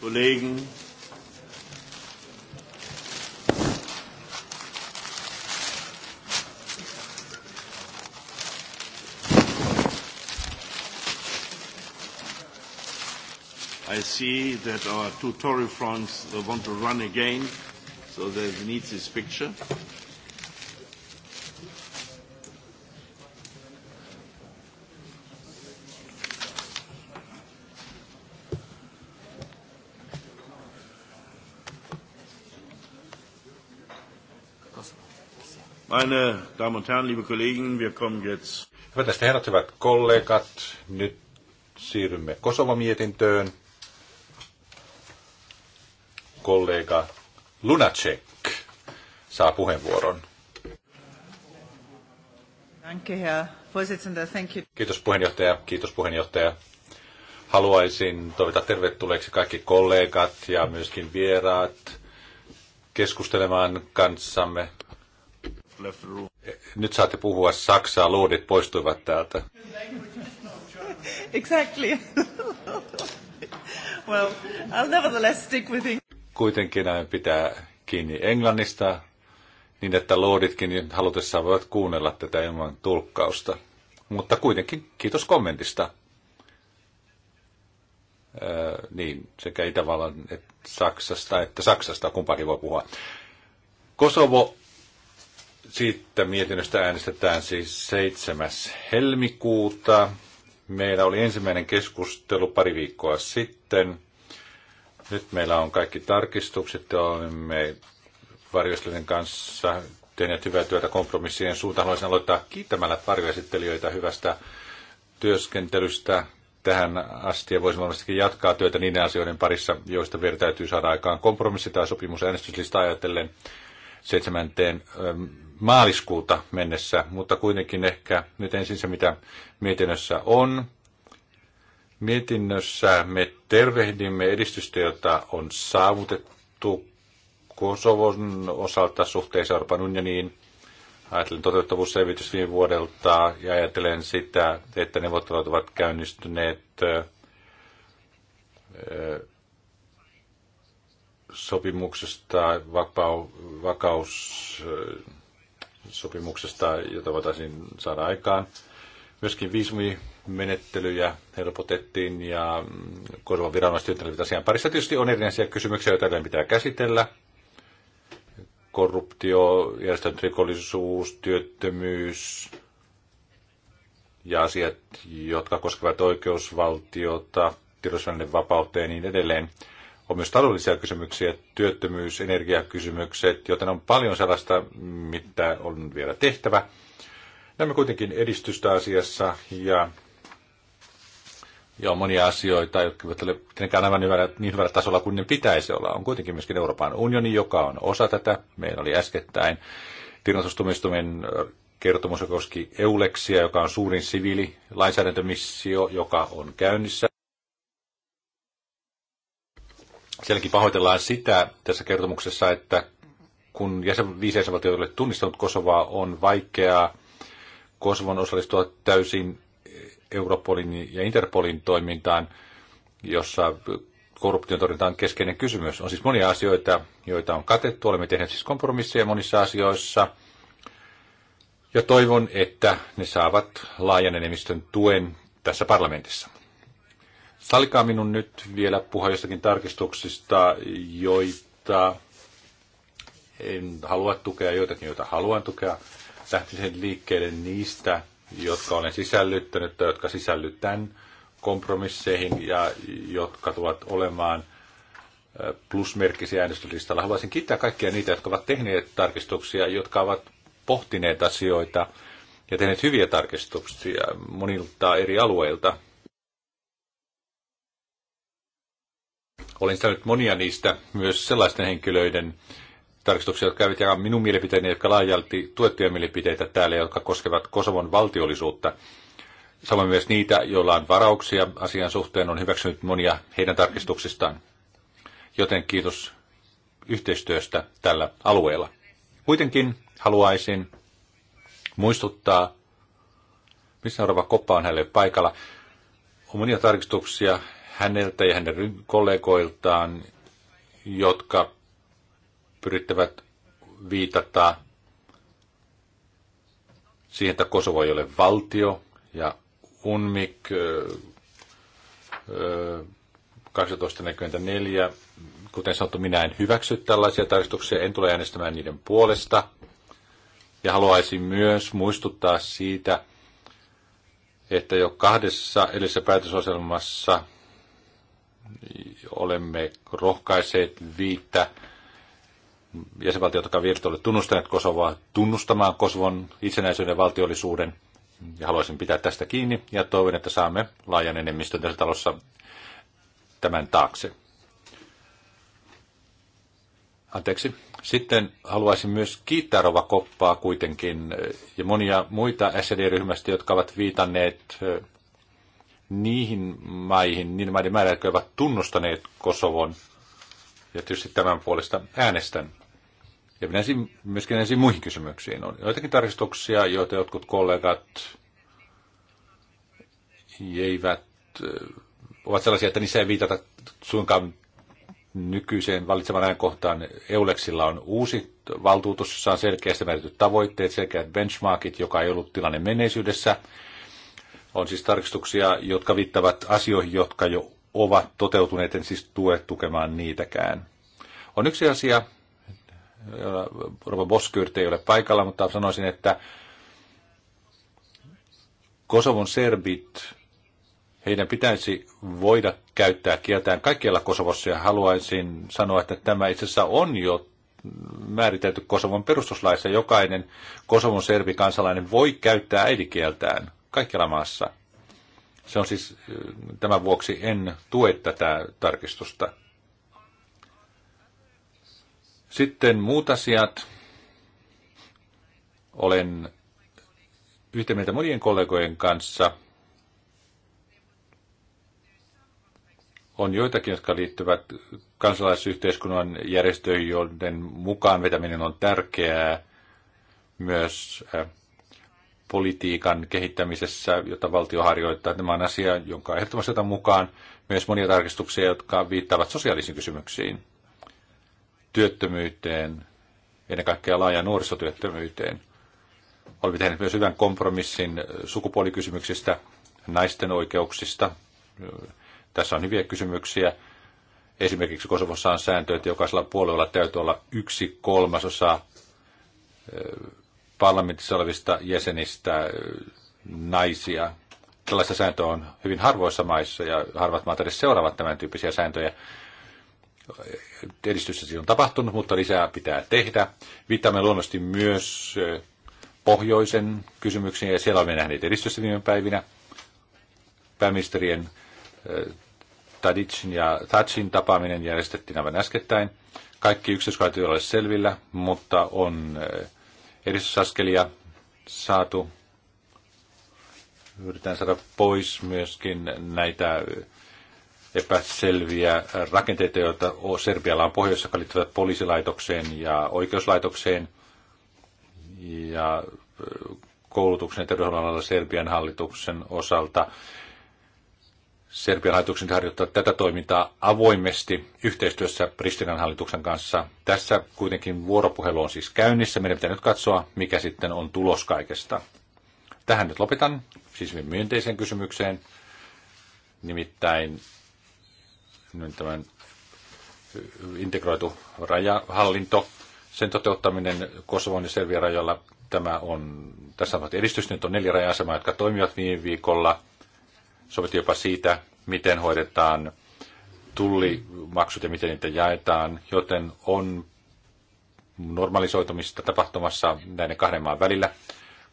Kollegen. I see that our two Tory fronts want to run again, so they need this picture. Meine Damen und Herren, liebe Kollegen, wir kommen jetzt. Hyvät herrat, hyvät kollegat, nyt siirrymme Kosovo-mietintöön. Kollega Lunacek saa puheenvuoron. Kiitos puheenjohtaja, kiitos puheenjohtaja. Haluaisin toivottaa tervetulleeksi kaikki kollegat ja myöskin vieraat keskustelemaan kanssamme nyt saatte puhua saksaa, luodit poistuivat täältä. exactly. well, I'll nevertheless stick with it. Kuitenkin näin pitää kiinni Englannista, niin että luuditkin halutessaan voivat kuunnella tätä ilman tulkkausta. Mutta kuitenkin kiitos kommentista. Öö, niin, sekä Itävallan että Saksasta, että Saksasta kumpakin voi puhua. Kosovo siitä mietinnöstä äänestetään siis 7. helmikuuta. Meillä oli ensimmäinen keskustelu pari viikkoa sitten. Nyt meillä on kaikki tarkistukset ja olemme varjostelijan kanssa tehneet hyvää työtä kompromissien suuntaan. Haluaisin aloittaa kiittämällä varjoesittelijöitä hyvästä työskentelystä tähän asti ja voisimme varmastikin jatkaa työtä niiden asioiden parissa, joista vielä täytyy saada aikaan kompromissi tai sopimus ajatellen. 7. Ähm, maaliskuuta mennessä, mutta kuitenkin ehkä nyt ensin se, mitä mietinnössä on. Mietinnössä me tervehdimme edistystä, jota on saavutettu Kosovon osalta suhteessa Euroopan unioniin. Ajattelen toteuttavuusselvitys viime vuodelta ja ajattelen sitä, että neuvottelut ovat käynnistyneet äh, sopimuksesta, vapau, vakaussopimuksesta, jota voitaisiin saada aikaan. Myöskin viisumimenettelyjä helpotettiin ja Kosovan viranomaiset asian parissa. Tietysti on erinäisiä kysymyksiä, joita edelleen pitää käsitellä. Korruptio, järjestäytynyt rikollisuus, työttömyys ja asiat, jotka koskevat oikeusvaltiota, tiedotusvälineen vapautta ja niin edelleen on myös taloudellisia kysymyksiä, työttömyys, energiakysymykset, joten on paljon sellaista, mitä on vielä tehtävä. Nämä kuitenkin edistystä asiassa ja, ja on monia asioita, jotka eivät ole tietenkään aivan hyvällä, niin hyvällä tasolla kuin ne pitäisi olla. On kuitenkin myöskin Euroopan unioni, joka on osa tätä. Meillä oli äskettäin tilastustumistuminen äh, kertomus, joka koski Eulexia, joka on suurin siviililainsäädäntömissio, joka on käynnissä. Sielläkin pahoitellaan sitä tässä kertomuksessa, että kun jäsen, viisi jäsenvaltiota ole tunnistanut Kosovaa, on vaikeaa Kosovon osallistua täysin Europolin ja Interpolin toimintaan, jossa korruption torjunta on keskeinen kysymys. On siis monia asioita, joita on katettu. Olemme tehneet siis kompromisseja monissa asioissa. Ja toivon, että ne saavat laajan enemmistön tuen tässä parlamentissa. Sallikaa minun nyt vielä puhua jostakin tarkistuksista, joita en halua tukea, joitakin joita haluan tukea. Lähtisin liikkeelle niistä, jotka olen sisällyttänyt tai jotka sisällytän kompromisseihin ja jotka tulevat olemaan plusmerkkisiä äänestyslistalla. Haluaisin kiittää kaikkia niitä, jotka ovat tehneet tarkistuksia, jotka ovat pohtineet asioita ja tehneet hyviä tarkistuksia monilta eri alueilta. Olen saanut monia niistä myös sellaisten henkilöiden tarkistuksia, jotka eivät jakaa minun mielipiteeni, jotka laajalti tuettuja mielipiteitä täällä, jotka koskevat Kosovon valtiollisuutta. Samoin myös niitä, joilla on varauksia asian suhteen, on hyväksynyt monia heidän tarkistuksistaan. Joten kiitos yhteistyöstä tällä alueella. Kuitenkin haluaisin muistuttaa, missä Rova Koppa on hänelle paikalla, on monia tarkistuksia, häneltä ja hänen kollegoiltaan, jotka pyrittävät viitata siihen, että Kosovo ei ole valtio ja UNMIK 1244, kuten sanottu, minä en hyväksy tällaisia tarkistuksia, en tule äänestämään niiden puolesta. Ja haluaisin myös muistuttaa siitä, että jo kahdessa edellisessä päätösohjelmassa olemme rohkaiseet viittä jäsenvaltiota, jotka eivät ole tunnustaneet Kosovoa, tunnustamaan Kosovon itsenäisyyden valtiollisuuden. Ja haluaisin pitää tästä kiinni ja toivon, että saamme laajan enemmistön tässä talossa tämän taakse. Anteeksi. Sitten haluaisin myös kiittää Rova Koppaa kuitenkin ja monia muita SED-ryhmästä, jotka ovat viitanneet niihin maihin, niin maiden määrä, jotka ovat tunnustaneet Kosovon. Ja tietysti tämän puolesta äänestän. Ja minä ensin, myöskin ensin muihin kysymyksiin. On joitakin tarkistuksia, joita jotkut kollegat eivät, äh, ovat sellaisia, että niissä ei viitata suinkaan nykyiseen valitsevan ajankohtaan. Euleksilla on uusi valtuutus, jossa on selkeästi määrityt tavoitteet, selkeät benchmarkit, joka ei ollut tilanne menneisyydessä. On siis tarkistuksia, jotka viittavat asioihin, jotka jo ovat toteutuneet, en siis tue tukemaan niitäkään. On yksi asia, Rova Boskyrt ei ole paikalla, mutta sanoisin, että Kosovon serbit, heidän pitäisi voida käyttää kieltään kaikkialla Kosovossa ja haluaisin sanoa, että tämä itse asiassa on jo määritelty Kosovon perustuslaissa. Jokainen Kosovon kansalainen voi käyttää äidikieltään kaikkialla maassa. Se on siis, tämän vuoksi en tue tätä tarkistusta. Sitten muut asiat. Olen yhtä mieltä monien kollegojen kanssa. On joitakin, jotka liittyvät kansalaisyhteiskunnan järjestöihin, joiden mukaan vetäminen on tärkeää. Myös äh, politiikan kehittämisessä, jota valtio harjoittaa. Tämä on asia, jonka ehdottomasti otan mukaan myös monia tarkistuksia, jotka viittaavat sosiaalisiin kysymyksiin, työttömyyteen, ennen kaikkea laajaan nuorisotyöttömyyteen. Olemme tehneet myös hyvän kompromissin sukupuolikysymyksistä, naisten oikeuksista. Tässä on hyviä kysymyksiä. Esimerkiksi Kosovossa on sääntö, että jokaisella puolueella täytyy olla yksi kolmasosa parlamentissa olevista jäsenistä äh, naisia. Tällaista sääntöä on hyvin harvoissa maissa ja harvat maat edes seuraavat tämän tyyppisiä sääntöjä. Edistyssä siinä on tapahtunut, mutta lisää pitää tehdä. Viittaamme luonnollisesti myös äh, pohjoisen kysymyksiin ja siellä olemme nähneet edistyssä viime päivinä. Pääministerien äh, Tadicin ja Thatchin tapaaminen järjestettiin aivan äskettäin. Kaikki yksityiskohdat ei ole selvillä, mutta on äh, edistysaskelia saatu. Yritetään saada pois myöskin näitä epäselviä rakenteita, joita Serbialla on pohjoissa, jotka liittyvät poliisilaitokseen ja oikeuslaitokseen. Ja koulutuksen ja terveydenhuollon Serbian hallituksen osalta Serbian hallituksen harjoittaa tätä toimintaa avoimesti yhteistyössä Pristinan hallituksen kanssa. Tässä kuitenkin vuoropuhelu on siis käynnissä. Meidän pitää nyt katsoa, mikä sitten on tulos kaikesta. Tähän nyt lopetan, siis myönteiseen kysymykseen. Nimittäin nyt tämän integroitu rajahallinto, sen toteuttaminen Kosovon ja Serbian rajalla, tämä on, tässä on edistys, nyt on neljä raja-asemaa, jotka toimivat viime viikolla – sovittu jopa siitä, miten hoidetaan tullimaksut ja miten niitä jaetaan, joten on normalisoitumista tapahtumassa näiden kahden maan välillä.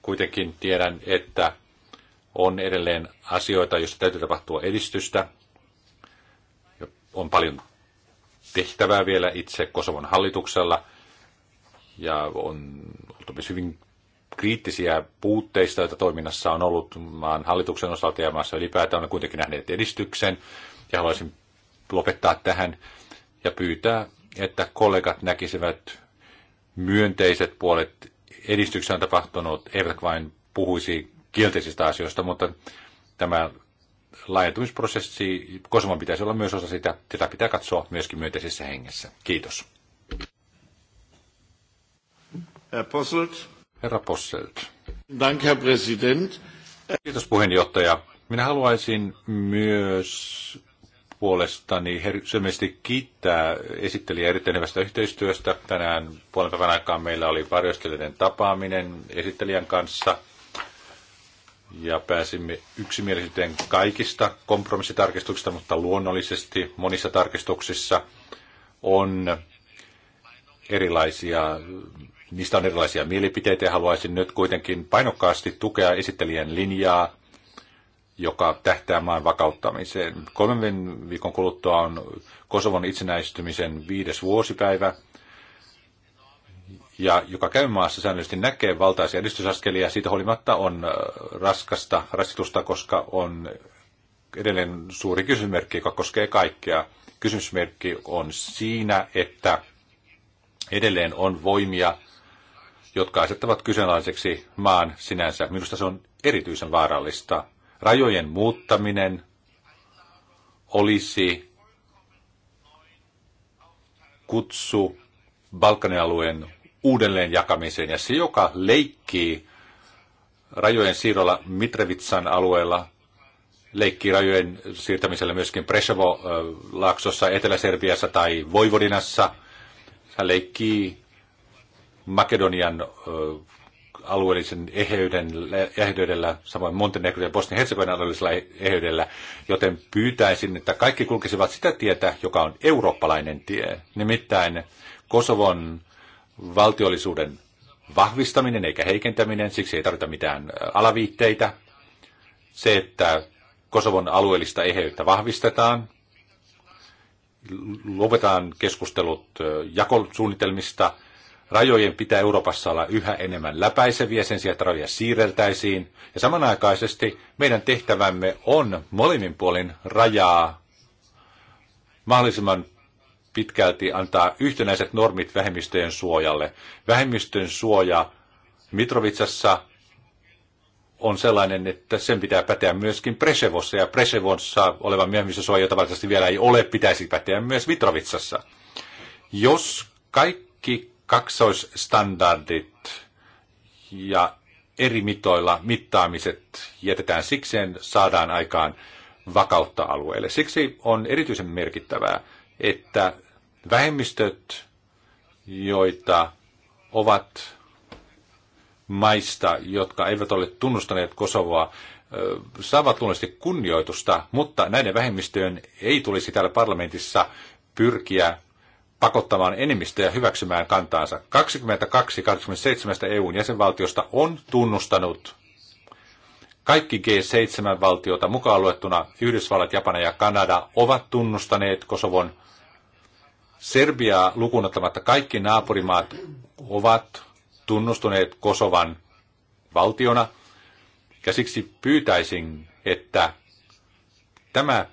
Kuitenkin tiedän, että on edelleen asioita, joissa täytyy tapahtua edistystä. On paljon tehtävää vielä itse Kosovon hallituksella ja on oltu myös hyvin kriittisiä puutteista, joita toiminnassa on ollut maan hallituksen osalta ja maassa ylipäätään on kuitenkin nähnyt edistyksen. Ja haluaisin lopettaa tähän ja pyytää, että kollegat näkisivät myönteiset puolet edistyksen tapahtunut, eivät vain puhuisi kielteisistä asioista, mutta tämä laajentumisprosessi, Kosovan pitäisi olla myös osa sitä, tätä pitää katsoa myöskin myönteisessä hengessä. Kiitos. Posselt. Herra Posselt. Dank, herr Kiitos puheenjohtaja. Minä haluaisin myös puolestani sydämellisesti kiittää esittelijä erittäin hyvästä yhteistyöstä. Tänään puolen päivän aikaan meillä oli varjostelijoiden tapaaminen esittelijän kanssa ja pääsimme yksimielisyyteen kaikista kompromissitarkistuksista, mutta luonnollisesti monissa tarkistuksissa on erilaisia Niistä on erilaisia mielipiteitä ja haluaisin nyt kuitenkin painokkaasti tukea esittelijän linjaa, joka tähtää maan vakauttamiseen. Kolmen viikon kuluttua on Kosovon itsenäistymisen viides vuosipäivä, ja joka käy maassa säännöllisesti näkee valtaisia edistysaskelia, siitä huolimatta on äh, raskasta rasitusta, koska on edelleen suuri kysymysmerkki, joka koskee kaikkea. Kysymysmerkki on siinä, että edelleen on voimia, jotka asettavat kyseenalaiseksi maan sinänsä. Minusta se on erityisen vaarallista. Rajojen muuttaminen olisi kutsu Balkanin alueen uudelleen jakamiseen. Ja se, joka leikkii rajojen siirrolla Mitrevitsan alueella, leikkii rajojen siirtämisellä myöskin Presovo-laaksossa Etelä-Serbiassa tai Voivodinassa. Hän leikkii Makedonian alueellisen eheyden, eheydellä samoin Montenegro ja bosnia herzegovina alueellisella eheydellä, joten pyytäisin, että kaikki kulkisivat sitä tietä, joka on eurooppalainen tie, nimittäin Kosovon valtiollisuuden vahvistaminen eikä heikentäminen, siksi ei tarvita mitään alaviitteitä. Se, että Kosovon alueellista eheyttä vahvistetaan, lopetaan keskustelut jakosuunnitelmista – Rajojen pitää Euroopassa olla yhä enemmän läpäiseviä sen sijaan, että rajoja siirreltäisiin. Ja samanaikaisesti meidän tehtävämme on molemmin puolin rajaa mahdollisimman pitkälti antaa yhtenäiset normit vähemmistöjen suojalle. Vähemmistön suoja Mitrovitsassa on sellainen, että sen pitää päteä myöskin Presevossa, ja Presevossa olevan vähemmistösuoja, jota valitettavasti vielä ei ole, pitäisi päteä myös Mitrovitsassa. Jos kaikki kaksoisstandardit ja eri mitoilla mittaamiset jätetään sikseen, saadaan aikaan vakautta alueelle. Siksi on erityisen merkittävää, että vähemmistöt, joita ovat maista, jotka eivät ole tunnustaneet Kosovoa, saavat luonnollisesti kunnioitusta, mutta näiden vähemmistöjen ei tulisi täällä parlamentissa pyrkiä pakottamaan enemmistöjä hyväksymään kantaansa. 22-27 EUn jäsenvaltiosta on tunnustanut kaikki G7-valtiota mukaan luettuna Yhdysvallat, Japani ja Kanada ovat tunnustaneet Kosovon. Serbiaa lukunottamatta kaikki naapurimaat ovat tunnustuneet Kosovan valtiona. Ja siksi pyytäisin, että tämä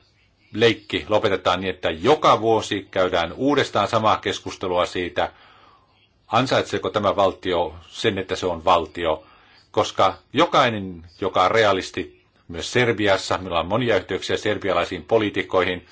leikki lopetetaan niin, että joka vuosi käydään uudestaan samaa keskustelua siitä, ansaitseeko tämä valtio sen, että se on valtio, koska jokainen, joka on realisti, myös Serbiassa, meillä on monia yhteyksiä serbialaisiin poliitikkoihin,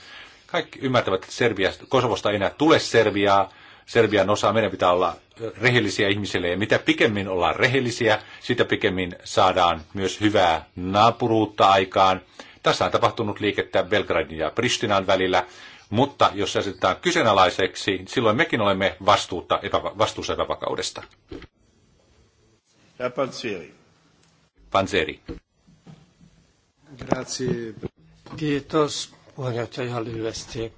kaikki ymmärtävät, että Serbia, Kosovosta ei enää tule Serbiaa, Serbian osa, meidän pitää olla rehellisiä ihmisille, ja mitä pikemmin ollaan rehellisiä, sitä pikemmin saadaan myös hyvää naapuruutta aikaan, tässä on tapahtunut liikettä Belgradin ja Pristinan välillä, mutta jos se asetetaan kyseenalaiseksi, silloin mekin olemme vastuuta, epä, vastuussa epävakaudesta. Panzeri. Panzeri. Grazie. Kiitos puheenjohtaja ihan lyhyesti.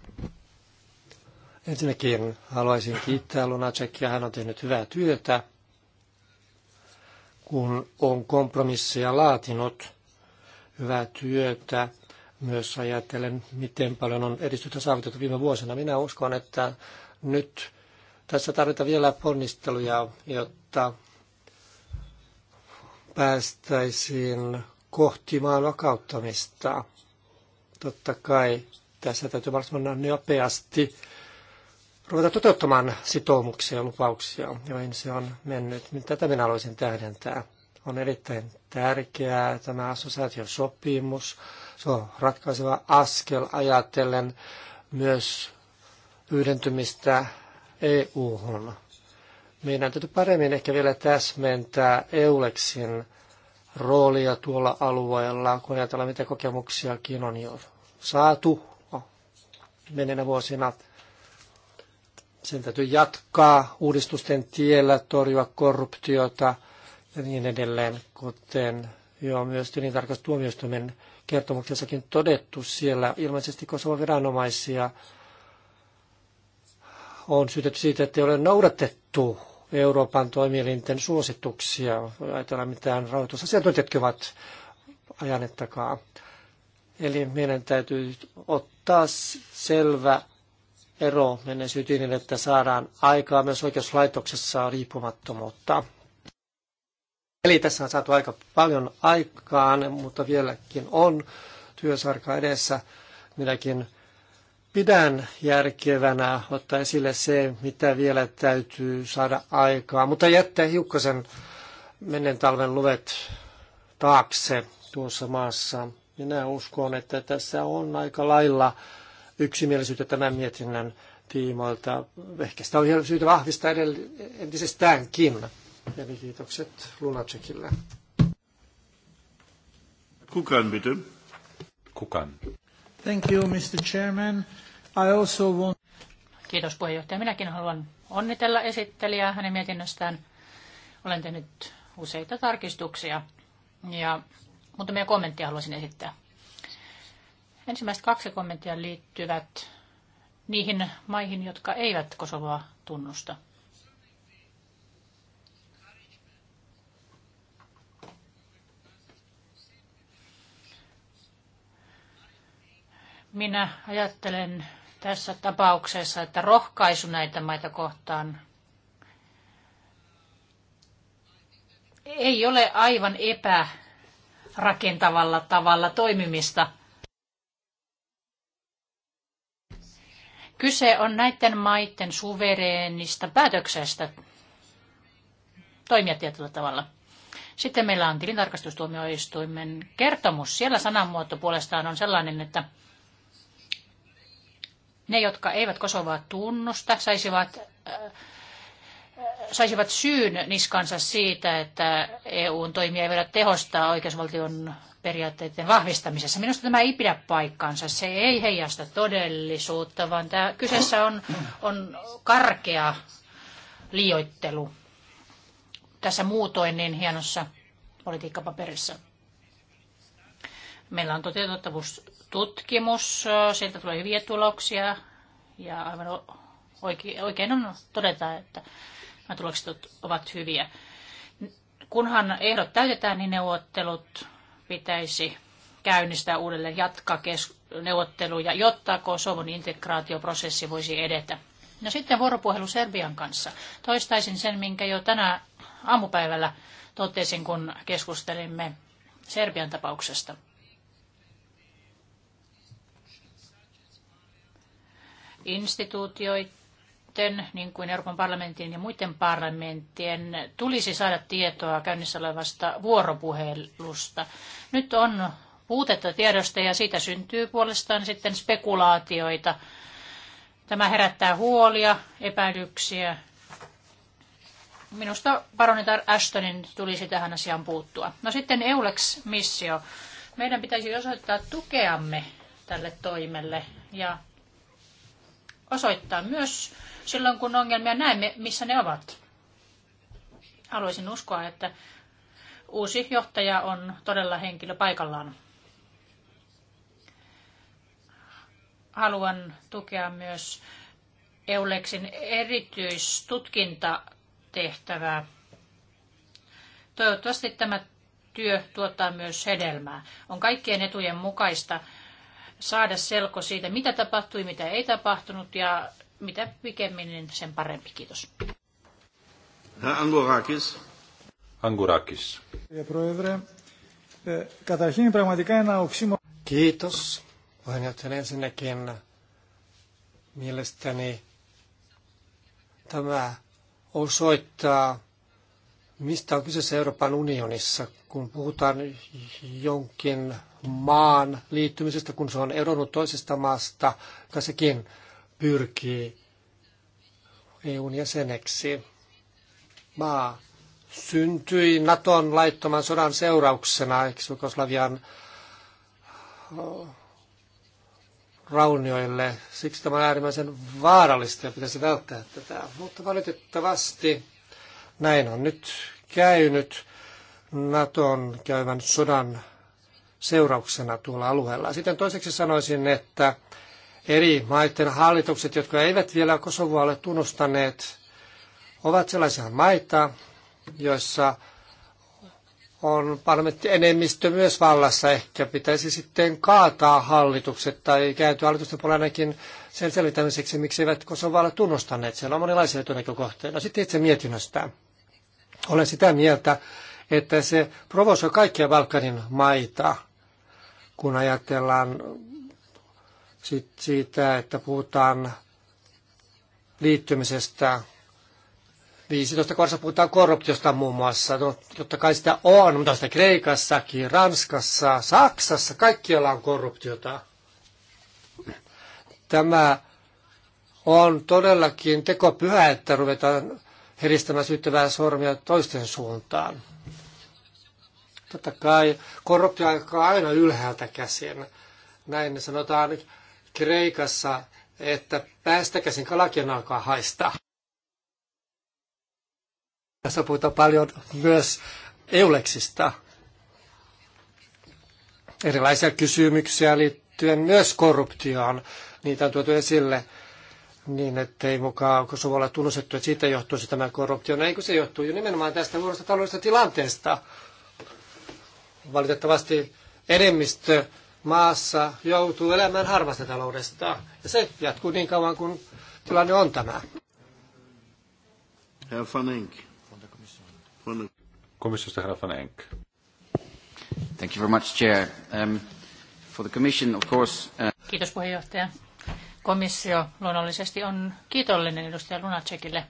Ensinnäkin haluaisin kiittää Lunacekia. Hän on tehnyt hyvää työtä, kun on kompromisseja laatinut hyvää työtä. Myös ajattelen, miten paljon on edistystä saavutettu viime vuosina. Minä uskon, että nyt tässä tarvitaan vielä ponnisteluja, jotta päästäisiin kohti maan vakauttamista. Totta kai tässä täytyy mahdollisimman nopeasti ruveta toteuttamaan sitoumuksia ja lupauksia, joihin se on mennyt. Tätä minä haluaisin tähdentää. On erittäin tärkeää tämä assosiaatiosopimus. Se on ratkaiseva askel ajatellen myös yhdentymistä EU-hun. Meidän täytyy paremmin ehkä vielä täsmentää EULEXin roolia tuolla alueella, kun ajatellaan, mitä kokemuksiakin on jo saatu menenä vuosina. Sen täytyy jatkaa uudistusten tiellä, torjua korruptiota – ja niin edelleen, kuten jo myös tilintarkastustuomioistuimen kertomuksessakin todettu siellä. Ilmeisesti Kosovan viranomaisia on syytetty siitä, että ei ole noudatettu Euroopan toimielinten suosituksia. Ajatellaan mitään rahoitusasiantuntijatkin ovat ajanettakaan. Eli meidän täytyy ottaa selvä ero menneisyyteen, niin, että saadaan aikaa myös oikeuslaitoksessa riippumattomuutta. Eli tässä on saatu aika paljon aikaan, mutta vieläkin on työsarka edessä. Minäkin pidän järkevänä ottaa esille se, mitä vielä täytyy saada aikaa, mutta jättää hiukkasen mennen talven luvet taakse tuossa maassa. Minä uskon, että tässä on aika lailla yksimielisyyttä tämän mietinnän tiimoilta. Ehkä sitä on syytä vahvistaa edell- entisestäänkin. Eli niin kiitokset Lunacekille. Kukan, bitte. Kukan. Thank you, Mr. Chairman. I also want... Kiitos puheenjohtaja. Minäkin haluan onnitella esittelijää hänen mietinnöstään. Olen tehnyt useita tarkistuksia ja muutamia kommentteja haluaisin esittää. Ensimmäiset kaksi kommenttia liittyvät niihin maihin, jotka eivät Kosovoa tunnusta. Minä ajattelen tässä tapauksessa, että rohkaisu näitä maita kohtaan ei ole aivan epärakentavalla tavalla toimimista. Kyse on näiden maiden suvereenista päätöksestä toimia tietyllä tavalla. Sitten meillä on tilintarkastustuomioistuimen kertomus. Siellä sanamuoto puolestaan on sellainen, että ne, jotka eivät Kosovaa tunnusta, saisivat, äh, äh, saisivat syyn niskansa siitä, että EUn toimia ei voida tehostaa oikeusvaltion periaatteiden vahvistamisessa. Minusta tämä ei pidä paikkaansa. Se ei heijasta todellisuutta, vaan tämä kyseessä on, on karkea liioittelu tässä muutoin niin hienossa politiikkapaperissa. Meillä on toteutettavuus tutkimus, sieltä tulee hyviä tuloksia ja aivan oikein on todeta, että nämä tulokset ovat hyviä. Kunhan ehdot täytetään, niin neuvottelut pitäisi käynnistää uudelleen, jatkaa neuvotteluja, jotta Kosovon integraatioprosessi voisi edetä. No sitten vuoropuhelu Serbian kanssa. Toistaisin sen, minkä jo tänä aamupäivällä totesin, kun keskustelimme Serbian tapauksesta. instituutioiden, niin kuin Euroopan parlamentin ja muiden parlamenttien, tulisi saada tietoa käynnissä olevasta vuoropuhelusta. Nyt on puutetta tiedosta ja siitä syntyy puolestaan sitten spekulaatioita. Tämä herättää huolia, epäilyksiä. Minusta baronita Ashtonin tulisi tähän asiaan puuttua. No sitten EULEX-missio. Meidän pitäisi osoittaa tukeamme tälle toimelle ja osoittaa myös silloin, kun ongelmia näemme, missä ne ovat. Haluaisin uskoa, että uusi johtaja on todella henkilö paikallaan. Haluan tukea myös Euleksin erityistutkintatehtävää. Toivottavasti tämä työ tuottaa myös hedelmää. On kaikkien etujen mukaista, saada selko siitä, mitä tapahtui, mitä ei tapahtunut ja mitä pikemmin, niin sen parempi. Kiitos. Angurakis. Angurakis. Kiitos. Puheenjohtaja ensinnäkin mielestäni tämä osoittaa, mistä on kyseessä Euroopan unionissa, kun puhutaan jonkin maan liittymisestä, kun se on eronnut toisesta maasta, ja sekin pyrkii EUn jäseneksi. Maa syntyi Naton laittoman sodan seurauksena Jugoslavian äh, raunioille. Siksi tämä on äärimmäisen vaarallista ja pitäisi välttää tätä. Mutta valitettavasti näin on nyt käynyt Naton käyvän sodan seurauksena tuolla alueella. Sitten toiseksi sanoisin, että eri maiden hallitukset, jotka eivät vielä Kosovoa ole tunnustaneet, ovat sellaisia maita, joissa on parlamentti enemmistö myös vallassa. Ehkä pitäisi sitten kaataa hallitukset tai kääntyä hallitusten puolella ainakin sen selvittämiseksi, miksi eivät Kosovoa ole tunnustaneet. Siellä on monenlaisia etunäkökohteita. Sitten itse mietinnöstä. Olen sitä mieltä, että se provosoi kaikkia Balkanin maita – kun ajatellaan sit siitä, että puhutaan liittymisestä 15 kohdassa puhutaan korruptiosta muun muassa. No, totta kai sitä on, mutta sitä Kreikassakin, Ranskassa, Saksassa, kaikkialla on korruptiota. Tämä on todellakin teko pyhä, että ruvetaan heristämään syyttävää sormia toisten suuntaan. Totta kai korruptio alkaa aina ylhäältä käsin. Näin sanotaan Kreikassa, että päästä käsin kalakin alkaa haistaa. Tässä puhutaan paljon myös euleksista. Erilaisia kysymyksiä liittyen myös korruptioon. Niitä on tuotu esille niin, ettei mukaan Kosovolla tunnustettu, että siitä johtuisi tämä korruptio. No kun se johtuu jo nimenomaan tästä huonosta taloudellisesta tilanteesta? Valitettavasti enemmistö maassa joutuu elämään harmasta taloudesta. Ja se jatkuu niin kauan kuin tilanne on tämä. Herr van Komissiosta herra Thank you very much, Chair. Um, for the Commission, of course... Uh... Kiitos puheenjohtaja. Komissio luonnollisesti on kiitollinen edustaja Lunacekille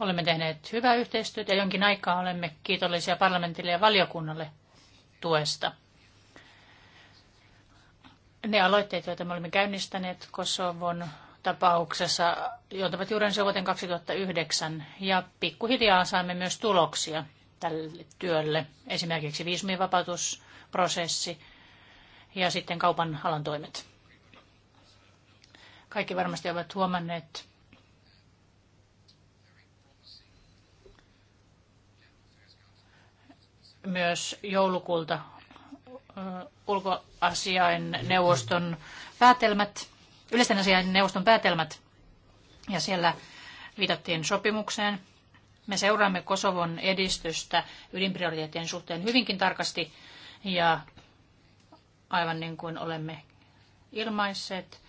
Olemme tehneet hyvää yhteistyötä ja jonkin aikaa olemme kiitollisia parlamentille ja valiokunnalle tuesta. Ne aloitteet, joita me olemme käynnistäneet Kosovon tapauksessa, joutuvat juurensa vuoteen 2009 ja pikkuhiljaa saamme myös tuloksia tälle työlle. Esimerkiksi viisumivapautusprosessi ja sitten kaupan alan toimet. Kaikki varmasti ovat huomanneet myös joulukuulta ulkoasiain neuvoston päätelmät, yleisten asiain neuvoston päätelmät, ja siellä viitattiin sopimukseen. Me seuraamme Kosovon edistystä ydinprioriteettien suhteen hyvinkin tarkasti, ja aivan niin kuin olemme ilmaisseet,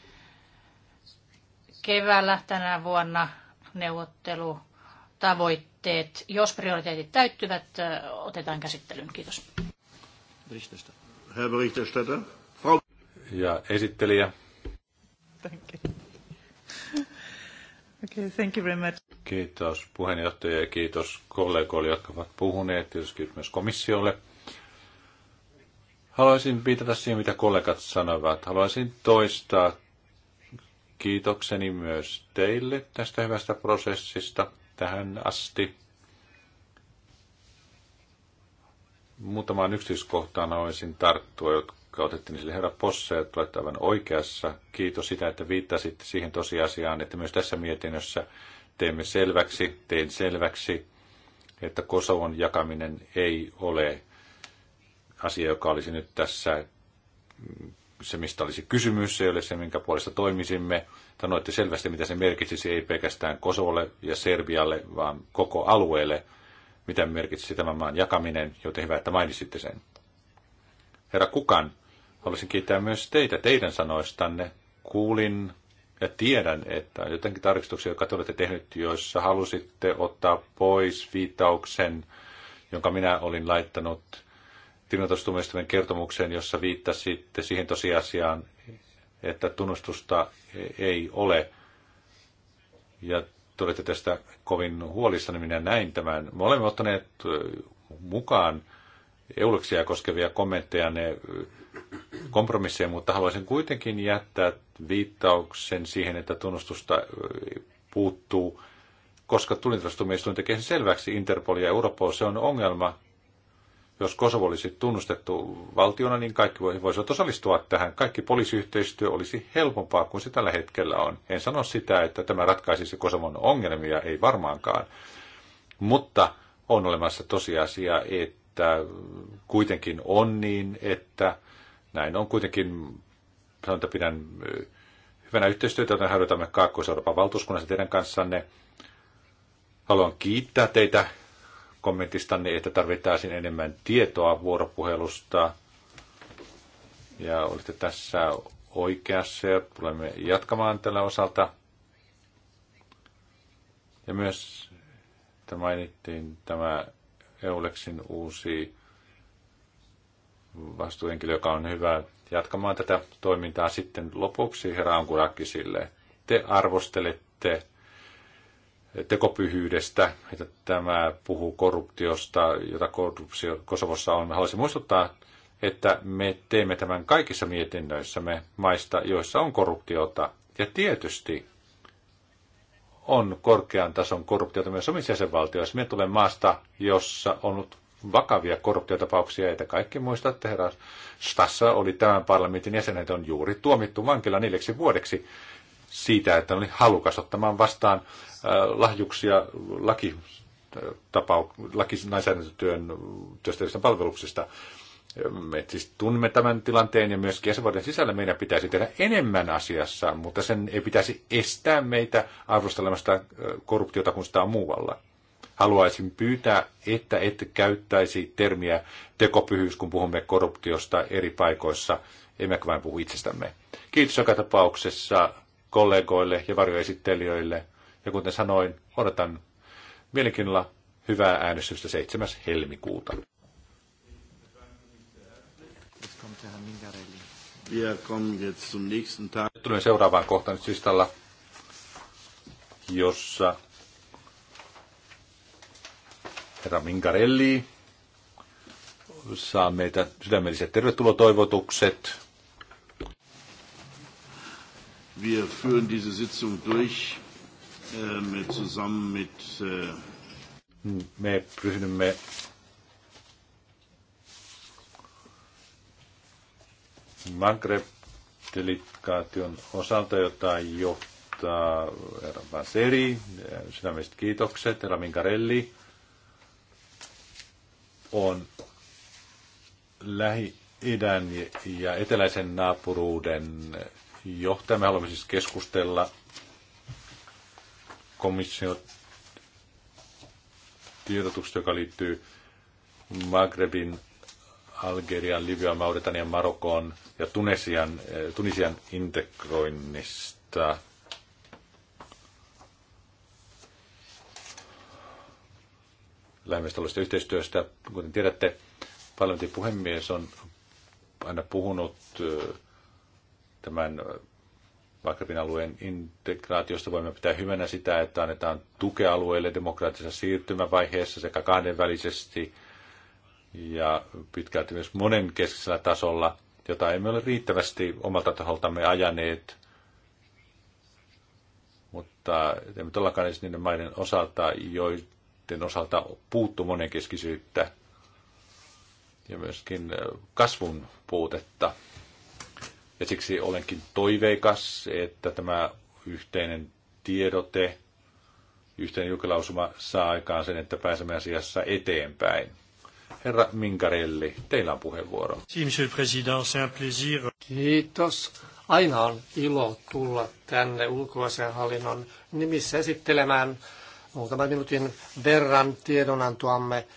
keväällä tänä vuonna neuvottelu tavoitteet, jos prioriteetit täyttyvät, otetaan käsittelyyn. Kiitos. Herr Berichterstatter. Frau... Ja esittelijä. Thank you. Okay, thank you very much. Kiitos puheenjohtaja ja kiitos kollegoille, jotka ovat puhuneet, tietysti myös komissiolle. Haluaisin viitata siihen, mitä kollegat sanovat. Haluaisin toistaa kiitokseni myös teille tästä hyvästä prosessista tähän asti. Muutamaan yksityiskohtaan olisin tarttua, jotka otettiin sille herra Posse, että olette aivan oikeassa. Kiitos sitä, että viittasitte siihen tosiasiaan, että myös tässä mietinnössä teemme selväksi, tein selväksi, että Kosovon jakaminen ei ole asia, joka olisi nyt tässä se, mistä olisi kysymys, se ei ole se, minkä puolesta toimisimme. Sanoitte selvästi, mitä se merkitsisi ei pelkästään Kosovolle ja Serbialle, vaan koko alueelle, mitä merkitsisi tämän maan jakaminen, joten hyvä, että mainitsitte sen. Herra Kukan, haluaisin kiittää myös teitä teidän sanoistanne. Kuulin ja tiedän, että on jotenkin tarkistuksia, jotka te olette tehnyt, joissa halusitte ottaa pois viittauksen, jonka minä olin laittanut tilintarkastustuomioistuimen kertomukseen, jossa viittasitte siihen tosiasiaan, että tunnustusta ei ole. Ja tulette tästä kovin huolissani, minä näin tämän. Me olemme ottaneet äh, mukaan euluksia koskevia kommentteja ne äh, kompromisseja, mutta haluaisin kuitenkin jättää viittauksen siihen, että tunnustusta äh, puuttuu, koska tulintarkastustuomioistuin tekee sen selväksi Interpol ja Europol, se on ongelma, jos Kosovo olisi tunnustettu valtiona, niin kaikki voisivat osallistua tähän. Kaikki poliisiyhteistyö olisi helpompaa kuin se tällä hetkellä on. En sano sitä, että tämä ratkaisisi Kosovon ongelmia, ei varmaankaan. Mutta on olemassa tosiasia, että kuitenkin on niin, että näin on kuitenkin, sanon, että pidän eh, hyvänä yhteistyötä, jota harjoitamme Kaakkois-Euroopan valtuuskunnassa teidän kanssanne. Haluan kiittää teitä kommentistanne, niin että tarvittaisiin enemmän tietoa vuoropuhelusta. Ja olitte tässä oikeassa ja tulemme jatkamaan tällä osalta. Ja myös että mainittiin tämä Eulexin uusi vastuuhenkilö, joka on hyvä jatkamaan tätä toimintaa sitten lopuksi herra Ankurakisille. Te arvostelette tekopyhyydestä, että tämä puhuu korruptiosta, jota korruptio Kosovossa on. me haluaisin muistuttaa, että me teemme tämän kaikissa mietinnöissämme maista, joissa on korruptiota. Ja tietysti on korkean tason korruptiota myös omissa jäsenvaltioissa. Me tulee maasta, jossa on ollut vakavia korruptiotapauksia, että kaikki muistatte, herra Stassa oli tämän parlamentin jäsenet, on juuri tuomittu vankila neljäksi vuodeksi siitä, että oli halukas ottamaan vastaan lahjuksia laki, tapau, laki lainsäädäntötyön työstävistä palveluksista. Me siis tunnemme tämän tilanteen ja myöskin jäsenvaltion sisällä meidän pitäisi tehdä enemmän asiassa, mutta sen ei pitäisi estää meitä arvostelemasta korruptiota, kuin sitä on muualla. Haluaisin pyytää, että ette käyttäisi termiä tekopyhyys, kun puhumme korruptiosta eri paikoissa, emmekä vain puhu itsestämme. Kiitos joka tapauksessa kollegoille ja varjoesittelijöille. Ja kuten sanoin, odotan mielenkiinnolla hyvää äänestystä 7. helmikuuta. Tulen seuraavaan kohtaan nyt listalla, jossa herra Mingarelli saa meitä sydämelliset tervetulotoivotukset. Wir führen diese Sitzung durch äh, zusammen mit... Äh Me ryhdymme Maghreb-delegaation osalta, jota johtaa herra Vaseri. Sydämestä kiitokset. Herra Minkarelli on Lähi-idän ja eteläisen naapuruuden johtaja. Me haluamme siis keskustella komission tiedotuksesta, joka liittyy Magrebin, Algerian, Libyan, Mauritanian, Marokon ja Tunesian, eh, Tunisian integroinnista. Lähimmäistä yhteistyöstä, kuten tiedätte, parlamentin puhemies on aina puhunut eh, tämän Maghrebin alueen integraatiosta voimme pitää hyvänä sitä, että annetaan tukea alueelle demokraattisessa siirtymävaiheessa sekä kahdenvälisesti ja pitkälti myös monenkeskisellä tasolla, jota emme ole riittävästi omalta taholtamme ajaneet, mutta emme todellakaan edes niiden maiden osalta, joiden osalta puuttuu monenkeskisyyttä ja myöskin kasvun puutetta. Ja siksi olenkin toiveikas, että tämä yhteinen tiedote, yhteinen julkilausuma saa aikaan sen, että pääsemme asiassa eteenpäin. Herra Minkarelli, teillä on puheenvuoro. Monsieur le Président, Kiitos. Aina on ilo tulla tänne ulkoasianhallinnon nimissä esittelemään muutaman minuutin verran tiedonantoamme.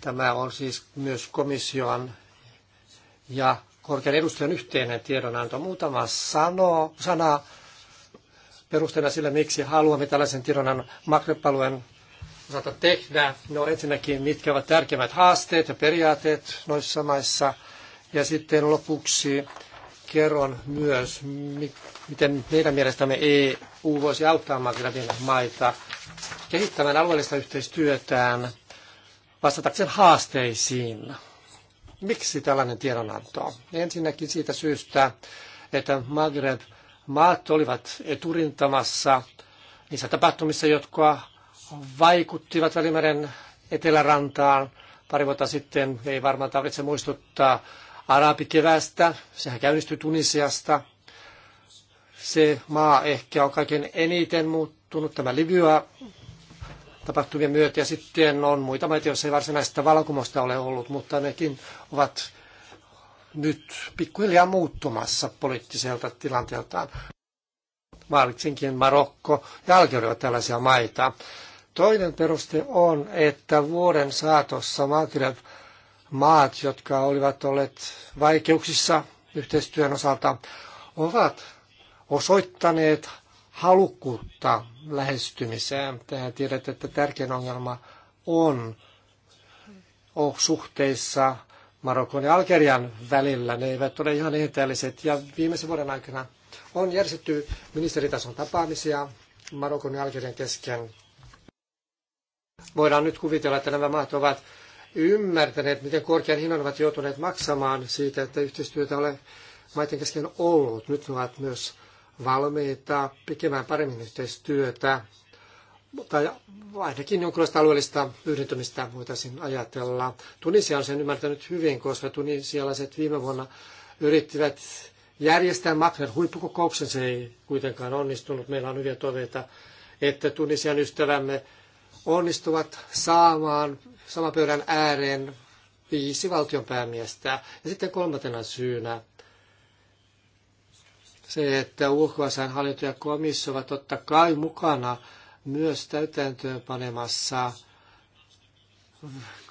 Tämä on siis myös komission ja korkean edustajan yhteinen tiedonanto. Muutama sano, sana perusteena sille miksi haluamme tällaisen tiedonannon makrepalueen alueen osalta tehdä. No ensinnäkin, mitkä ovat tärkeimmät haasteet ja periaatteet noissa maissa. Ja sitten lopuksi kerron myös, miten meidän mielestämme EU voisi auttaa Magrebin maita kehittämään alueellista yhteistyötään vastatakseen haasteisiin. Miksi tällainen tiedonanto? Ensinnäkin siitä syystä, että Maghreb-maat olivat eturintamassa niissä tapahtumissa, jotka vaikuttivat Välimeren etelärantaan pari vuotta sitten. Ei varmaan tarvitse muistuttaa arabikevästä, sehän käynnistyi Tunisiasta. Se maa ehkä on kaiken eniten muuttunut, tämä Libya tapahtumien myötä. Ja sitten on muita maita, joissa ei varsinaista vallankumousta ole ollut, mutta nekin ovat nyt pikkuhiljaa muuttumassa poliittiselta tilanteeltaan. Mainitsinkin Marokko ja Algeria tällaisia maita. Toinen peruste on, että vuoden saatossa Maghreb-maat, jotka olivat olleet vaikeuksissa yhteistyön osalta, ovat osoittaneet halukkuutta lähestymiseen. Tehän tiedät, että tärkein ongelma on suhteissa Marokon ja Algerian välillä. Ne eivät ole ihan ehdelliset. Ja viimeisen vuoden aikana on järjestetty ministeritason tapaamisia Marokon ja Algerian kesken. Voidaan nyt kuvitella, että nämä maat ovat ymmärtäneet, miten korkean hinnan ovat joutuneet maksamaan siitä, että yhteistyötä ole maiden kesken ollut. Nyt ne ovat myös valmiita tekemään paremmin yhteistyötä, tai ainakin jonkinlaista alueellista yhdentymistä voitaisiin ajatella. Tunisia on sen ymmärtänyt hyvin, koska tunisialaiset viime vuonna yrittivät järjestää Magner huippukokouksen. Se ei kuitenkaan onnistunut. Meillä on hyviä toiveita, että Tunisian ystävämme onnistuvat saamaan saman pöydän ääreen viisi valtion päämiestä. Ja sitten kolmantena syynä se, että ulkoasain hallinto ja komissio ovat totta kai mukana myös täytäntöön panemassa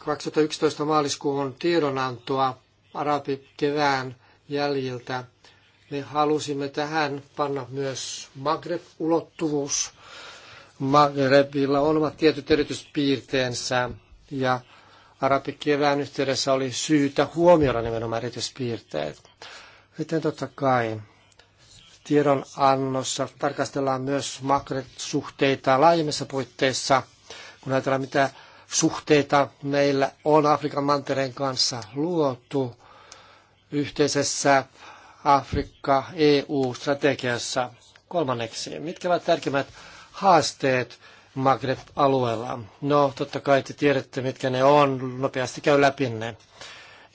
2011 maaliskuun tiedonantoa kevään jäljiltä. Me halusimme tähän panna myös Maghreb-ulottuvuus. Maghrebilla on omat tietyt erityispiirteensä ja arabikevään yhteydessä oli syytä huomioida nimenomaan erityispiirteet. Sitten totta kai tiedonannossa tarkastellaan myös makrosuhteita laajemmissa puitteissa, kun ajatellaan mitä suhteita meillä on Afrikan mantereen kanssa luotu yhteisessä Afrikka-EU-strategiassa. Kolmanneksi, mitkä ovat tärkeimmät haasteet Magreb alueella No, totta kai te tiedätte, mitkä ne on. Nopeasti käy läpi ne.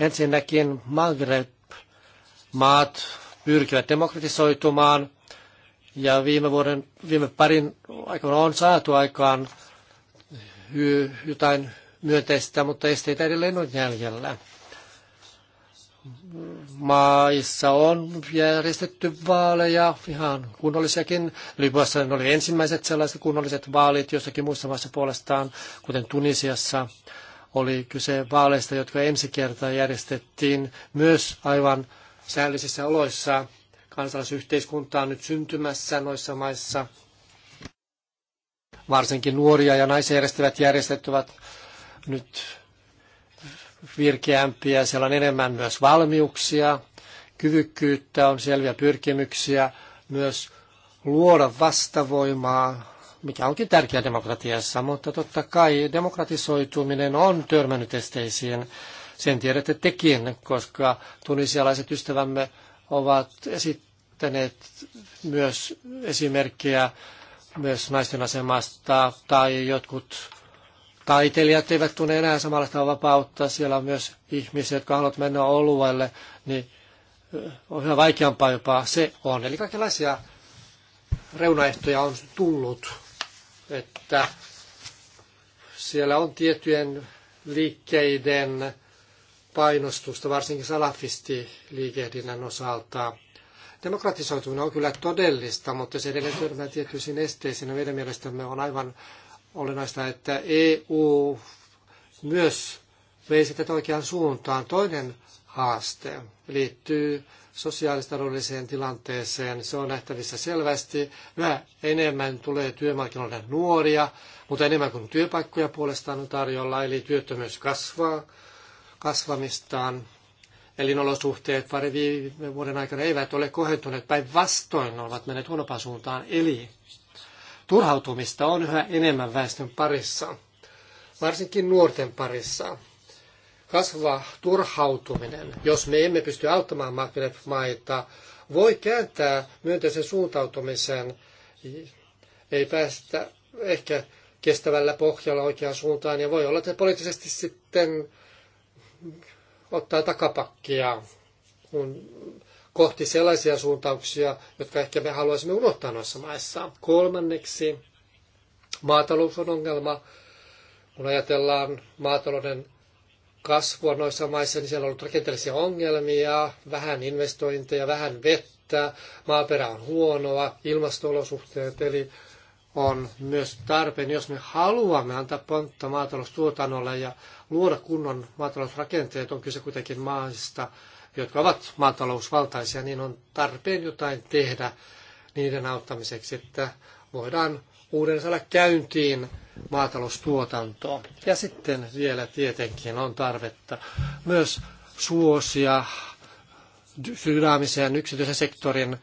Ensinnäkin Magreb maat pyrkivät demokratisoitumaan. Ja viime, vuoden, viime parin aikana on saatu aikaan jotain myönteistä, mutta esteitä edelleen on jäljellä. Maissa on järjestetty vaaleja, ihan kunnollisiakin. Libyassa oli ensimmäiset sellaiset kunnolliset vaalit, jossakin muissa maissa puolestaan, kuten Tunisiassa, oli kyse vaaleista, jotka ensi kertaa järjestettiin myös aivan säällisissä oloissa kansalaisyhteiskuntaa nyt syntymässä noissa maissa. Varsinkin nuoria ja naisjärjestävät järjestöt ovat nyt virkeämpiä. Siellä on enemmän myös valmiuksia, kyvykkyyttä, on selviä pyrkimyksiä myös luoda vastavoimaa, mikä onkin tärkeää demokratiassa, mutta totta kai demokratisoituminen on törmännyt esteisiin sen tiedätte tekin, koska tunisialaiset ystävämme ovat esittäneet myös esimerkkejä myös naisten asemasta tai jotkut taiteilijat eivät tunne enää samanlaista vapautta. Siellä on myös ihmisiä, jotka haluavat mennä oluelle, niin on yhä vaikeampaa jopa se on. Eli kaikenlaisia reunaehtoja on tullut, että siellä on tiettyjen liikkeiden painostusta, varsinkin liikehdinnän osalta. Demokratisoituminen on kyllä todellista, mutta se edelleen törmää tietyisiin esteisiin. Meidän mielestämme on aivan olennaista, että EU myös veisi tätä oikeaan suuntaan. Toinen haaste liittyy sosiaalistaloudelliseen tilanteeseen. Se on nähtävissä selvästi. Yhä enemmän tulee työmarkkinoille nuoria, mutta enemmän kuin työpaikkoja puolestaan on tarjolla, eli työttömyys kasvaa kasvamistaan. Elinolosuhteet pari viime vuoden aikana eivät ole kohentuneet, päinvastoin ovat menneet huonopaan suuntaan. Eli turhautumista on yhä enemmän väestön parissa, varsinkin nuorten parissa. Kasvava turhautuminen, jos me emme pysty auttamaan maita voi kääntää myönteisen suuntautumisen. Ei päästä ehkä kestävällä pohjalla oikeaan suuntaan ja voi olla, että poliittisesti sitten ottaa takapakkia kun kohti sellaisia suuntauksia, jotka ehkä me haluaisimme unohtaa noissa maissa. Kolmanneksi maatalous on ongelma. Kun ajatellaan maatalouden kasvua noissa maissa, niin siellä on ollut rakenteellisia ongelmia, vähän investointeja, vähän vettä, maaperä on huonoa, ilmastolosuhteet eli on myös tarpeen, jos me haluamme antaa pontta maataloustuotannolle ja luoda kunnon maatalousrakenteet, on kyse kuitenkin maista, jotka ovat maatalousvaltaisia, niin on tarpeen jotain tehdä niiden auttamiseksi, että voidaan uuden saada käyntiin maataloustuotantoa. Ja sitten vielä tietenkin on tarvetta myös suosia dynaamisen yksityisen sektorin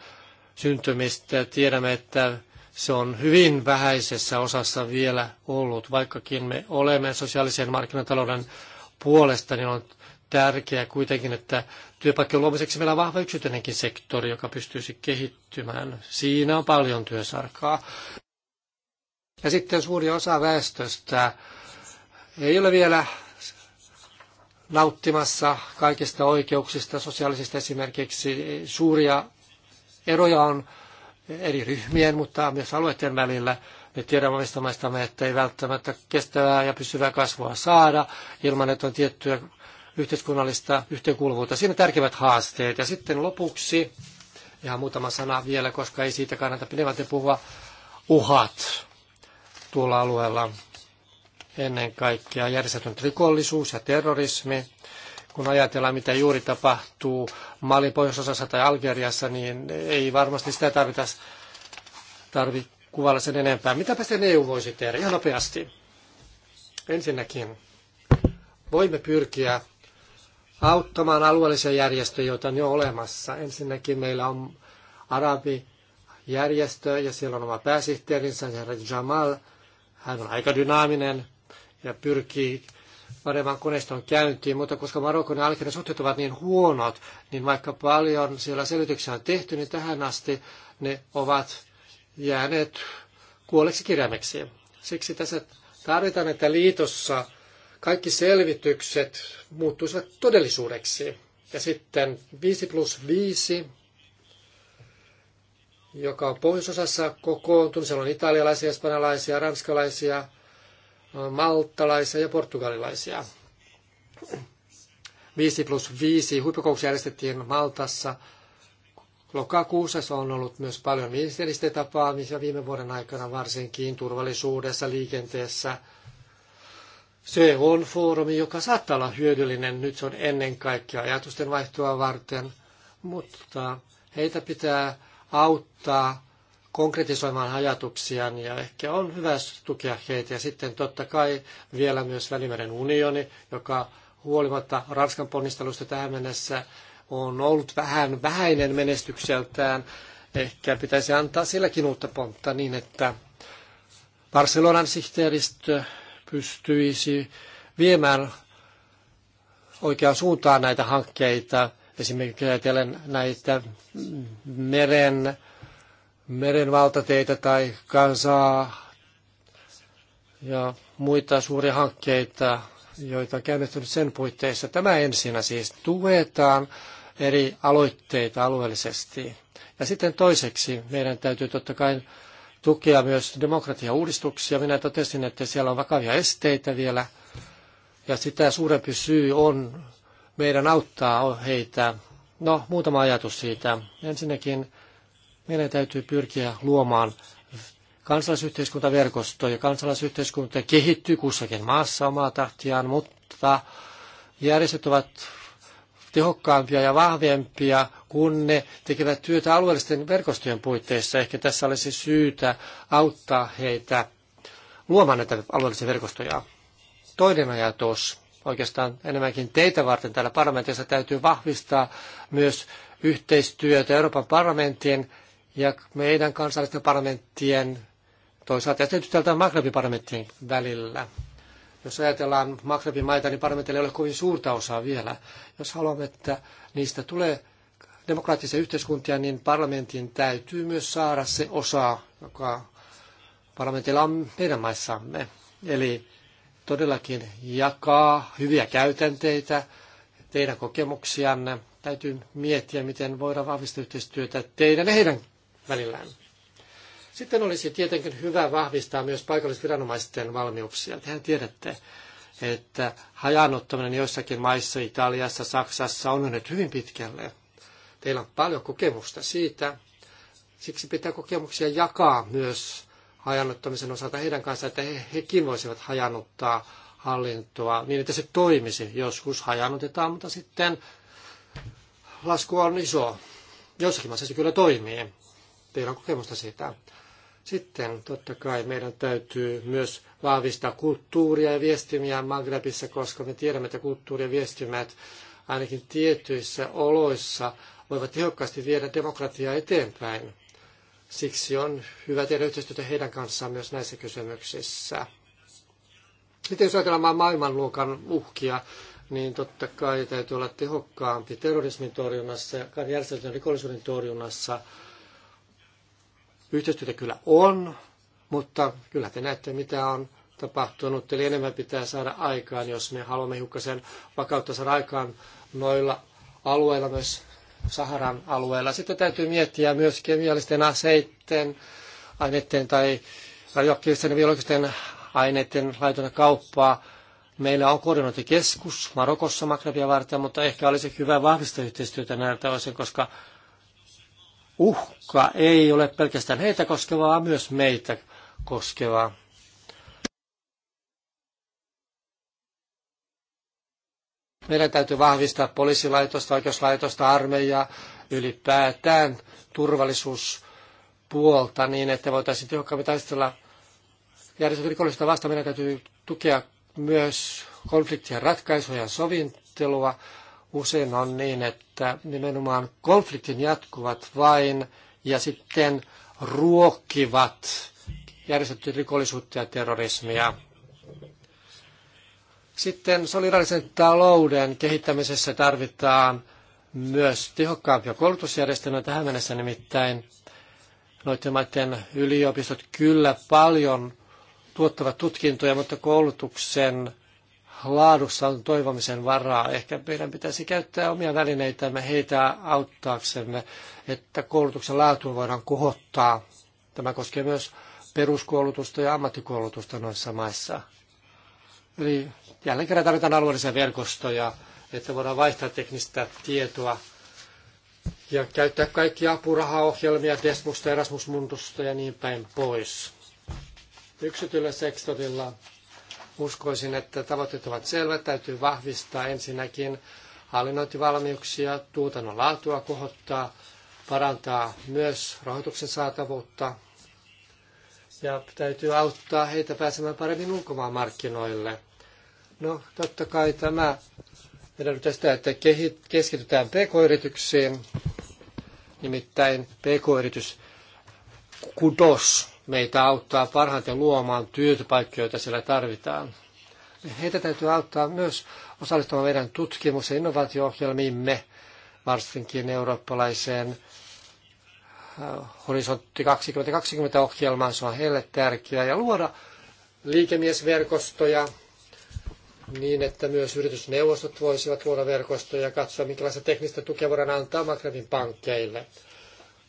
syntymistä. Tiedämme, että se on hyvin vähäisessä osassa vielä ollut, vaikkakin me olemme sosiaalisen markkinatalouden puolesta, niin on tärkeää kuitenkin, että työpaikkojen luomiseksi meillä on vahva yksityinenkin sektori, joka pystyisi kehittymään. Siinä on paljon työsarkaa. Ja sitten suuri osa väestöstä ei ole vielä nauttimassa kaikista oikeuksista, sosiaalisista esimerkiksi. Suuria eroja on eri ryhmien, mutta myös alueiden välillä. Me tiedämme omista maistamme, että ei välttämättä kestävää ja pysyvää kasvua saada ilman, että on tiettyä yhteiskunnallista yhteenkuuluvuutta. Siinä tärkeät haasteet. Ja sitten lopuksi, ihan muutama sana vielä, koska ei siitä kannata pidemmälti puhua, uhat tuolla alueella. Ennen kaikkea järjestetyn rikollisuus ja terrorismi, kun ajatellaan, mitä juuri tapahtuu Malin pohjoisosassa tai Algeriassa, niin ei varmasti sitä tarvita, Tarvi kuvailla sen enempää. Mitäpä sen EU voisi tehdä? Ihan nopeasti. Ensinnäkin voimme pyrkiä auttamaan alueellisia järjestöjä, joita on jo olemassa. Ensinnäkin meillä on arabi järjestö ja siellä on oma pääsihteerinsä, herra Jamal. Hän on aika dynaaminen ja pyrkii paremman koneiston käyntiin, mutta koska Marokon ja Algerian suhteet ovat niin huonot, niin vaikka paljon siellä selityksiä on tehty, niin tähän asti ne ovat jääneet kuolleksi kirjaimeksi. Siksi tässä tarvitaan, että liitossa kaikki selvitykset muuttuisivat todellisuudeksi. Ja sitten 5 plus 5, joka on pohjoisosassa kokoontunut, siellä on italialaisia, espanjalaisia, ranskalaisia, maltalaisia ja portugalilaisia. 5 plus 5 huippukouksia järjestettiin Maltassa lokakuussa. Se on ollut myös paljon ministeristen tapaamisia viime vuoden aikana, varsinkin turvallisuudessa, liikenteessä. Se on foorumi, joka saattaa olla hyödyllinen. Nyt se on ennen kaikkea ajatusten vaihtoa varten, mutta heitä pitää auttaa konkretisoimaan ajatuksiaan ja ehkä on hyvä tukea heitä. Ja sitten totta kai vielä myös Välimeren unioni, joka huolimatta Ranskan ponnistelusta tähän mennessä on ollut vähän vähäinen menestykseltään. Ehkä pitäisi antaa silläkin uutta pontta niin, että Barcelonan sihteeristö pystyisi viemään oikeaan suuntaan näitä hankkeita, esimerkiksi ajatellen näitä meren merenvaltateitä tai kansaa ja muita suuria hankkeita, joita on käynnistynyt sen puitteissa. Tämä ensinnä siis tuetaan eri aloitteita alueellisesti. Ja sitten toiseksi meidän täytyy totta kai tukea myös demokratiauudistuksia. Minä totesin, että siellä on vakavia esteitä vielä, ja sitä suurempi syy on meidän auttaa heitä. No, muutama ajatus siitä. Ensinnäkin meidän täytyy pyrkiä luomaan kansalaisyhteiskuntaverkosto ja kansalaisyhteiskunta kehittyy kussakin maassa omaa tahtiaan, mutta järjestöt ovat tehokkaampia ja vahvempia, kun ne tekevät työtä alueellisten verkostojen puitteissa. Ehkä tässä olisi syytä auttaa heitä luomaan näitä alueellisia verkostoja. Toinen ajatus, oikeastaan enemmänkin teitä varten täällä parlamentissa, täytyy vahvistaa myös yhteistyötä Euroopan parlamentin ja meidän kansallisten parlamenttien toisaalta ja tietysti tältä Maghrebin parlamenttien välillä. Jos ajatellaan Maghrebin maita, niin parlamentilla ei ole kovin suurta osaa vielä. Jos haluamme, että niistä tulee demokraattisia yhteiskuntia, niin parlamentin täytyy myös saada se osa, joka parlamentilla on meidän maissamme. Eli todellakin jakaa hyviä käytänteitä, teidän kokemuksianne. Täytyy miettiä, miten voidaan vahvistaa yhteistyötä teidän ja heidän välillään. Sitten olisi tietenkin hyvä vahvistaa myös paikallisviranomaisten valmiuksia. Tehän tiedätte, että hajanottaminen joissakin maissa, Italiassa, Saksassa on nyt hyvin pitkälle. Teillä on paljon kokemusta siitä. Siksi pitää kokemuksia jakaa myös hajannuttamisen osalta heidän kanssaan, että he, hekin voisivat hajannuttaa hallintoa niin, että se toimisi. Joskus hajannutetaan, mutta sitten lasku on iso. Jossakin maassa se kyllä toimii. Teillä on kokemusta siitä. Sitten totta kai meidän täytyy myös vahvistaa kulttuuria ja viestimiä Maghrebissa, koska me tiedämme, että kulttuuri ja viestimät ainakin tietyissä oloissa voivat tehokkaasti viedä demokratiaa eteenpäin. Siksi on hyvä tehdä yhteistyötä heidän kanssaan myös näissä kysymyksissä. Sitten jos ajatellaan maailmanluokan uhkia, niin totta kai täytyy olla tehokkaampi terrorismin torjunnassa ja järjestelmän rikollisuuden torjunnassa – Yhteistyötä kyllä on, mutta kyllä te näette, mitä on tapahtunut. Eli enemmän pitää saada aikaan, jos me haluamme hiukkasen vakautta saada aikaan noilla alueilla, myös Saharan alueella. Sitten täytyy miettiä myös kemiallisten aseiden, aineiden tai radioaktiivisten ja biologisten aineiden laitona kauppaa. Meillä on koordinointikeskus Marokossa Magrebia varten, mutta ehkä olisi hyvä vahvistaa yhteistyötä näiltä osin, koska uhka ei ole pelkästään heitä koskevaa, vaan myös meitä koskevaa. Meidän täytyy vahvistaa poliisilaitosta, oikeuslaitosta, armeijaa, ylipäätään turvallisuuspuolta niin, että voitaisiin tehokkaammin taistella järjestetyn vastaan. Meidän täytyy tukea myös konfliktien ratkaisuja ja sovintelua. Usein on niin, että nimenomaan konfliktin jatkuvat vain ja sitten ruokkivat järjestettyä rikollisuutta ja terrorismia. Sitten solidaarisen talouden kehittämisessä tarvitaan myös tehokkaampia koulutusjärjestelmiä tähän mennessä nimittäin. Noiden maiden yliopistot kyllä paljon tuottavat tutkintoja, mutta koulutuksen laadussa on toivomisen varaa. Ehkä meidän pitäisi käyttää omia välineitämme heitä auttaaksemme, että koulutuksen laatua voidaan kohottaa. Tämä koskee myös peruskoulutusta ja ammattikoulutusta noissa maissa. Eli jälleen kerran tarvitaan alueellisia verkostoja, että voidaan vaihtaa teknistä tietoa ja käyttää kaikkia apurahaohjelmia, Desmusta, Erasmus Mundusta ja niin päin pois. Yksityisellä sektorilla Uskoisin, että tavoitteet ovat selvät. Täytyy vahvistaa ensinnäkin hallinnointivalmiuksia, tuotannon laatua kohottaa, parantaa myös rahoituksen saatavuutta ja täytyy auttaa heitä pääsemään paremmin ulkomaan markkinoille. No, totta kai tämä edellyttää sitä, että keskitytään pk-yrityksiin, nimittäin pk-yritys kudos meitä auttaa parhaiten luomaan työpaikkoja, joita siellä tarvitaan. Heitä täytyy auttaa myös osallistumaan meidän tutkimus- ja innovaatio-ohjelmiimme, varsinkin eurooppalaiseen äh, Horisontti 2020-ohjelmaan. Se on heille tärkeää ja luoda liikemiesverkostoja niin, että myös yritysneuvostot voisivat luoda verkostoja ja katsoa, minkälaista teknistä tukea voidaan antaa Magrebin pankkeille –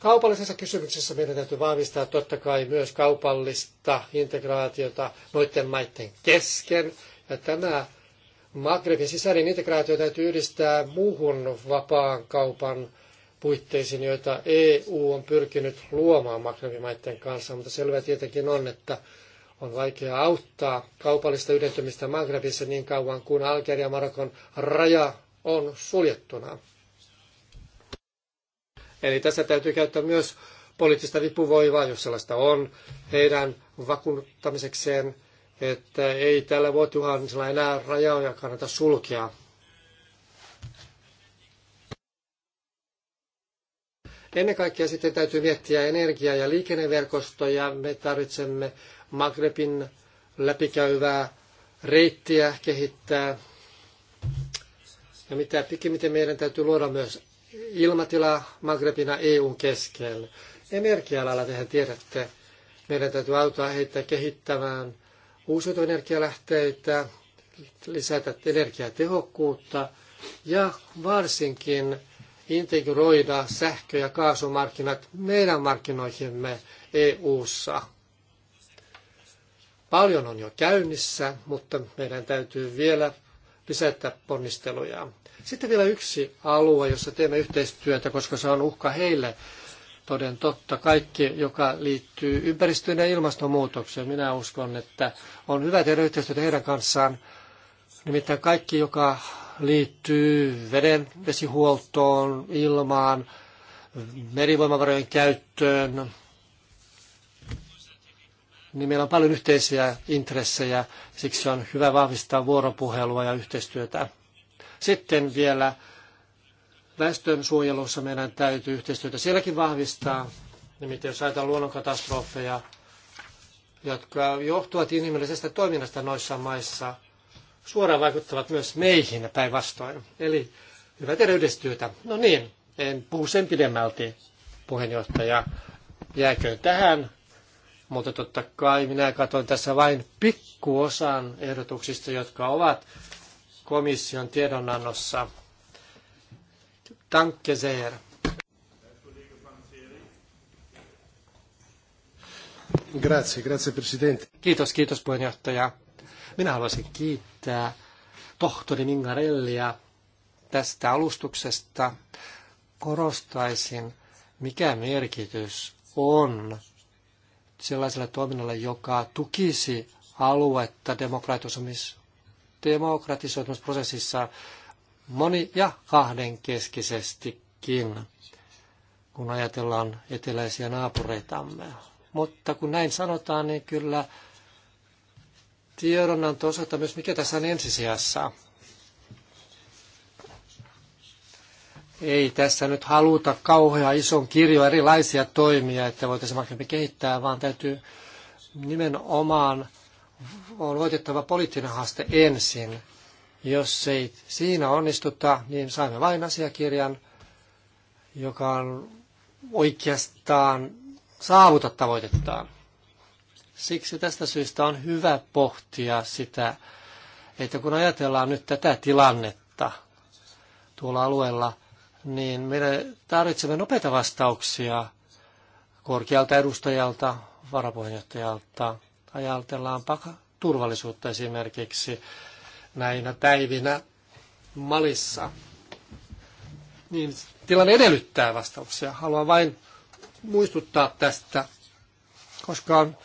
Kaupallisessa kysymyksessä meidän täytyy vahvistaa totta kai myös kaupallista integraatiota noiden maiden kesken. Ja tämä Magrebin sisäinen integraatio täytyy yhdistää muuhun vapaan kaupan puitteisiin, joita EU on pyrkinyt luomaan Magrebin maiden kanssa, mutta selvä tietenkin on, että on vaikea auttaa kaupallista yhdentymistä Magrebissa niin kauan kuin Algeria ja Marokon raja on suljettuna. Eli tässä täytyy käyttää myös poliittista vipuvoimaa, jos sellaista on, heidän vakuuttamisekseen, että ei tällä vuotuhansilla enää rajoja kannata sulkea. Ennen kaikkea sitten täytyy miettiä energia- ja liikenneverkostoja. Me tarvitsemme Magrebin läpikäyvää reittiä kehittää. Ja mitä pikimmiten meidän täytyy luoda myös ilmatila Magrebina EUn keskellä. Energialalla tehän tiedätte, meidän täytyy auttaa heitä kehittämään uusiutuvia energialähteitä, lisätä energiatehokkuutta ja varsinkin integroida sähkö- ja kaasumarkkinat meidän markkinoihimme EU-ssa. Paljon on jo käynnissä, mutta meidän täytyy vielä lisätä ponnisteluja. Sitten vielä yksi alue, jossa teemme yhteistyötä, koska se on uhka heille toden totta. Kaikki, joka liittyy ympäristöön ja ilmastonmuutokseen, minä uskon, että on hyvä tehdä yhteistyötä heidän kanssaan. Nimittäin kaikki, joka liittyy veden, vesihuoltoon, ilmaan, merivoimavarojen käyttöön, niin meillä on paljon yhteisiä intressejä, siksi on hyvä vahvistaa vuoropuhelua ja yhteistyötä. Sitten vielä väestön suojelussa meidän täytyy yhteistyötä sielläkin vahvistaa. Nimittäin jos ajatellaan luonnonkatastrofeja, jotka johtuvat inhimillisestä toiminnasta noissa maissa, suoraan vaikuttavat myös meihin päinvastoin. Eli hyvä tehdä yhteistyötä. No niin, en puhu sen pidemmälti, puheenjohtaja. Jääköön tähän mutta totta kai minä katson tässä vain pikkuosan ehdotuksista, jotka ovat komission tiedonannossa. Danke sehr. Grazie, grazie Presidente. Kiitos, kiitos puheenjohtaja. Minä haluaisin kiittää tohtori Mingarellia tästä alustuksesta. Korostaisin, mikä merkitys on sellaiselle toiminnalle, joka tukisi aluetta demokratisoitumisprosessissa moni- ja kahdenkeskisestikin, kun ajatellaan eteläisiä naapureitamme. Mutta kun näin sanotaan, niin kyllä tiedonanto osoittaa myös, mikä tässä on ensisijassa. Ei tässä nyt haluta kauhean ison kirjo erilaisia toimia, että voitaisiin markkinoita kehittää, vaan täytyy nimenomaan on voitettava poliittinen haaste ensin. Jos ei siinä onnistuta, niin saimme vain asiakirjan, joka on oikeastaan saavuta tavoitettaan. Siksi tästä syystä on hyvä pohtia sitä, että kun ajatellaan nyt tätä tilannetta tuolla alueella, niin me tarvitsemme nopeita vastauksia korkealta edustajalta, varapuheenjohtajalta. Ajatellaan turvallisuutta esimerkiksi näinä päivinä Malissa. Niin tilanne edellyttää vastauksia. Haluan vain muistuttaa tästä, koska on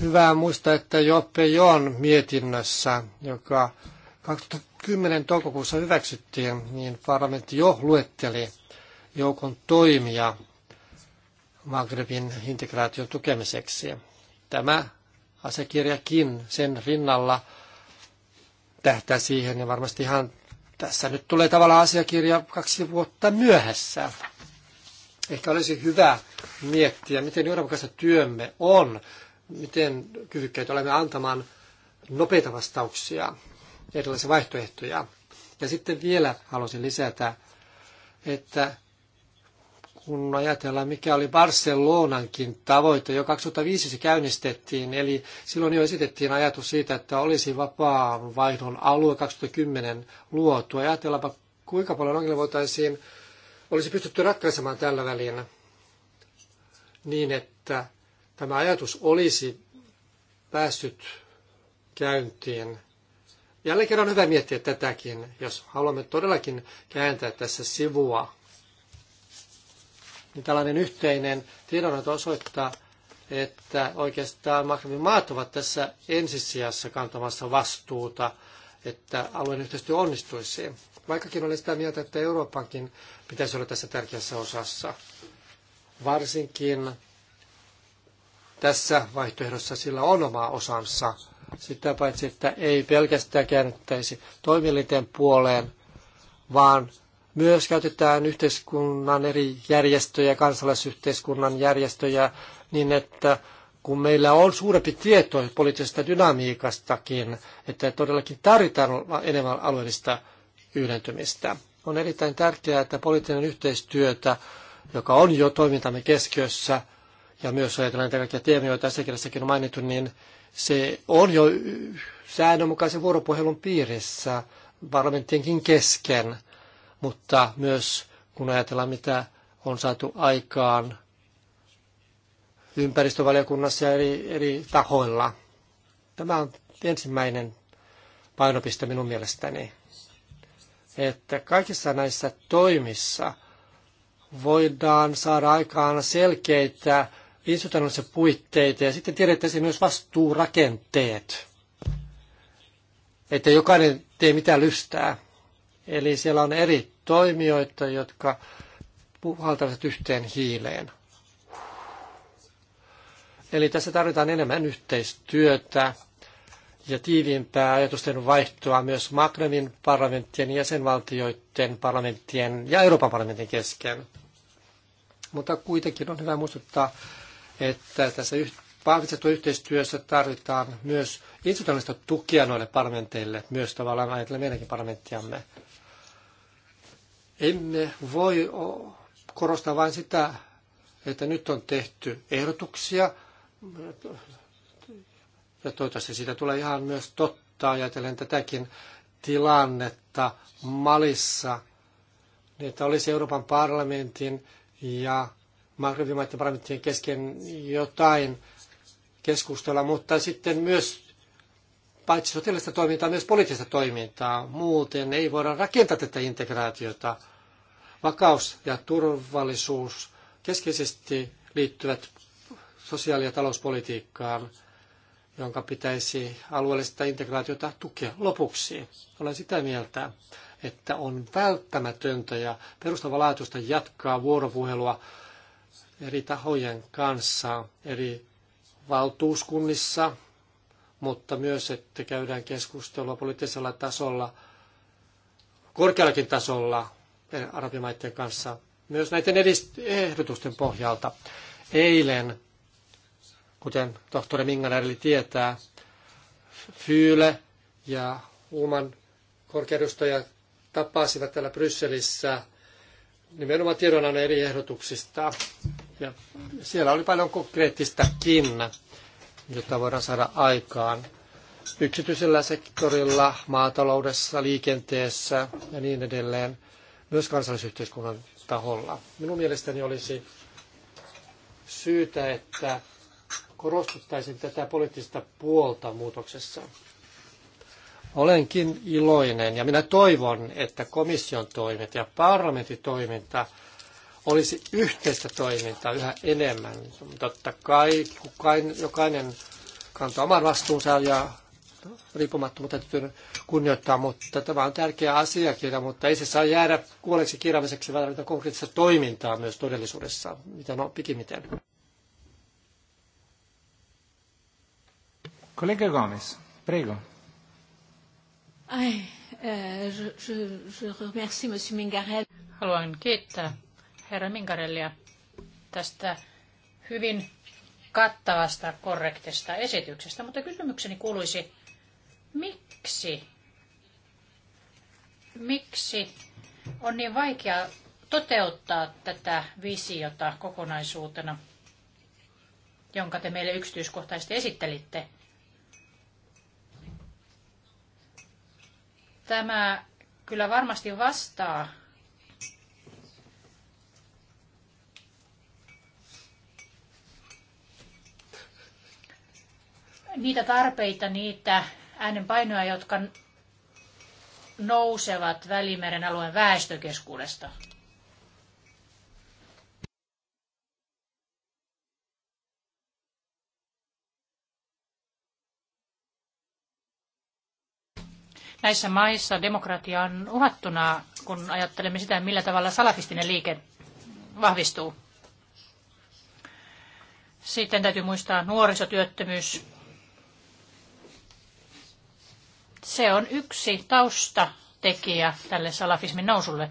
hyvä muistaa, että Joppe Joon mietinnössä, joka 2000 10. toukokuussa hyväksyttiin, niin parlamentti jo luetteli joukon toimia Magrebin integraation tukemiseksi. Tämä asiakirjakin sen rinnalla tähtää siihen ja varmasti ihan tässä nyt tulee tavallaan asiakirja kaksi vuotta myöhässä. Ehkä olisi hyvä miettiä, miten johdonmukaista työmme on, miten kyvykkäitä olemme antamaan nopeita vastauksia erilaisia vaihtoehtoja. Ja sitten vielä halusin lisätä, että kun ajatellaan, mikä oli Barcelonankin tavoite, jo 2005 se käynnistettiin, eli silloin jo esitettiin ajatus siitä, että olisi vapaan vaihdon alue 2010 luotu. Ajatellaanpa, kuinka paljon ongelmia voitaisiin, olisi pystytty ratkaisemaan tällä välin niin, että tämä ajatus olisi päässyt käyntiin Jälleen kerran on hyvä miettiä tätäkin, jos haluamme todellakin kääntää tässä sivua. Niin tällainen yhteinen tiedonanto osoittaa, että oikeastaan Magrebin maat ovat tässä ensisijassa kantamassa vastuuta, että alueen yhteistyö onnistuisi. Vaikkakin olen sitä mieltä, että Euroopankin pitäisi olla tässä tärkeässä osassa. Varsinkin tässä vaihtoehdossa sillä on oma osansa sitä paitsi, että ei pelkästään käännettäisi toimielinten puoleen, vaan myös käytetään yhteiskunnan eri järjestöjä, kansalaisyhteiskunnan järjestöjä, niin että kun meillä on suurempi tieto poliittisesta dynamiikastakin, että todellakin tarvitaan enemmän alueellista yhdentymistä. On erittäin tärkeää, että poliittinen yhteistyötä, joka on jo toimintamme keskiössä, ja myös ajatellaan tärkeitä kaikkia teemoja, joita asiakirjassakin on mainittu, niin se on jo säännönmukaisen vuoropuhelun piirissä parlamenttienkin kesken, mutta myös kun ajatellaan, mitä on saatu aikaan ympäristövaliokunnassa ja eri, eri tahoilla. Tämä on ensimmäinen painopiste minun mielestäni, että kaikissa näissä toimissa voidaan saada aikaan selkeitä institutionaalisia puitteita ja sitten tiedettäisiin myös vastuurakenteet, että jokainen tee mitä lystää. Eli siellä on eri toimijoita, jotka puhaltavat yhteen hiileen. Eli tässä tarvitaan enemmän yhteistyötä ja tiiviimpää ajatusten vaihtoa myös Magrebin parlamenttien, jäsenvaltioiden parlamenttien ja Euroopan parlamentin kesken. Mutta kuitenkin on hyvä muistuttaa että tässä vahvistettu yhteistyössä tarvitaan myös institutionaalista tukea noille parlamenteille, myös tavallaan ajatellen meidänkin parlamenttiamme. Emme voi korostaa vain sitä, että nyt on tehty ehdotuksia, ja toivottavasti siitä tulee ihan myös totta, ajatellen tätäkin tilannetta Malissa, niin että olisi Euroopan parlamentin ja Magrebimaiden parlamenttien kesken jotain keskustella, mutta sitten myös paitsi sotilaista toimintaa, myös poliittista toimintaa. Muuten ei voida rakentaa tätä integraatiota. Vakaus ja turvallisuus keskeisesti liittyvät sosiaali- ja talouspolitiikkaan, jonka pitäisi alueellista integraatiota tukea. Lopuksi olen sitä mieltä, että on välttämätöntä ja perustavanlaatuista jatkaa vuoropuhelua eri tahojen kanssa eri valtuuskunnissa, mutta myös, että käydään keskustelua poliittisella tasolla, korkeallakin tasolla arabimaiden kanssa, myös näiden ehdotusten pohjalta. Eilen, kuten tohtori Minganärli tietää, Fyyle ja Uman korkeudustaja tapasivat täällä Brysselissä nimenomaan tiedonannon eri ehdotuksista ja siellä oli paljon konkreettistakin, jota voidaan saada aikaan yksityisellä sektorilla, maataloudessa, liikenteessä ja niin edelleen, myös kansallisyhteiskunnan taholla. Minun mielestäni olisi syytä, että korostuttaisin tätä poliittista puolta muutoksessa. Olenkin iloinen ja minä toivon, että komission toimet ja parlamentin toiminta olisi yhteistä toimintaa yhä enemmän. Totta kai kukain, jokainen kantaa oman vastuunsa ja riippumattomuutta täytyy kunnioittaa, mutta tämä on tärkeä asiakirja, mutta ei se saa jäädä kuolleeksi kirjaamiseksi, vaan tarvitaan konkreettista toimintaa myös todellisuudessa, mitä no, pikimiten. Kollega Gomes, prego. Ai, äh, je, je, je remercie Monsieur Mingarel. Haluan kiittää herra Minkarellia tästä hyvin kattavasta, korrektista esityksestä, mutta kysymykseni kuuluisi, miksi, miksi on niin vaikea toteuttaa tätä visiota kokonaisuutena, jonka te meille yksityiskohtaisesti esittelitte? Tämä kyllä varmasti vastaa niitä tarpeita, niitä äänenpainoja, jotka nousevat Välimeren alueen väestökeskuudesta? näissä maissa demokratia on uhattuna, kun ajattelemme sitä, millä tavalla salafistinen liike vahvistuu. Sitten täytyy muistaa nuorisotyöttömyys. Se on yksi taustatekijä tälle salafismin nousulle.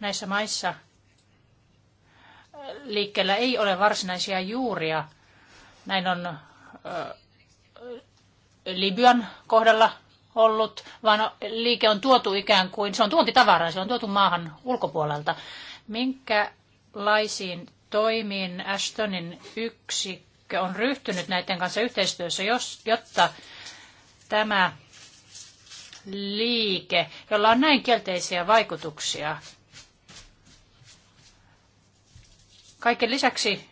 Näissä maissa liikkeellä ei ole varsinaisia juuria. Näin on Libyan kohdalla ollut, vaan liike on tuotu ikään kuin, se on tuontitavaraa, se on tuotu maahan ulkopuolelta. Minkälaisiin toimiin Ashtonin yksi yksikkö on ryhtynyt näiden kanssa yhteistyössä, jos, jotta tämä liike, jolla on näin kielteisiä vaikutuksia. Kaiken lisäksi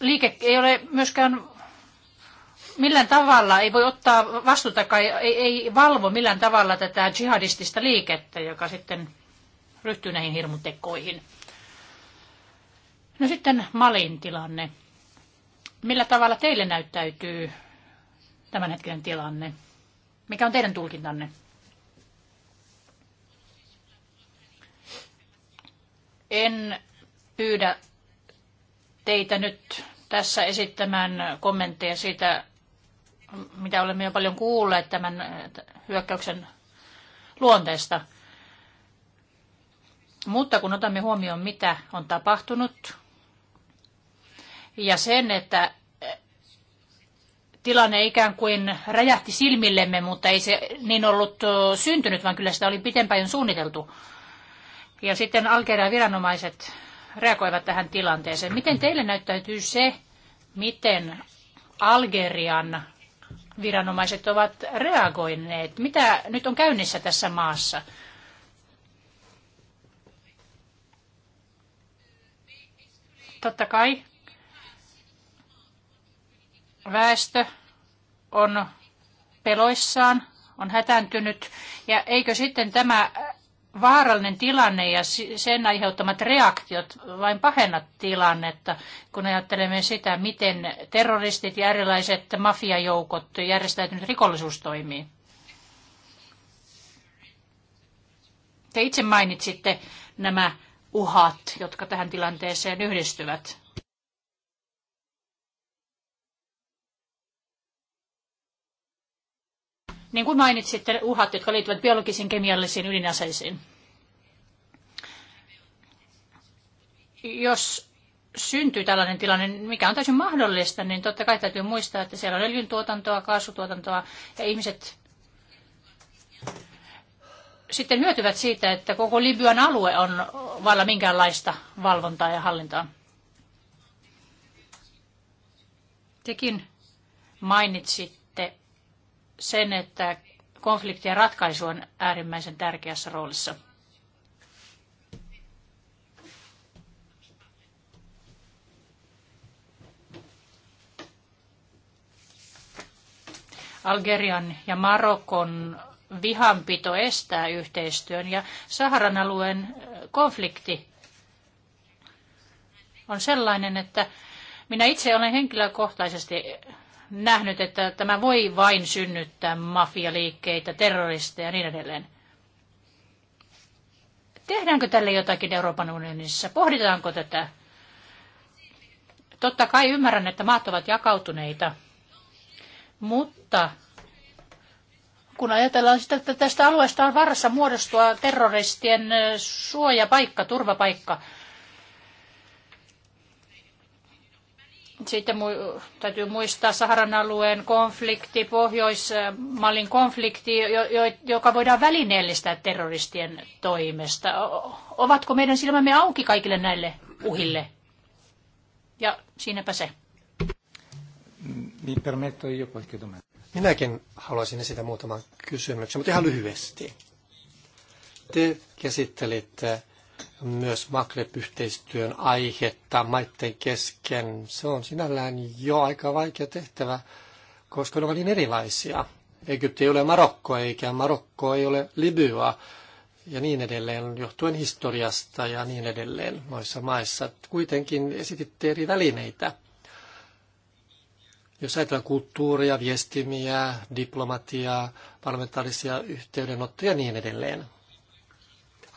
liike ei ole myöskään millään tavalla ei voi ottaa vastuuta tai ei, ei valvo millään tavalla tätä jihadistista liikettä, joka sitten ryhtyy näihin hirmutekoihin. No sitten Malin tilanne. Millä tavalla teille näyttäytyy tämänhetkinen tilanne? Mikä on teidän tulkintanne? En pyydä teitä nyt tässä esittämään kommentteja siitä, mitä olemme jo paljon kuulleet tämän äh, hyökkäyksen luonteesta. Mutta kun otamme huomioon, mitä on tapahtunut, ja sen, että äh, tilanne ikään kuin räjähti silmillemme, mutta ei se niin ollut syntynyt, vaan kyllä sitä oli pitempään suunniteltu. Ja sitten Algerian viranomaiset reagoivat tähän tilanteeseen. Miten teille näyttäytyy se, miten Algerian viranomaiset ovat reagoineet? Mitä nyt on käynnissä tässä maassa? Totta kai väestö on peloissaan, on hätääntynyt. Ja eikö sitten tämä vaarallinen tilanne ja sen aiheuttamat reaktiot vain pahennat tilannetta, kun ajattelemme sitä, miten terroristit ja erilaiset mafiajoukot järjestäytynyt rikollisuus toimii. Te itse mainitsitte nämä uhat, jotka tähän tilanteeseen yhdistyvät. Niin kuin mainitsitte, uhat, jotka liittyvät biologisiin, kemiallisiin ydinaseisiin. Jos syntyy tällainen tilanne, niin mikä on täysin mahdollista, niin totta kai täytyy muistaa, että siellä on öljyntuotantoa, kaasutuotantoa ja ihmiset sitten hyötyvät siitä, että koko Libyan alue on vailla minkäänlaista valvontaa ja hallintaa. Tekin mainitsit sen, että konfliktien ratkaisu on äärimmäisen tärkeässä roolissa. Algerian ja Marokon vihanpito estää yhteistyön ja Saharan alueen eh, konflikti on sellainen, että minä itse olen henkilökohtaisesti nähnyt, että tämä voi vain synnyttää mafialiikkeitä, terroristeja ja niin edelleen. Tehdäänkö tälle jotakin Euroopan unionissa? Pohditaanko tätä? Totta kai ymmärrän, että maat ovat jakautuneita, mutta kun ajatellaan sitä, että tästä alueesta on varassa muodostua terroristien eh, suojapaikka, turvapaikka, Sitten mu- täytyy muistaa Saharan alueen konflikti, Pohjoismallin konflikti, jo- joka voidaan välineellistää terroristien toimesta. ovatko meidän silmämme auki kaikille näille uhille? Ja siinäpä se. Minäkin haluaisin esittää muutaman kysymyksen, mutta ihan lyhyesti. Te käsittelitte myös maghreb yhteistyön aihetta maiden kesken. Se on sinällään jo aika vaikea tehtävä, koska ne ovat niin erilaisia. Egypti ei ole Marokko, eikä Marokko ei ole Libya ja niin edelleen, johtuen historiasta ja niin edelleen noissa maissa. Kuitenkin esititte eri välineitä. Jos ajatellaan kulttuuria, viestimiä, diplomatiaa, parlamentaarisia yhteydenottoja ja niin edelleen.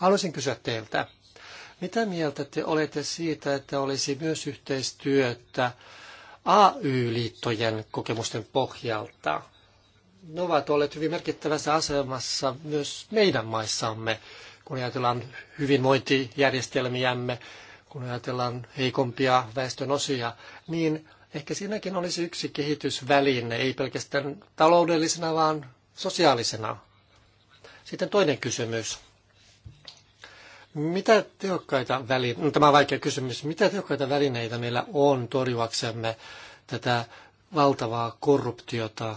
Haluaisin kysyä teiltä, mitä mieltä te olette siitä, että olisi myös yhteistyötä AY-liittojen kokemusten pohjalta? Ne ovat olleet hyvin merkittävässä asemassa myös meidän maissamme, kun ajatellaan hyvinvointijärjestelmiämme, kun ajatellaan heikompia väestön osia, niin ehkä siinäkin olisi yksi kehitysväline, ei pelkästään taloudellisena, vaan sosiaalisena. Sitten toinen kysymys. Mitä tehokkaita välineitä, no, tämä on vaikea kysymys, mitä tehokkaita välineitä meillä on torjuaksemme tätä valtavaa korruptiota,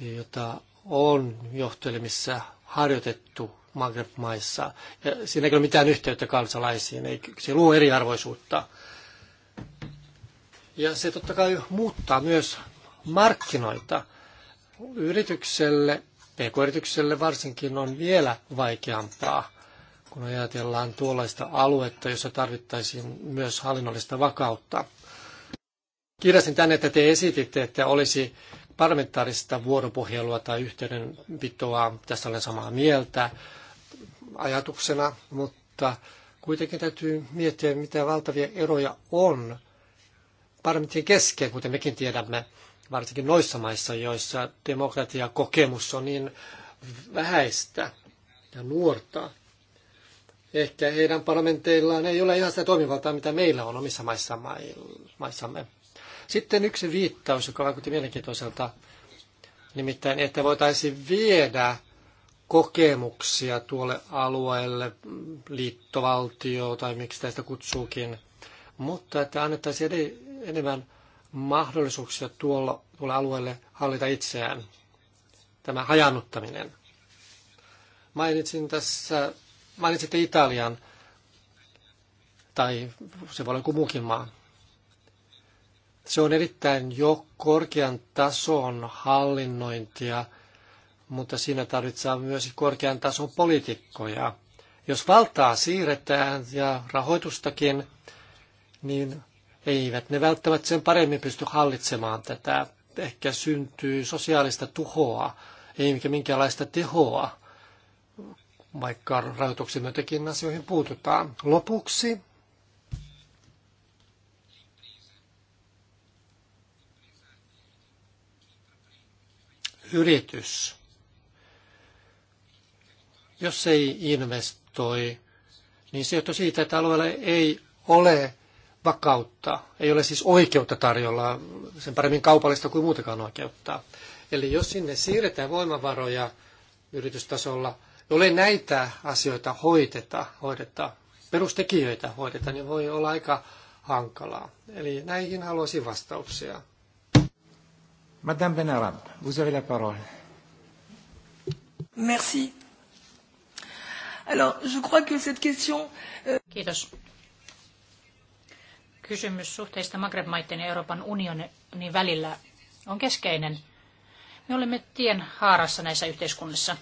jota on johtelemissa harjoitettu Maghreb-maissa. Ja siinä ei ole mitään yhteyttä kansalaisiin, ei, se luo eriarvoisuutta. Ja se totta kai muuttaa myös markkinoita. Yritykselle, pk-yritykselle varsinkin on vielä vaikeampaa kun ajatellaan tuollaista aluetta, jossa tarvittaisiin myös hallinnollista vakautta. Kirjasin tänne, että te esititte, että olisi parlamentaarista vuoropuhelua tai yhteydenpitoa. tässä olen samaa mieltä ajatuksena, mutta kuitenkin täytyy miettiä, mitä valtavia eroja on parlamentin kesken, kuten mekin tiedämme, varsinkin noissa maissa, joissa demokratiakokemus on niin vähäistä ja nuorta. Ehkä heidän parlamenteillaan ei ole ihan sitä toimivaltaa, mitä meillä on omissa maissamme. Sitten yksi viittaus, joka vaikutti mielenkiintoiselta, nimittäin, että voitaisiin viedä kokemuksia tuolle alueelle, liittovaltio tai miksi tästä kutsuukin, mutta että annettaisiin enemmän mahdollisuuksia tuolla, tuolle alueelle hallita itseään, tämä hajannuttaminen. Mainitsin tässä mainitsitte Italian, tai se voi olla joku muukin maa. Se on erittäin jo korkean tason hallinnointia, mutta siinä tarvitaan myös korkean tason poliitikkoja. Jos valtaa siirretään ja rahoitustakin, niin eivät ne välttämättä sen paremmin pysty hallitsemaan tätä. Ehkä syntyy sosiaalista tuhoa, ei minkäänlaista tehoa vaikka rajoituksen myötäkin asioihin puututaan. Lopuksi yritys, jos ei investoi, niin se johtuu siitä, että alueella ei ole vakautta, ei ole siis oikeutta tarjolla sen paremmin kaupallista kuin muutakaan oikeutta. Eli jos sinne siirretään voimavaroja yritystasolla – Jolle näitä asioita hoiteta, hoideta, perustekijöitä hoideta, niin voi olla aika hankalaa. Eli näihin haluaisin vastauksia. Madame Benarab, vous avez la parole. Merci. Alors, je crois que cette question... Euh, Kiitos. Kysymys suhteista magreb maiden ja Euroopan unionin välillä on keskeinen. Me olemme tien haarassa näissä yhteiskunnissa.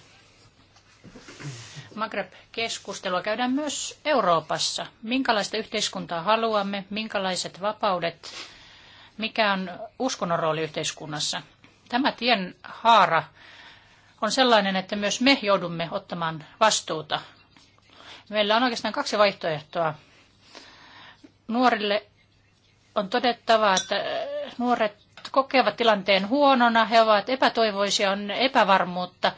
Maghreb-keskustelua käydään myös Euroopassa. Minkälaista yhteiskuntaa haluamme, minkälaiset vapaudet, mikä on uskonnon rooli yhteiskunnassa. Tämä tien haara on sellainen, että myös me joudumme ottamaan vastuuta. Meillä on oikeastaan kaksi vaihtoehtoa. Nuorille on todettava, että nuoret kokevat tilanteen huonona, he ovat epätoivoisia, on epävarmuutta.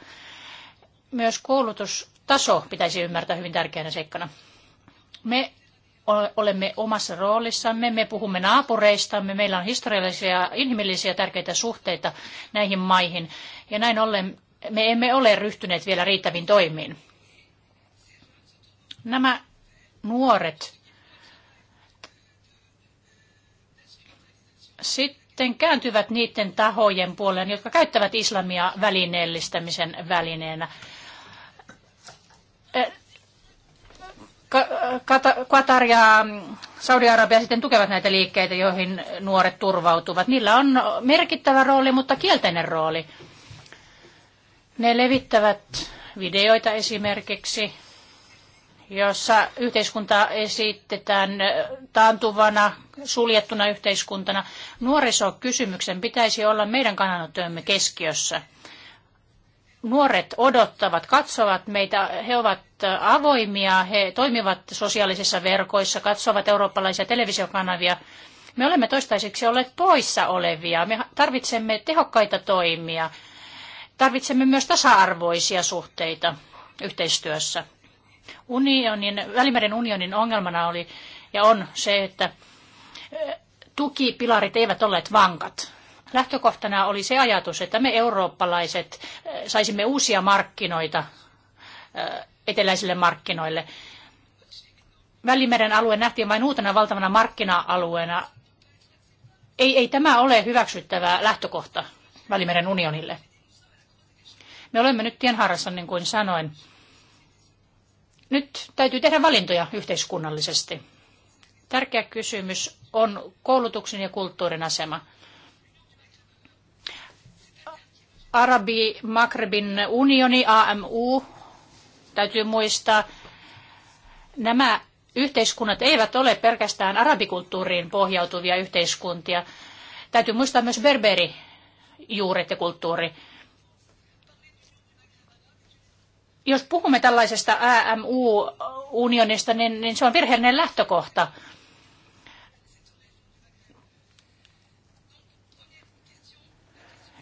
Myös koulutus taso pitäisi ymmärtää hyvin tärkeänä seikkana. Me olemme omassa roolissamme, me puhumme naapureistamme, meillä on historiallisia inhimillisiä tärkeitä suhteita näihin maihin ja näin ollen me emme ole ryhtyneet vielä riittäviin toimiin. Nämä nuoret sitten kääntyvät niiden tahojen puoleen, jotka käyttävät islamia välineellistämisen välineenä. Qatar ja Saudi-Arabia sitten tukevat näitä liikkeitä, joihin nuoret turvautuvat. Niillä on merkittävä rooli, mutta kielteinen rooli. Ne levittävät videoita esimerkiksi, jossa yhteiskunta esitetään taantuvana, suljettuna yhteiskuntana. Nuorisokysymyksen pitäisi olla meidän kannanottojemme keskiössä – nuoret odottavat, katsovat meitä, he ovat avoimia, he toimivat sosiaalisissa verkoissa, katsovat eurooppalaisia televisiokanavia. Me olemme toistaiseksi olleet poissa olevia. Me tarvitsemme tehokkaita toimia. Tarvitsemme myös tasa-arvoisia suhteita yhteistyössä. Unionin, Välimeren unionin ongelmana oli ja on se, että tukipilarit eivät olleet vankat lähtökohtana oli se ajatus, että me eurooppalaiset eh, saisimme uusia markkinoita eh, eteläisille markkinoille. Välimeren alue nähtiin vain uutena valtavana markkina-alueena. Ei, ei tämä ole hyväksyttävä lähtökohta Välimeren unionille. Me olemme nyt tienhaarassa, niin kuin sanoin. Nyt täytyy tehdä valintoja yhteiskunnallisesti. Tärkeä kysymys on koulutuksen ja kulttuurin asema. Arabi Magrebin unioni, AMU, täytyy muistaa, nämä yhteiskunnat eivät ole pelkästään arabikulttuuriin pohjautuvia yhteiskuntia. Täytyy muistaa myös berberi juuret ja kulttuuri. Jos puhumme tällaisesta AMU-unionista, niin, niin se on virheellinen lähtökohta.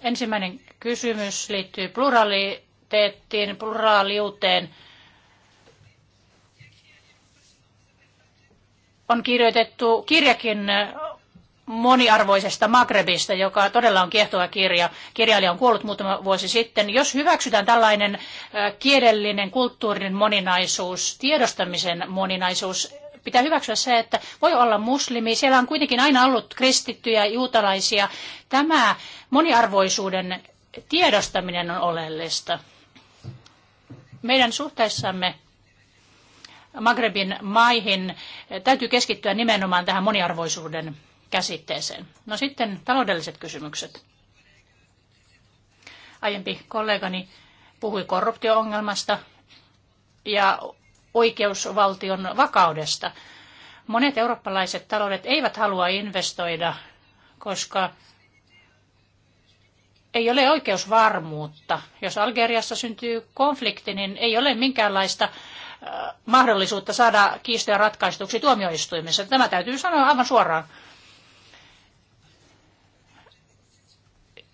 Ensimmäinen Kysymys liittyy pluraliteettiin, pluraaliuteen. On kirjoitettu kirjakin moniarvoisesta Magrebista, joka todella on kiehtova kirja. Kirjailija on kuollut muutama vuosi sitten. Jos hyväksytään tällainen äh, kielellinen kulttuurin moninaisuus, tiedostamisen moninaisuus, pitää hyväksyä se, että voi olla muslimi. Siellä on kuitenkin aina ollut kristittyjä, juutalaisia. Tämä moniarvoisuuden tiedostaminen on oleellista. Meidän suhteissamme Magrebin maihin täytyy keskittyä nimenomaan tähän moniarvoisuuden käsitteeseen. No sitten taloudelliset kysymykset. Aiempi kollegani puhui korruptioongelmasta ja oikeusvaltion vakaudesta. Monet eurooppalaiset taloudet eivät halua investoida, koska ei ole oikeusvarmuutta. Jos Algeriassa syntyy konflikti, niin ei ole minkäänlaista äh, mahdollisuutta saada kiistoja ratkaistuksi tuomioistuimessa. Tämä täytyy sanoa aivan suoraan.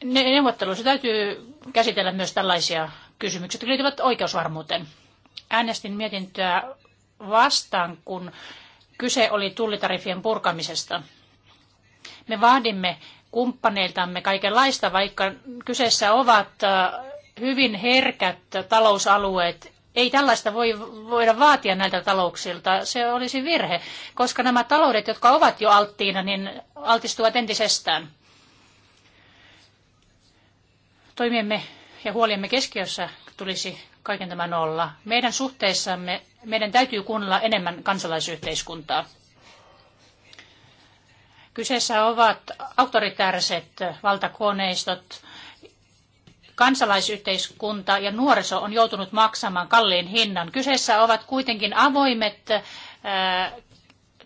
Ne Neuvotteluissa täytyy käsitellä myös tällaisia kysymyksiä, jotka liittyvät oikeusvarmuuteen. Äänestin mietintöä vastaan, kun kyse oli tullitariffien purkamisesta. Me vaadimme kumppaneiltamme kaikenlaista, vaikka kyseessä ovat äh, hyvin herkät talousalueet. Ei tällaista voi voida vaatia näiltä talouksilta, se olisi virhe, koska nämä taloudet, jotka ovat jo alttiina, niin altistuvat entisestään. Toimiemme ja huoliemme keskiössä tulisi kaiken tämän olla. Meidän suhteissamme meidän täytyy kuunnella enemmän kansalaisyhteiskuntaa. Kyseessä ovat autoritääriset valtakoneistot. Kansalaisyhteiskunta ja nuoriso on joutunut maksamaan kalliin hinnan. Kyseessä ovat kuitenkin avoimet äh,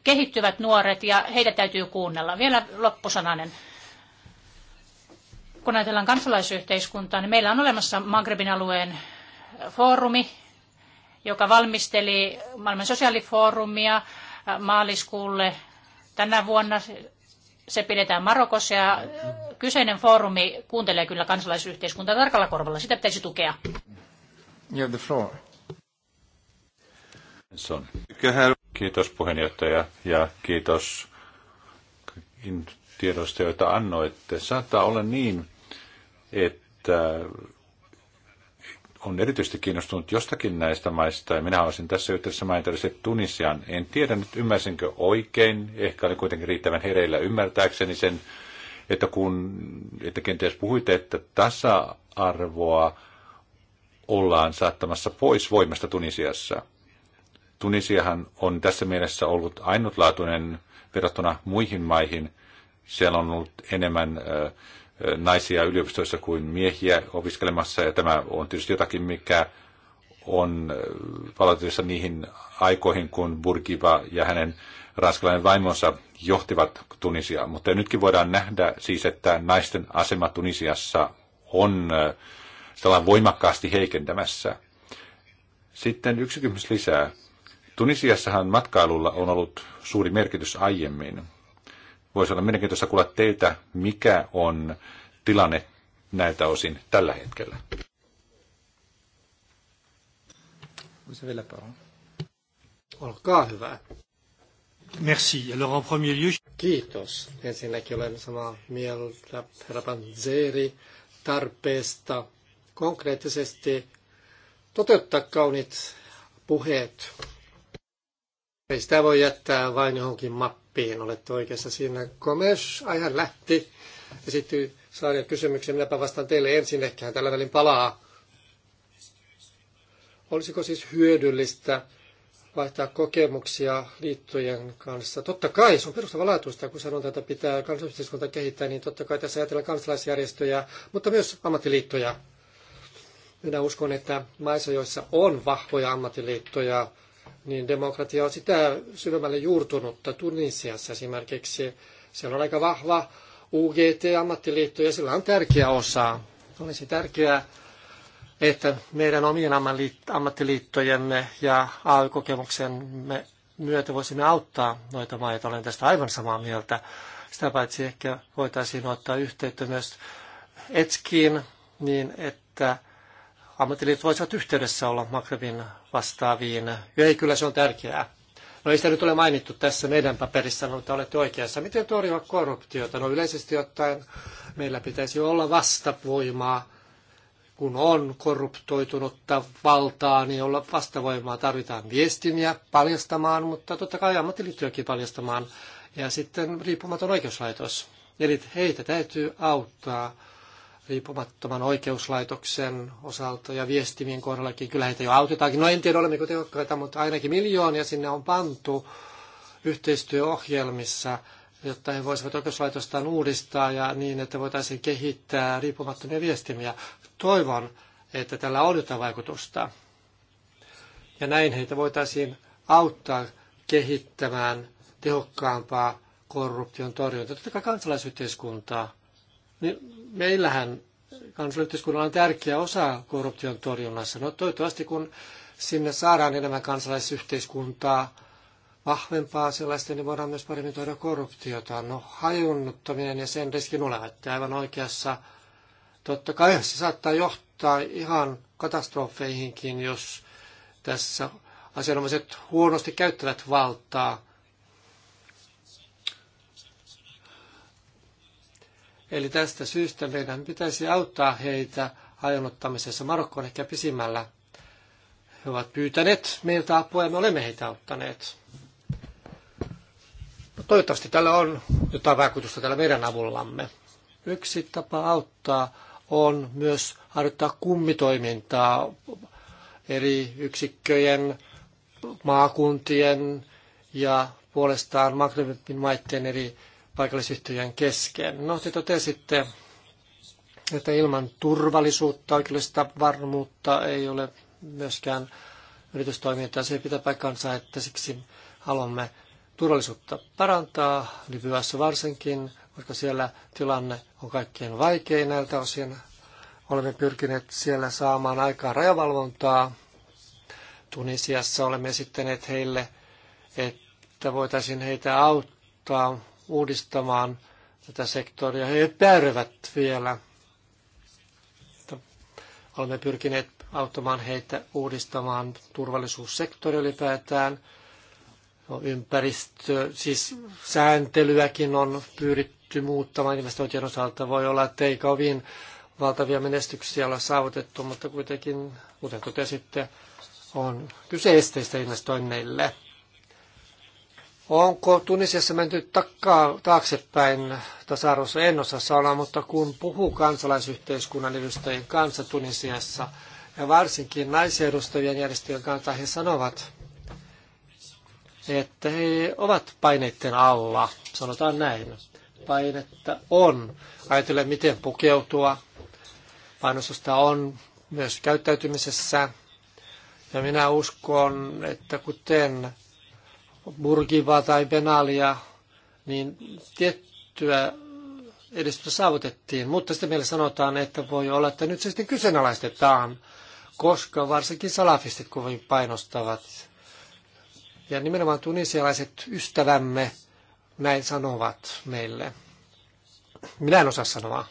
kehittyvät nuoret ja heitä täytyy kuunnella. Vielä loppusananen. Kun ajatellaan kansalaisyhteiskuntaa, niin meillä on olemassa Magrebin alueen foorumi, joka valmisteli maailman sosiaalifoorumia äh, maaliskuulle tänä vuonna se pidetään Marokossa ja kyseinen foorumi kuuntelee kyllä kansalaisyhteiskuntaa tarkalla korvalla. Sitä pitäisi tukea. You have the floor. Kiitos puheenjohtaja ja kiitos tiedosta, joita annoitte. Saattaa olla niin, että on erityisesti kiinnostunut jostakin näistä maista, ja minä olisin tässä yhteydessä mainita Tunisian. En tiedä nyt ymmärsinkö oikein, ehkä oli kuitenkin riittävän hereillä ymmärtääkseni sen, että kun, että kenties puhuitte, että tasa-arvoa ollaan saattamassa pois voimasta Tunisiassa. Tunisiahan on tässä mielessä ollut ainutlaatuinen verrattuna muihin maihin. Siellä on ollut enemmän äh, naisia yliopistoissa kuin miehiä opiskelemassa, ja tämä on tietysti jotakin, mikä on äh, palautettavissa niihin aikoihin, kun Burkiva ja hänen ranskalainen vaimonsa johtivat Tunisiaa. Mutta nytkin voidaan nähdä siis, että naisten asema Tunisiassa on äh, sellainen voimakkaasti heikentämässä. Sitten yksi kysymys lisää. Tunisiassahan matkailulla on ollut suuri merkitys aiemmin. Voisi olla mielenkiintoista kuulla teiltä, mikä on tilanne näiltä osin tällä hetkellä. Vous avez la parole. Olkaa hyvä. Merci. Alors en premier lieu... Kiitos. Ensinnäkin olen samaa mieltä herra Panzeri tarpeesta konkreettisesti toteuttaa kaunit puheet. Ei sitä voi jättää vain johonkin mappiin meppiin, olette oikeassa siinä. Komes, aihan lähti, sitten saarien kysymyksen. Minäpä vastaan teille ensin, ehkä tällä välin palaa. Olisiko siis hyödyllistä vaihtaa kokemuksia liittojen kanssa. Totta kai, se on perustavanlaatuista, kun sanotaan, että pitää kansalaisyhteiskunta kehittää, niin totta kai tässä ajatellaan kansalaisjärjestöjä, mutta myös ammattiliittoja. Minä uskon, että maissa, joissa on vahvoja ammattiliittoja, niin demokratia on sitä syvemmälle juurtunutta Tunisiassa esimerkiksi. Siellä on aika vahva UGT-ammattiliitto ja sillä on tärkeä osa. Olisi tärkeää, että meidän omien ammattiliittojemme ja AY-kokemuksemme myötä voisimme auttaa noita maita. Olen tästä aivan samaa mieltä. Sitä paitsi ehkä voitaisiin ottaa yhteyttä myös ETSKiin niin, että ammattiliitot voisivat yhteydessä olla Magrebin vastaaviin. Ja ei, kyllä se on tärkeää. No ei sitä nyt ole mainittu tässä meidän paperissa, no, mutta olette oikeassa. Miten torjua korruptiota? No yleisesti ottaen meillä pitäisi olla vastavoimaa, kun on korruptoitunutta valtaa, niin olla vastavoimaa tarvitaan viestimiä paljastamaan, mutta totta kai ammattiliittyäkin paljastamaan. Ja sitten riippumaton oikeuslaitos. Eli heitä täytyy auttaa riippumattoman oikeuslaitoksen osalta ja viestimien kohdallakin. Kyllä heitä jo autetaankin. No en tiedä olemmeko tehokkaita, mutta ainakin miljoonia sinne on pantu yhteistyöohjelmissa, jotta he voisivat oikeuslaitostaan uudistaa ja niin, että voitaisiin kehittää riippumattomia viestimiä. Toivon, että tällä on jotain vaikutusta. Ja näin heitä voitaisiin auttaa kehittämään tehokkaampaa korruption torjuntaa. Totta kai kansalaisyhteiskuntaa niin meillähän kansalaisyhteiskunnalla on tärkeä osa korruption torjunnassa. No toivottavasti kun sinne saadaan enemmän kansalaisyhteiskuntaa, vahvempaa sellaista, niin voidaan myös paremmin torjua korruptiota. No hajunnuttaminen ja sen riskin olevat aivan oikeassa. Totta kai se saattaa johtaa ihan katastrofeihinkin, jos tässä asianomaiset huonosti käyttävät valtaa. Eli tästä syystä meidän pitäisi auttaa heitä hajonnuttamisessa. Marokko on ehkä pisimmällä. He ovat pyytäneet meiltä apua ja me olemme heitä auttaneet. Toivottavasti tällä on jotain vaikutusta tällä meidän avullamme. Yksi tapa auttaa on myös harjoittaa kummitoimintaa eri yksikköjen, maakuntien ja puolestaan Magrebin maitteen eri paikallisyhtiöjen kesken. No, te totesitte, että ilman turvallisuutta, oikeudellista varmuutta ei ole myöskään yritystoimintaa. Se pitää paikkansa, että siksi haluamme turvallisuutta parantaa, Libyassa varsinkin, koska siellä tilanne on kaikkein vaikein näiltä osin. Olemme pyrkineet siellä saamaan aikaa rajavalvontaa. Tunisiassa olemme esittäneet heille, että voitaisiin heitä auttaa uudistamaan tätä sektoria. He epäilevät vielä. Olemme pyrkineet auttamaan heitä uudistamaan turvallisuussektori ylipäätään. No, ympäristö, siis sääntelyäkin on pyritty muuttamaan investointien osalta. Voi olla, että ei kovin valtavia menestyksiä ole saavutettu, mutta kuitenkin, kuten totesitte, on kyse esteistä investoinneille. Onko Tunisiassa menty takkaa, taaksepäin tasa-arvossa? En osaa sanoa, mutta kun puhuu kansalaisyhteiskunnan edustajien kanssa Tunisiassa ja varsinkin edustajien järjestöjen kanssa, he sanovat, että he ovat paineiden alla, sanotaan näin. Painetta on. Ajatellen, miten pukeutua. Painostusta on myös käyttäytymisessä. Ja minä uskon, että kuten Burgivaa tai Benalia, niin tiettyä edistystä saavutettiin. Mutta sitten meille sanotaan, että voi olla, että nyt se sitten kyseenalaistetaan, koska varsinkin salafistit kovin painostavat. Ja nimenomaan tunisialaiset ystävämme näin sanovat meille. Minä en osaa sanoa.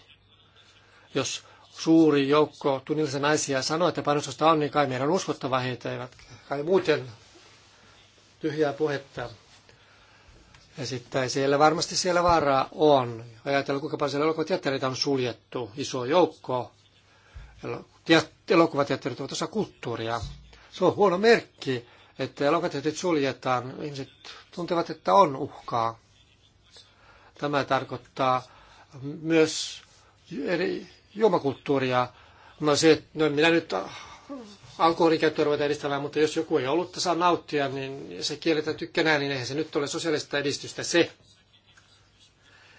Jos suuri joukko tunnillisia naisia sanoo, että painostusta on, niin kai meidän on uskottava heitä, eivät kai muuten tyhjää puhetta esittää. Siellä varmasti siellä vaaraa on. Ajatellaan, kuinka paljon siellä elokuvateatterit on suljettu. Iso joukko. Elokuvateatterit ovat osa kulttuuria. Se on huono merkki, että elokuvateatterit suljetaan. Ihmiset tuntevat, että on uhkaa. Tämä tarkoittaa myös eri juomakulttuuria. No se, no minä nyt alkoholinkäyttöä ruveta edistämään, mutta jos joku ei ollut saa nauttia, niin se kielletään tykkänään, niin eihän se nyt ole sosiaalista edistystä se.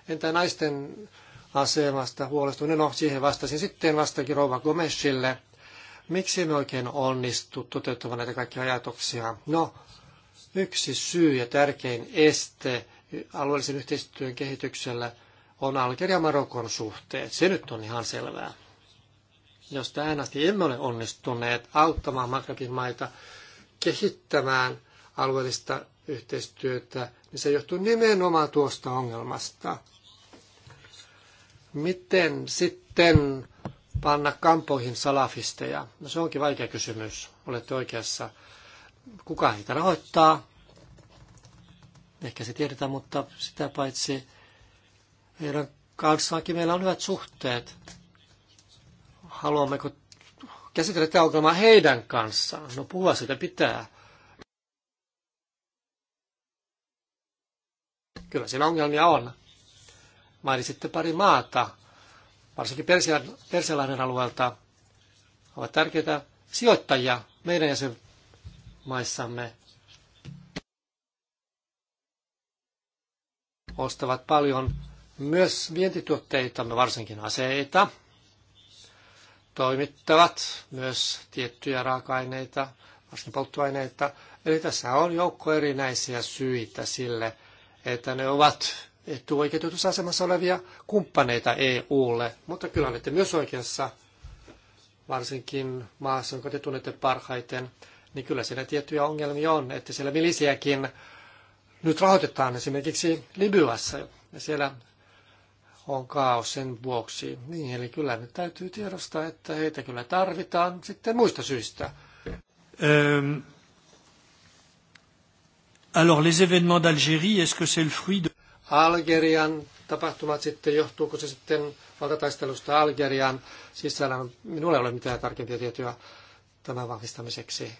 Entä naisten asemasta huolestuminen? No, siihen vastasin sitten vastakin Rova Gomesille. Miksi me oikein onnistu toteuttamaan näitä kaikkia ajatuksia? No, yksi syy ja tärkein este alueellisen yhteistyön kehityksellä on Algerian Marokon suhteet. Se nyt on ihan selvää jos tähän asti emme ole onnistuneet auttamaan Magrebin maita kehittämään alueellista yhteistyötä, niin se johtuu nimenomaan tuosta ongelmasta. Miten sitten panna kampoihin salafisteja? No se onkin vaikea kysymys, olette oikeassa. Kuka heitä rahoittaa? Ehkä se tiedetään, mutta sitä paitsi heidän kanssaankin meillä on hyvät suhteet haluammeko käsitellä tämä ongelma heidän kanssaan? No puhua sitä pitää. Kyllä siinä ongelmia on. Mainitsitte pari maata, varsinkin Persian, persialainen alueelta, ovat tärkeitä sijoittajia meidän jäsenmaissamme. Ostavat paljon myös vientituotteitamme, varsinkin aseita, toimittavat myös tiettyjä raaka-aineita, varsinkin polttoaineita. Eli tässä on joukko erinäisiä syitä sille, että ne ovat etuoikeutetussa asemassa olevia kumppaneita EUlle. Mutta kyllä olette myös oikeassa, varsinkin maassa, jonka te tunnette parhaiten, niin kyllä siellä tiettyjä ongelmia on, että siellä milisiäkin nyt rahoitetaan esimerkiksi Libyassa. Ja siellä on kaos sen vuoksi. Niin, eli kyllä nyt täytyy tiedostaa, että heitä kyllä tarvitaan sitten muista syistä. Ähm. Alors les événements d'Algérie, est-ce que c'est le fruit de... Algerian tapahtumat sitten, johtuuko se sitten valtataistelusta Algerian sisällä? No, minulla ei ole mitään tarkempia tietoja tämän vahvistamiseksi.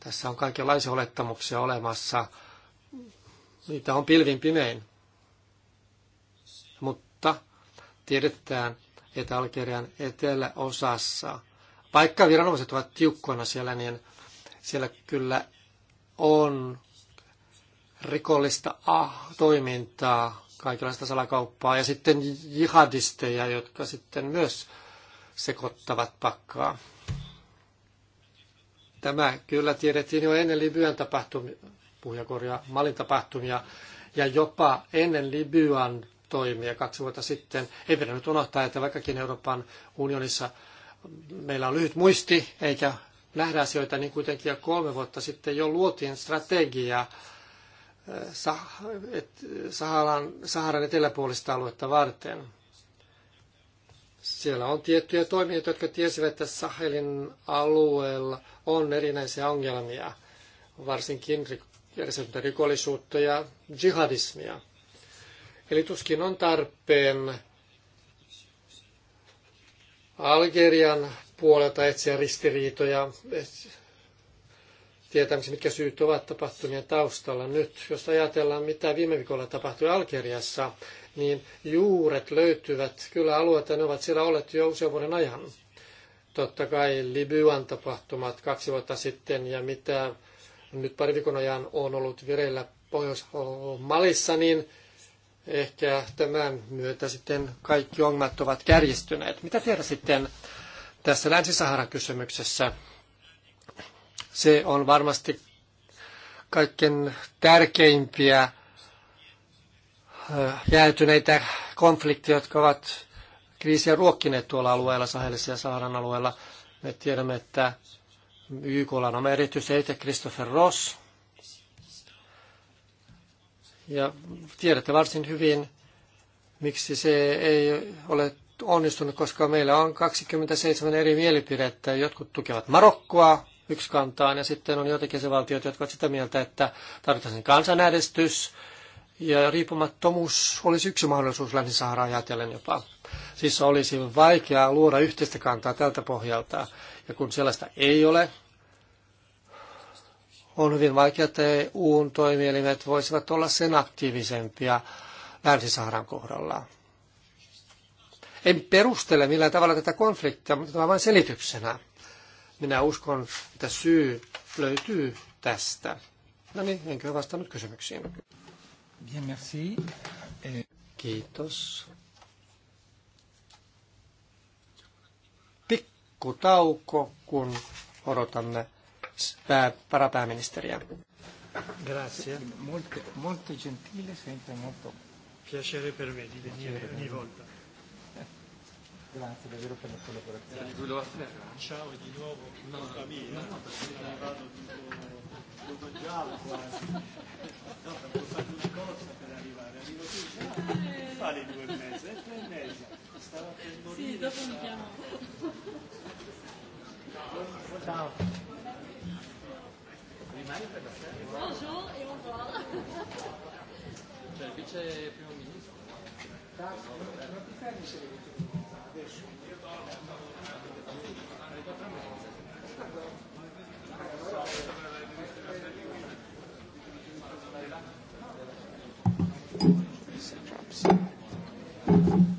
Tässä on kaikenlaisia olettamuksia olemassa. Niitä on pilvin pimein. Tiedetään, että Algerian eteläosassa, vaikka viranomaiset ovat tiukkoina siellä, niin siellä kyllä on rikollista ah, toimintaa, kaikenlaista salakauppaa ja sitten jihadisteja, jotka sitten myös sekoittavat pakkaa. Tämä kyllä tiedettiin jo ennen Libyan tapahtumia, puhujakorjaa, Malin tapahtumia, ja jopa ennen Libyan toimia kaksi vuotta sitten. Ei pidä nyt unohtaa, että vaikkakin Euroopan unionissa meillä on lyhyt muisti eikä nähdä asioita, niin kuitenkin jo kolme vuotta sitten jo luotiin strategia eh, Saharan, Saharan eteläpuolista aluetta varten. Siellä on tiettyjä toimijoita, jotka tiesivät, että Sahelin alueella on erinäisiä ongelmia, varsinkin järjestäytyntä rikollisuutta ja jihadismia. Eli tuskin on tarpeen Algerian puolelta etsiä ristiriitoja, tietämisen, mitkä syyt ovat tapahtumien taustalla. Nyt, jos ajatellaan, mitä viime viikolla tapahtui Algeriassa, niin juuret löytyvät kyllä alueelta, ne ovat siellä olleet jo usean vuoden ajan. Totta kai Libyan tapahtumat kaksi vuotta sitten ja mitä nyt pari viikon ajan on ollut vireillä Pohjois-Malissa, niin ehkä tämän myötä sitten kaikki ongelmat ovat kärjistyneet. Mitä tehdä sitten tässä Länsi-Saharan kysymyksessä? Se on varmasti kaikkein tärkeimpiä äh, jäätyneitä konflikteja, jotka ovat kriisiä ruokkineet tuolla alueella, Sahelissa ja Saharan alueella. Me tiedämme, että YK on oma erityisesti Christopher Ross, ja tiedätte varsin hyvin, miksi se ei ole onnistunut, koska meillä on 27 eri mielipidettä. Jotkut tukevat Marokkoa kantaan ja sitten on joitakin se valtioita, jotka ovat sitä mieltä, että tarvitaan kansanäänestys ja riippumattomuus olisi yksi mahdollisuus Länsi-Saharaa ajatellen jopa. Siis olisi vaikeaa luoda yhteistä kantaa tältä pohjalta ja kun sellaista ei ole, on hyvin vaikea, että EUn toimielimet voisivat olla sen aktiivisempia Länsi-Saharan kohdalla. En perustele millään tavalla tätä konfliktia, mutta tämä vain selityksenä. Minä uskon, että syy löytyy tästä. No niin, enkö vastannut kysymyksiin. Bien, merci. Eh, Kiitos. tauko, kun odotamme pää, varapääministeriä. Grazie. Molte, molto gentile, sempre molto piacere per me di venire ogni volta. Grazie davvero per la collaborazione. Ciao e di nuovo no, colpa mia, no, no perché No, Ciao. Bonjour et bonsoir. C'è il vice primo ministro. Thank you.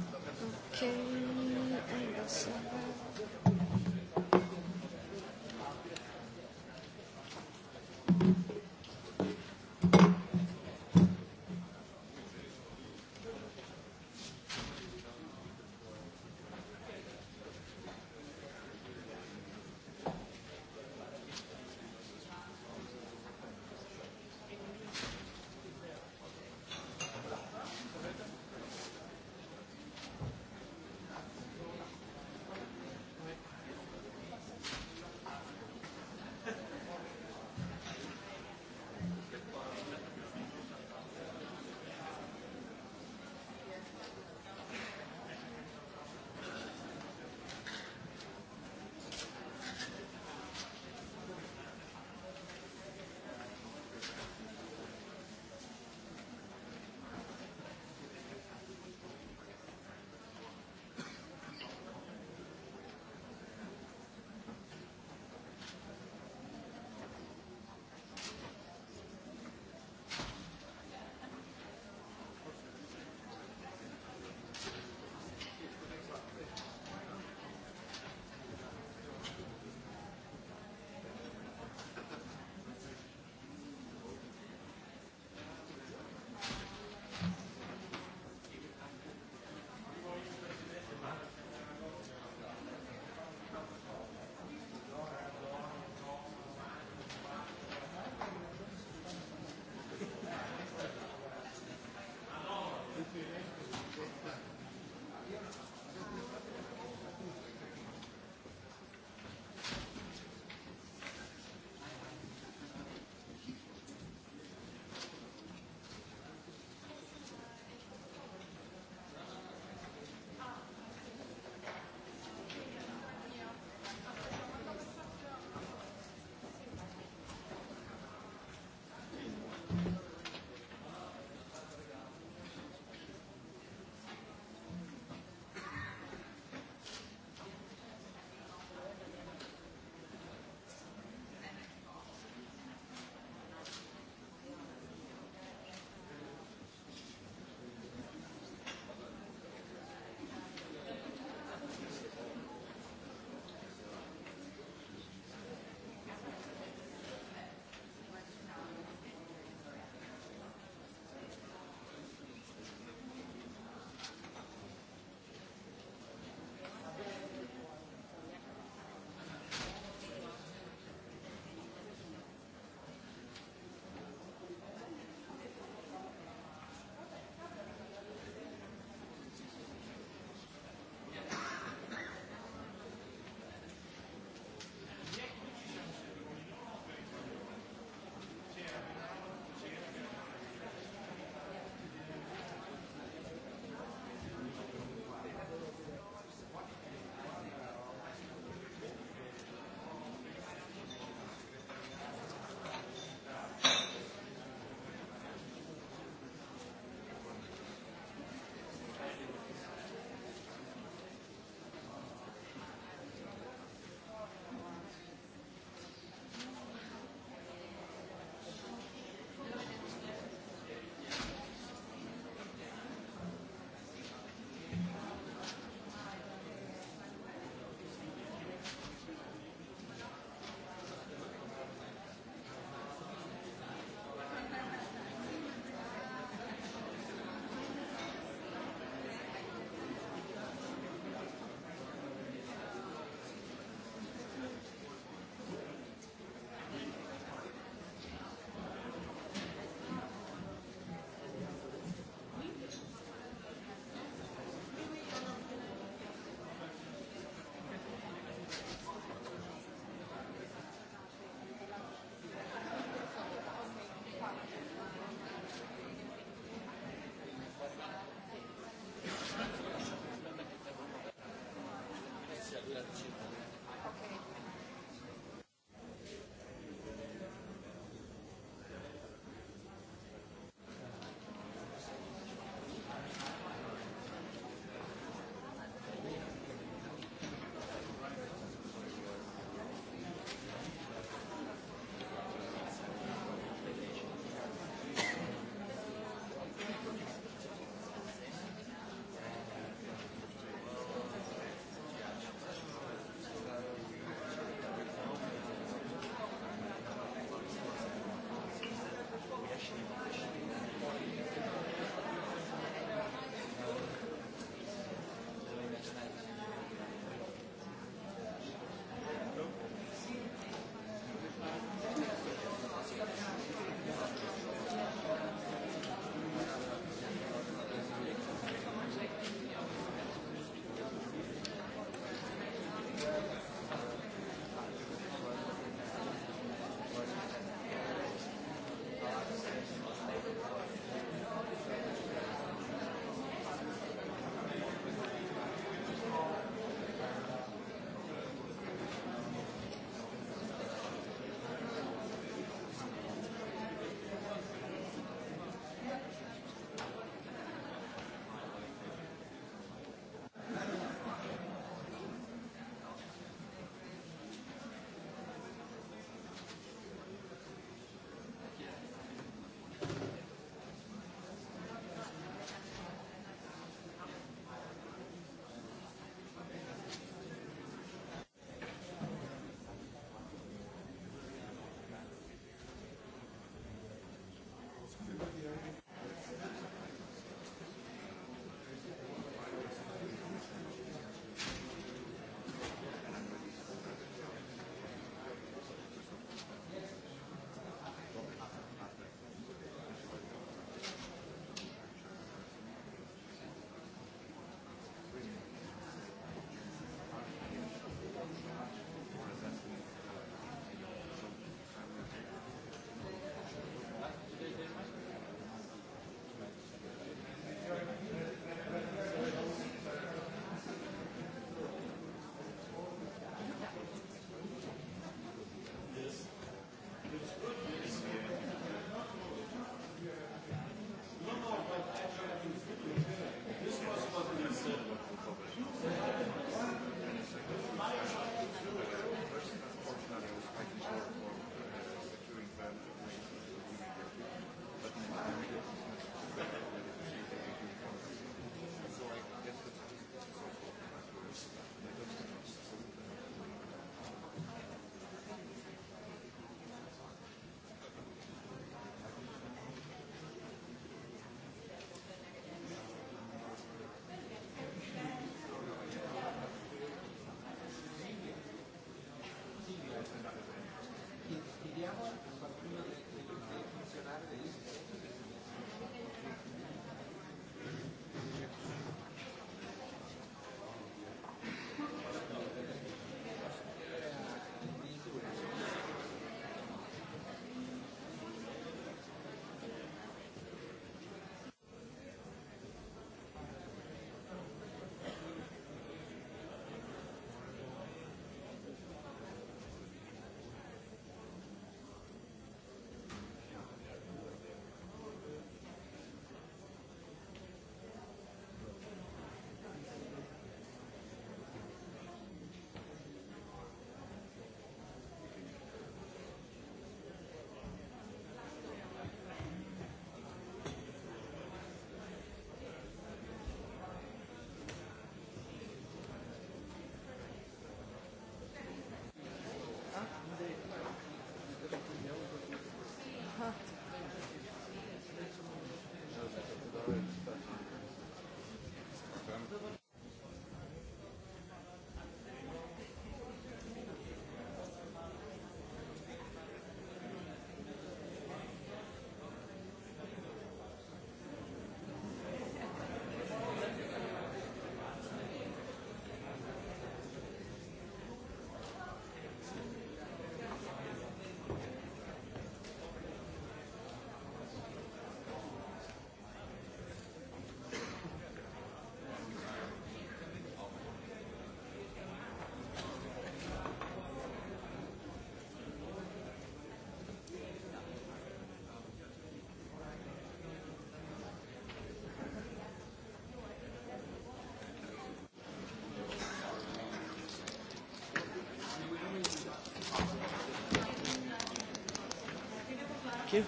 you.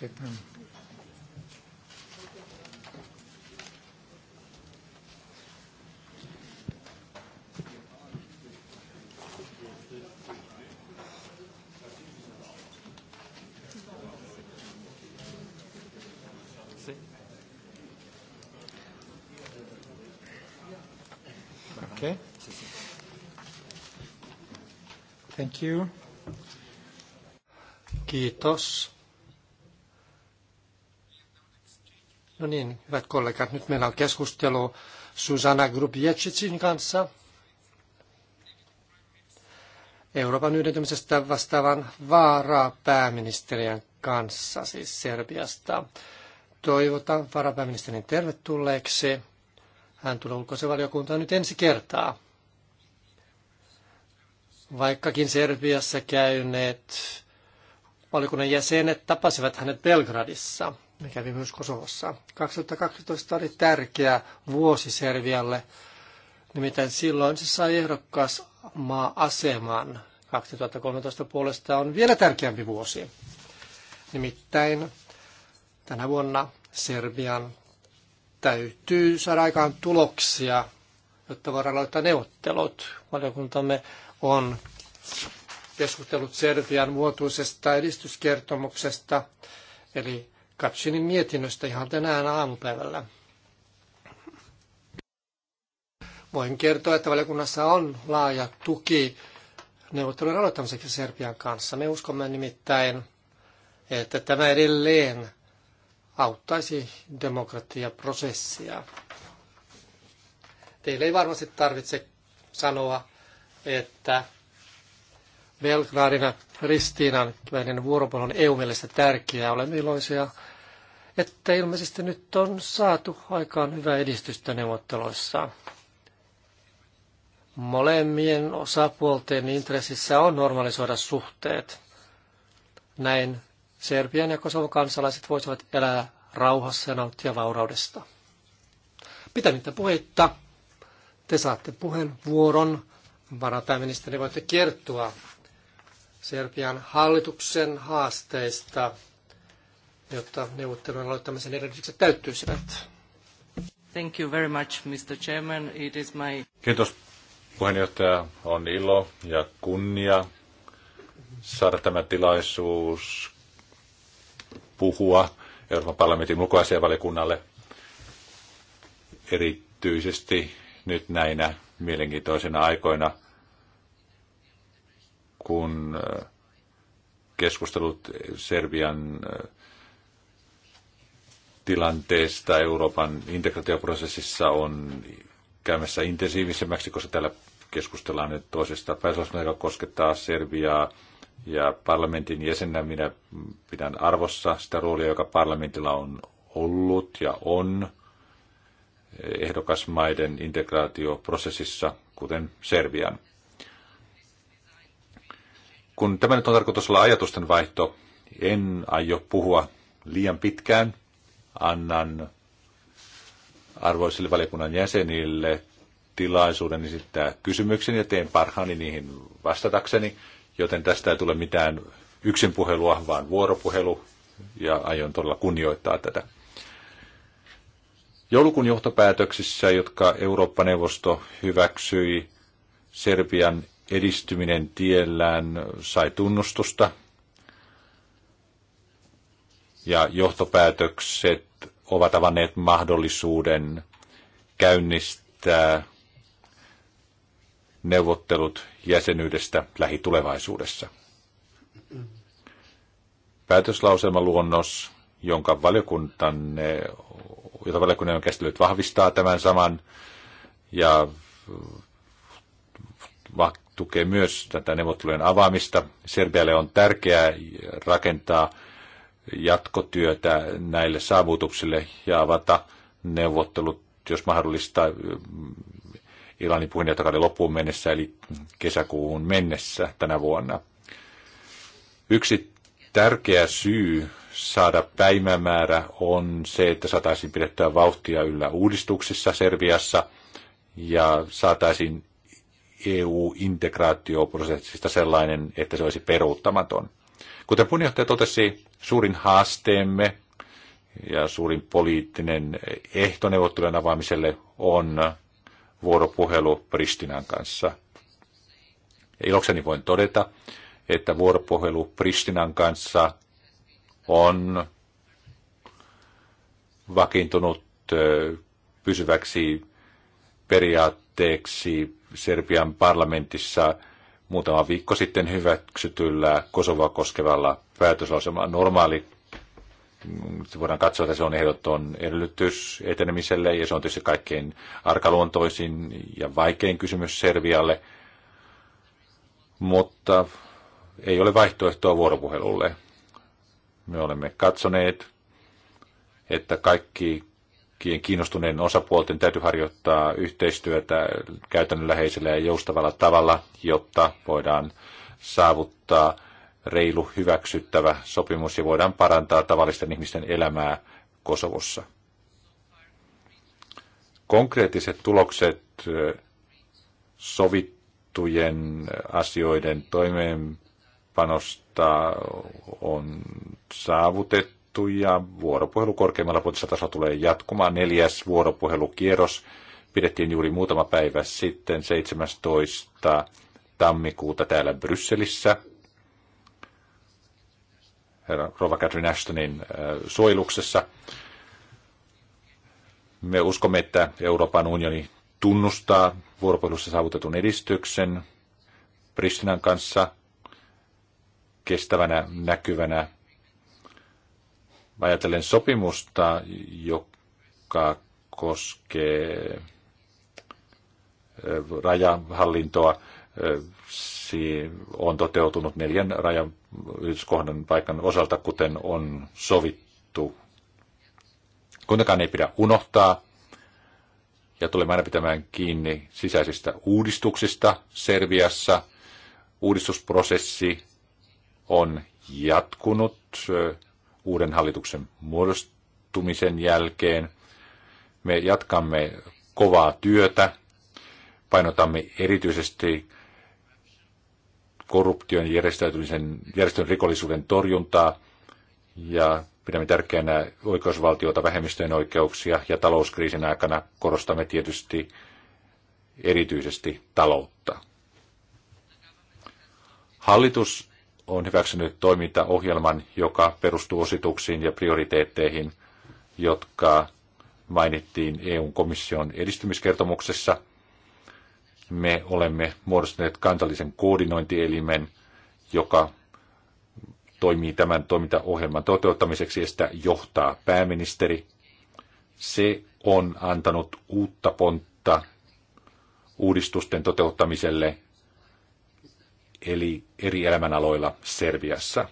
Vietnam. Okay. Thank you. Kiitos. Hyvät kollegat, nyt meillä on keskustelu Susanna Grubiecicin kanssa, Euroopan yhdentymisestä vastaavan vaaraa kanssa, siis Serbiasta. Toivotan varapääministerin tervetulleeksi. Hän tulee ulkoasevaliokuntaan nyt ensi kertaa. Vaikkakin Serbiassa käyneet valiokunnan jäsenet tapasivat hänet Belgradissa – me kävimme myös Kosovossa. 2012 oli tärkeä vuosi Servialle. Nimittäin silloin se sai ehdokkaas maa-aseman. 2013 puolesta on vielä tärkeämpi vuosi. Nimittäin tänä vuonna Serbian täytyy saada aikaan tuloksia, jotta voidaan aloittaa neuvottelut. Valiokuntamme on keskustellut Serbian vuotuisesta edistyskertomuksesta, eli Katsinin mietinnöstä ihan tänään aamupäivällä. Voin kertoa, että valiokunnassa on laaja tuki neuvottelujen aloittamiseksi Serbian kanssa. Me uskomme nimittäin, että tämä edelleen auttaisi demokratiaprosessia. Teille ei varmasti tarvitse sanoa, että Belgradina Ristiinan välinen vuoropuhelu on eu mielestä tärkeää. Olemme iloisia, että ilmeisesti nyt on saatu aikaan hyvää edistystä neuvotteluissa. Molemmien osapuolten intressissä on normalisoida suhteet. Näin Serbian ja Kosovon kansalaiset voisivat elää rauhassa ja nauttia vauraudesta. Pitämättä puheitta, te saatte puheenvuoron. Varapääministeri, voitte kertoa Serbian hallituksen haasteista, jotta neuvottelujen aloittamisen edellytykset täyttyisivät. Thank you very much, Mr. Chairman. It is my... Kiitos puheenjohtaja. On ilo ja kunnia saada tämä tilaisuus puhua Euroopan parlamentin ulkoasianvaliokunnalle erityisesti nyt näinä mielenkiintoisina aikoina – kun keskustelut Serbian tilanteesta Euroopan integraatioprosessissa on käymässä intensiivisemmäksi, koska täällä keskustellaan nyt toisesta päätöslauselmasta, joka koskettaa Serbiaa ja parlamentin jäsenä minä pidän arvossa sitä roolia, joka parlamentilla on ollut ja on ehdokasmaiden integraatioprosessissa, kuten Serbian. Kun tämä nyt on tarkoitus olla ajatusten vaihto, en aio puhua liian pitkään. Annan arvoisille valiokunnan jäsenille tilaisuuden esittää kysymyksen ja teen parhaani niihin vastatakseni, joten tästä ei tule mitään yksinpuhelua, vaan vuoropuhelu ja aion todella kunnioittaa tätä. Joulukuun johtopäätöksissä, jotka Eurooppa-neuvosto hyväksyi Serbian edistyminen tiellään sai tunnustusta ja johtopäätökset ovat avanneet mahdollisuuden käynnistää neuvottelut jäsenyydestä lähitulevaisuudessa. Päätöslauselmaluonnos, jonka valiokuntanne, jota valiokunnan on käsitellyt, vahvistaa tämän saman ja tukee myös tätä neuvottelujen avaamista. Serbialle on tärkeää rakentaa jatkotyötä näille saavutuksille ja avata neuvottelut, jos mahdollista, Iranin puheenjohtajakauden loppuun mennessä, eli kesäkuun mennessä tänä vuonna. Yksi tärkeä syy saada päivämäärä on se, että saataisiin pidettyä vauhtia yllä uudistuksissa Serbiassa ja saataisiin EU-integraatioprosessista sellainen, että se olisi peruuttamaton. Kuten puheenjohtaja totesi, suurin haasteemme ja suurin poliittinen ehto neuvottelujen avaamiselle on vuoropuhelu Pristinan kanssa. Ja ilokseni voin todeta, että vuoropuhelu Pristinan kanssa on vakiintunut pysyväksi periaatteeksi Serbian parlamentissa muutama viikko sitten hyväksytyllä Kosovoa koskevalla päätöslauselmalla. Normaali mm, voidaan katsoa, että se on ehdoton edellytys etenemiselle ja se on tietysti kaikkein arkaluontoisin ja vaikein kysymys Serbialle, mutta ei ole vaihtoehtoa vuoropuhelulle. Me olemme katsoneet, että kaikki kiinnostuneen osapuolten täytyy harjoittaa yhteistyötä käytännönläheisellä ja joustavalla tavalla, jotta voidaan saavuttaa reilu hyväksyttävä sopimus ja voidaan parantaa tavallisten ihmisten elämää Kosovossa. Konkreettiset tulokset sovittujen asioiden toimeenpanosta on saavutettu sovittu ja vuoropuhelu korkeimmalla poliittisella tasolla tulee jatkumaan. Neljäs vuoropuhelukierros pidettiin juuri muutama päivä sitten 17. tammikuuta täällä Brysselissä herra Rova Catherine Ashtonin äh, suojeluksessa. Me uskomme, että Euroopan unioni tunnustaa vuoropuhelussa saavutetun edistyksen Pristinan kanssa kestävänä, näkyvänä ajatellen sopimusta, joka koskee rajahallintoa, on toteutunut neljän rajan yhdyskohdan paikan osalta, kuten on sovittu. Kuitenkaan ei pidä unohtaa, ja tulemme aina pitämään kiinni sisäisistä uudistuksista Serbiassa. Uudistusprosessi on jatkunut uuden hallituksen muodostumisen jälkeen. Me jatkamme kovaa työtä, painotamme erityisesti korruption järjestäytymisen, järjestön rikollisuuden torjuntaa ja pidämme tärkeänä oikeusvaltiota, vähemmistöjen oikeuksia ja talouskriisin aikana korostamme tietysti erityisesti taloutta. Hallitus on hyväksynyt toimintaohjelman, joka perustuu osituksiin ja prioriteetteihin, jotka mainittiin EU-komission edistymiskertomuksessa. Me olemme muodostaneet kansallisen koordinointielimen, joka toimii tämän toimintaohjelman toteuttamiseksi ja sitä johtaa pääministeri. Se on antanut uutta pontta uudistusten toteuttamiselle eli eri elämänaloilla Serbiassa.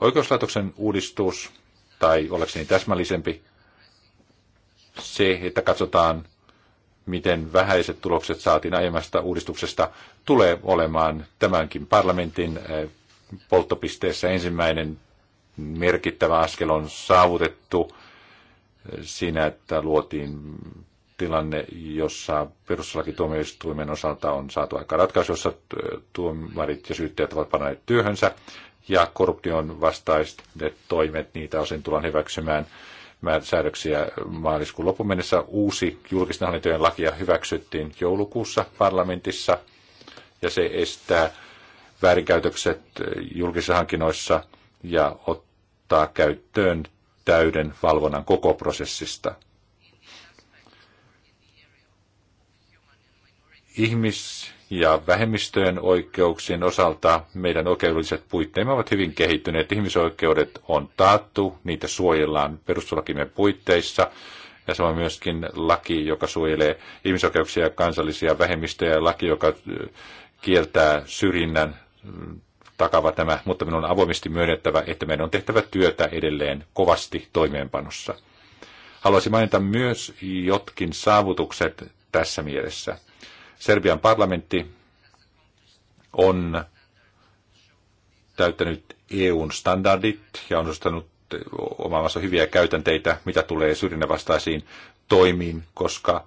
Oikeuslaitoksen uudistus, tai ollakseni täsmällisempi, se, että katsotaan, miten vähäiset tulokset saatiin aiemmasta uudistuksesta, tulee olemaan tämänkin parlamentin polttopisteessä ensimmäinen merkittävä askel on saavutettu siinä, että luotiin tilanne, jossa perustuslakituomioistuimen osalta on saatu aika ratkaisu, jossa tuomarit ja syyttäjät ovat panneet työhönsä ja korruption vastaiset toimet, niitä osin tullaan hyväksymään säädöksiä maaliskuun lopun mennessä. Uusi julkisten hallintojen lakia hyväksyttiin joulukuussa parlamentissa ja se estää väärinkäytökset julkisissa hankinnoissa ja ottaa käyttöön täyden valvonnan koko prosessista. ihmis- ja vähemmistöjen oikeuksien osalta meidän oikeudelliset puitteemme ovat hyvin kehittyneet. Ihmisoikeudet on taattu, niitä suojellaan perustuslakimme puitteissa. Ja se on myöskin laki, joka suojelee ihmisoikeuksia ja kansallisia vähemmistöjä, laki, joka kieltää syrjinnän mm, takava tämä, mutta minun on avoimesti myönnettävä, että meidän on tehtävä työtä edelleen kovasti toimeenpanossa. Haluaisin mainita myös jotkin saavutukset tässä mielessä. Serbian parlamentti on täyttänyt EUn standardit ja on ostanut omaamassa hyviä käytänteitä, mitä tulee syrjinnävastaisiin toimiin, koska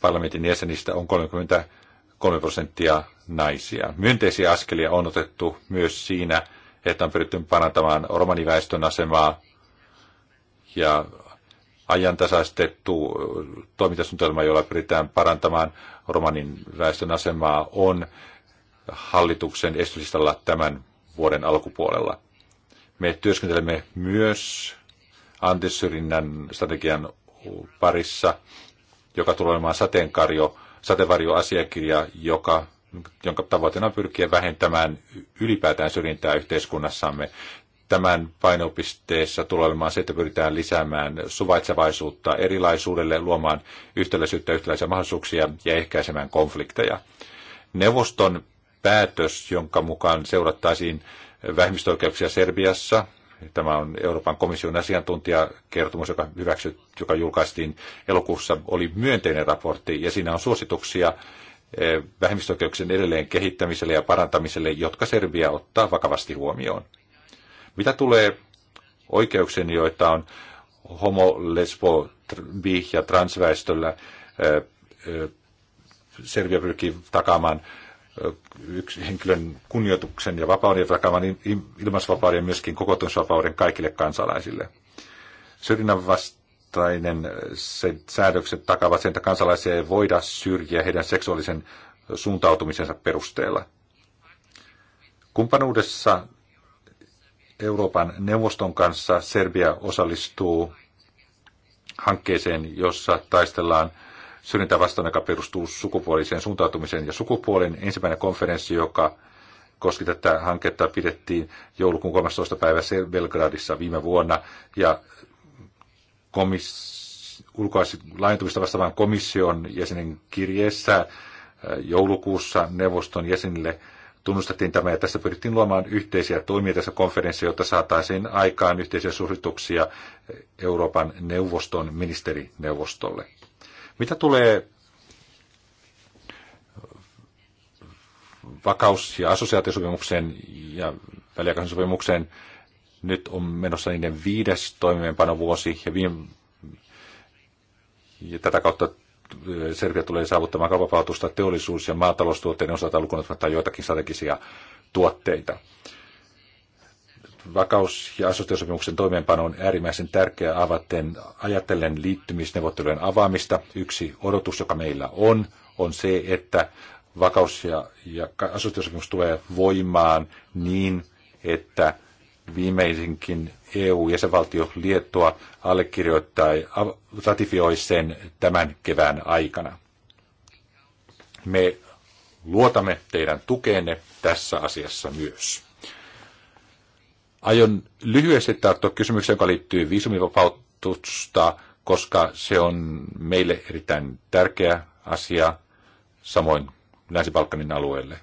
parlamentin jäsenistä on 33 prosenttia naisia. Myönteisiä askelia on otettu myös siinä, että on pyritty parantamaan romaniväestön asemaa ja ajantasaistettu toimintasuunnitelma, jolla pyritään parantamaan romanin väestön asemaa, on hallituksen esityslistalla tämän vuoden alkupuolella. Me työskentelemme myös antisyrjinnän strategian parissa, joka tulee olemaan sateenkarjo, sateenvarjoasiakirja, joka jonka tavoitteena on pyrkiä vähentämään ylipäätään syrjintää yhteiskunnassamme tämän painopisteessä tulee olemaan se, että pyritään lisäämään suvaitsevaisuutta erilaisuudelle, luomaan yhtäläisyyttä, yhtäläisiä mahdollisuuksia ja ehkäisemään konflikteja. Neuvoston päätös, jonka mukaan seurattaisiin vähemmistöoikeuksia Serbiassa, Tämä on Euroopan komission asiantuntijakertomus, joka, hyväksyt, joka julkaistiin elokuussa, oli myönteinen raportti ja siinä on suosituksia eh, vähemmistöoikeuksien edelleen kehittämiselle ja parantamiselle, jotka Serbia ottaa vakavasti huomioon. Mitä tulee oikeuksiin, joita on homo, lesbo, bi ja transväestöllä, Serbia pyrkii takaamaan henkilön kunnioituksen ja vapauden ja takaamaan ilmaisvapauden ja myöskin kokoontumisvapauden kaikille kansalaisille. Syrjinnän vastainen se, säädökset takavat sen, että kansalaisia ei voida syrjiä heidän seksuaalisen suuntautumisensa perusteella. Kumppanuudessa Euroopan neuvoston kanssa Serbia osallistuu hankkeeseen, jossa taistellaan syrjintä vastaan, joka perustuu sukupuoliseen suuntautumiseen ja sukupuolen. Ensimmäinen konferenssi, joka koski tätä hanketta, pidettiin joulukuun 13. päivä Belgradissa viime vuonna. Ja komis- laajentumista vastaavan komission jäsenen kirjeessä äh, joulukuussa neuvoston jäsenille – tunnustettiin tämä ja tässä pyrittiin luomaan yhteisiä toimia tässä konferenssissa, jotta saataisiin aikaan yhteisiä suosituksia Euroopan neuvoston ministerineuvostolle. Mitä tulee vakaus- ja assosiaatiosopimukseen ja väliaikaisen sopimukseen, nyt on menossa niiden viides toimeenpanovuosi ja viime ja tätä kautta Serbia tulee saavuttamaan kaupapautusta teollisuus- ja maataloustuotteiden osalta lukuun ottamatta joitakin strategisia tuotteita. Vakaus- ja assosiaatiosopimuksen toimeenpano on äärimmäisen tärkeää avaten ajatellen liittymisneuvottelujen avaamista. Yksi odotus, joka meillä on, on se, että vakaus- ja, ja assosiaatiosopimus tulee voimaan niin, että viimeisinkin EU-jäsenvaltio Liettua allekirjoittaa ja ratifioi sen tämän kevään aikana. Me luotamme teidän tukeenne tässä asiassa myös. Aion lyhyesti tarttua kysymykseen, joka liittyy viisumivapautusta, koska se on meille erittäin tärkeä asia, samoin Länsi-Balkanin alueelle.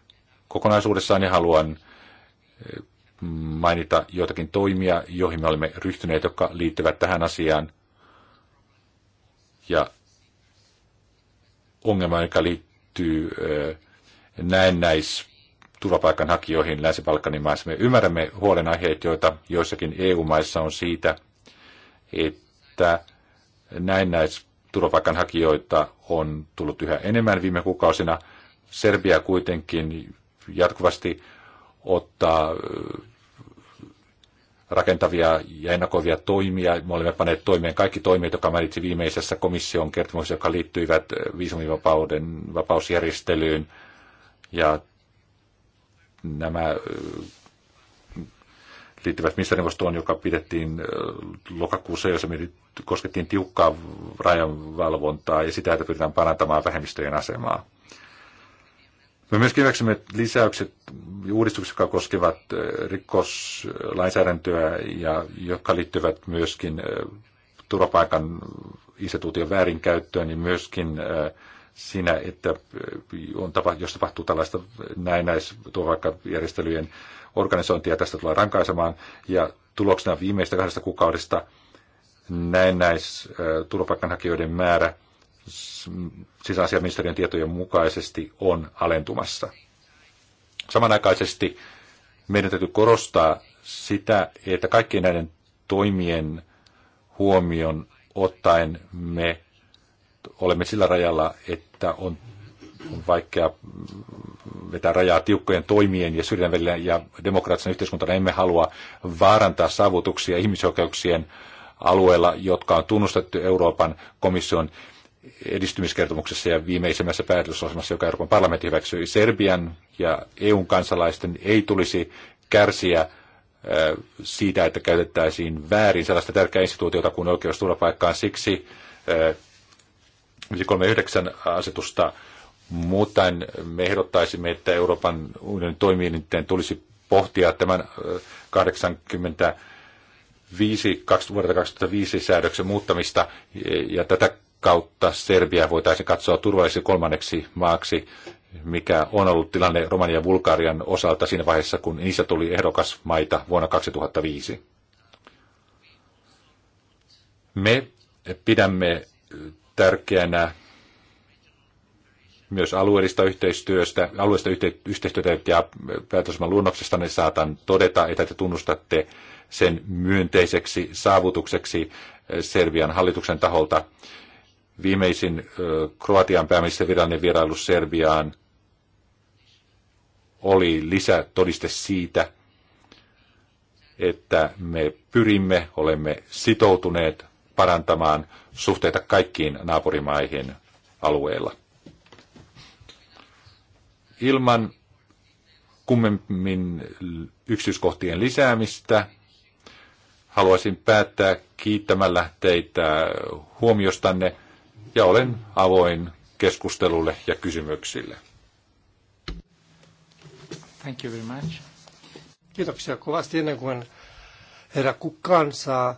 Kokonaisuudessaan ja haluan eh, mainita joitakin toimia, joihin me olemme ryhtyneet, jotka liittyvät tähän asiaan. Ja ongelma, joka liittyy näennäis turvapaikanhakijoihin Länsi-Balkanin maissa. Me ymmärrämme huolenaiheet, joita joissakin EU-maissa on siitä, että näennäis turvapaikanhakijoita on tullut yhä enemmän viime kuukausina. Serbia kuitenkin jatkuvasti ottaa rakentavia ja ennakoivia toimia. Me olemme panneet toimeen kaikki toimet, jotka mainitsin viimeisessä komission kertomuksessa, jotka liittyivät viisumivapauden vapausjärjestelyyn. Ja nämä liittyvät ministerineuvostoon, joka pidettiin lokakuussa, jossa koskettiin tiukkaa rajanvalvontaa ja sitä, että pyritään parantamaan vähemmistöjen asemaa. Me myöskin hyväksymme lisäykset uudistukset, jotka koskevat rikoslainsäädäntöä ja jotka liittyvät myöskin turvapaikan instituution väärinkäyttöön, niin myöskin siinä, että on tapa, jos tapahtuu tällaista näinäisturvapaikkajärjestelyjen organisointia, tästä tulee rankaisemaan. Ja tuloksena viimeistä kahdesta kuukaudesta näinäisturvapaikanhakijoiden määrä – sisäasiaministeriön tietojen mukaisesti on alentumassa. Samanaikaisesti meidän täytyy korostaa sitä, että kaikkien näiden toimien huomion ottaen me olemme sillä rajalla, että on, on vaikea vetää rajaa tiukkojen toimien ja syrjän välillä ja demokraattisen yhteiskuntana emme halua vaarantaa saavutuksia ihmisoikeuksien alueella, jotka on tunnustettu Euroopan komission edistymiskertomuksessa ja viimeisimmässä päätösosamassa, joka Euroopan parlamentti hyväksyi, Serbian ja EUn kansalaisten ei tulisi kärsiä äh, siitä, että käytettäisiin väärin sellaista tärkeää instituutiota kuin oikeus turvapaikkaan. Siksi 39 äh, asetusta muuten me ehdottaisimme, että Euroopan unionin toimielinten tulisi pohtia tämän 85 äh, vuodelta 2005 säädöksen muuttamista ja tätä kautta Serbia voitaisiin katsoa turvalliseksi kolmanneksi maaksi, mikä on ollut tilanne Romania ja Bulgarian osalta siinä vaiheessa, kun niissä tuli ehdokasmaita vuonna 2005. Me pidämme tärkeänä myös alueellista yhteistyöstä, alueellista yhteistyötä ja päätösmaan luonnoksesta ne niin saatan todeta, että te tunnustatte sen myönteiseksi saavutukseksi Serbian hallituksen taholta. Viimeisin Kroatian pääministerin virallinen vierailu Serbiaan oli lisätodiste siitä, että me pyrimme, olemme sitoutuneet parantamaan suhteita kaikkiin naapurimaihin alueella. Ilman kummemmin yksityiskohtien lisäämistä haluaisin päättää kiittämällä teitä huomiostanne ja olen avoin keskustelulle ja kysymyksille. Thank you very much. Kiitoksia kovasti ennen kuin herra Kukkaan saa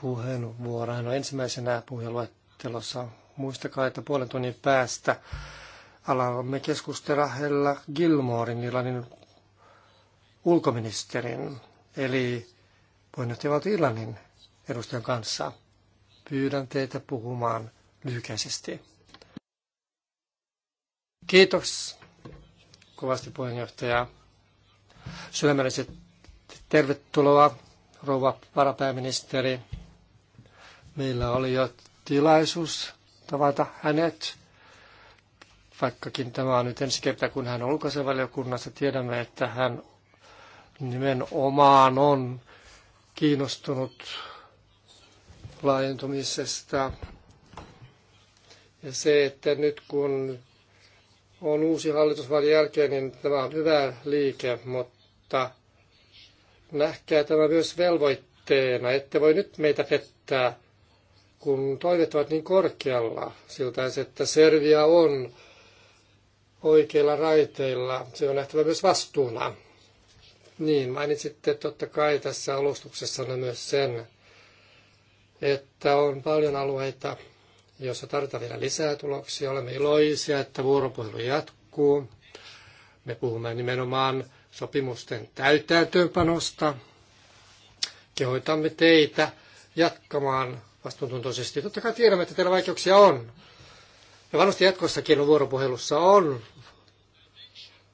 puheenvuoron. Hän no on ensimmäisenä puheenluettelossa. Muistakaa, että puolen tunnin päästä alamme keskustella Hella Gilmorin, Irlannin ulkoministerin, eli puheenjohtajavaltio Irlannin edustajan kanssa. Pyydän teitä puhumaan lyhykäisesti. Kiitos kovasti puheenjohtaja. Syömäläiset. tervetuloa, rouva varapääministeri. Meillä oli jo tilaisuus tavata hänet, vaikkakin tämä on nyt ensi kertaa, kun hän on ulkoasevaliokunnassa. Tiedämme, että hän nimenomaan on kiinnostunut laajentumisesta ja se, että nyt kun on uusi hallitusvaali jälkeen, niin tämä on hyvä liike, mutta nähkää tämä myös velvoitteena. Ette voi nyt meitä pettää, kun toiveet ovat niin korkealla siltä, että Serbia on oikeilla raiteilla. Se on nähtävä myös vastuuna. Niin, mainitsitte totta kai tässä alustuksessa myös sen, että on paljon alueita, jossa tarvitaan vielä lisää tuloksia. Olemme iloisia, että vuoropuhelu jatkuu. Me puhumme nimenomaan sopimusten täytäntöönpanosta. Kehoitamme teitä jatkamaan vastuuntuntoisesti. Totta kai tiedämme, että teillä vaikeuksia on. Ja varmasti jatkossakin vuoropuhelussa on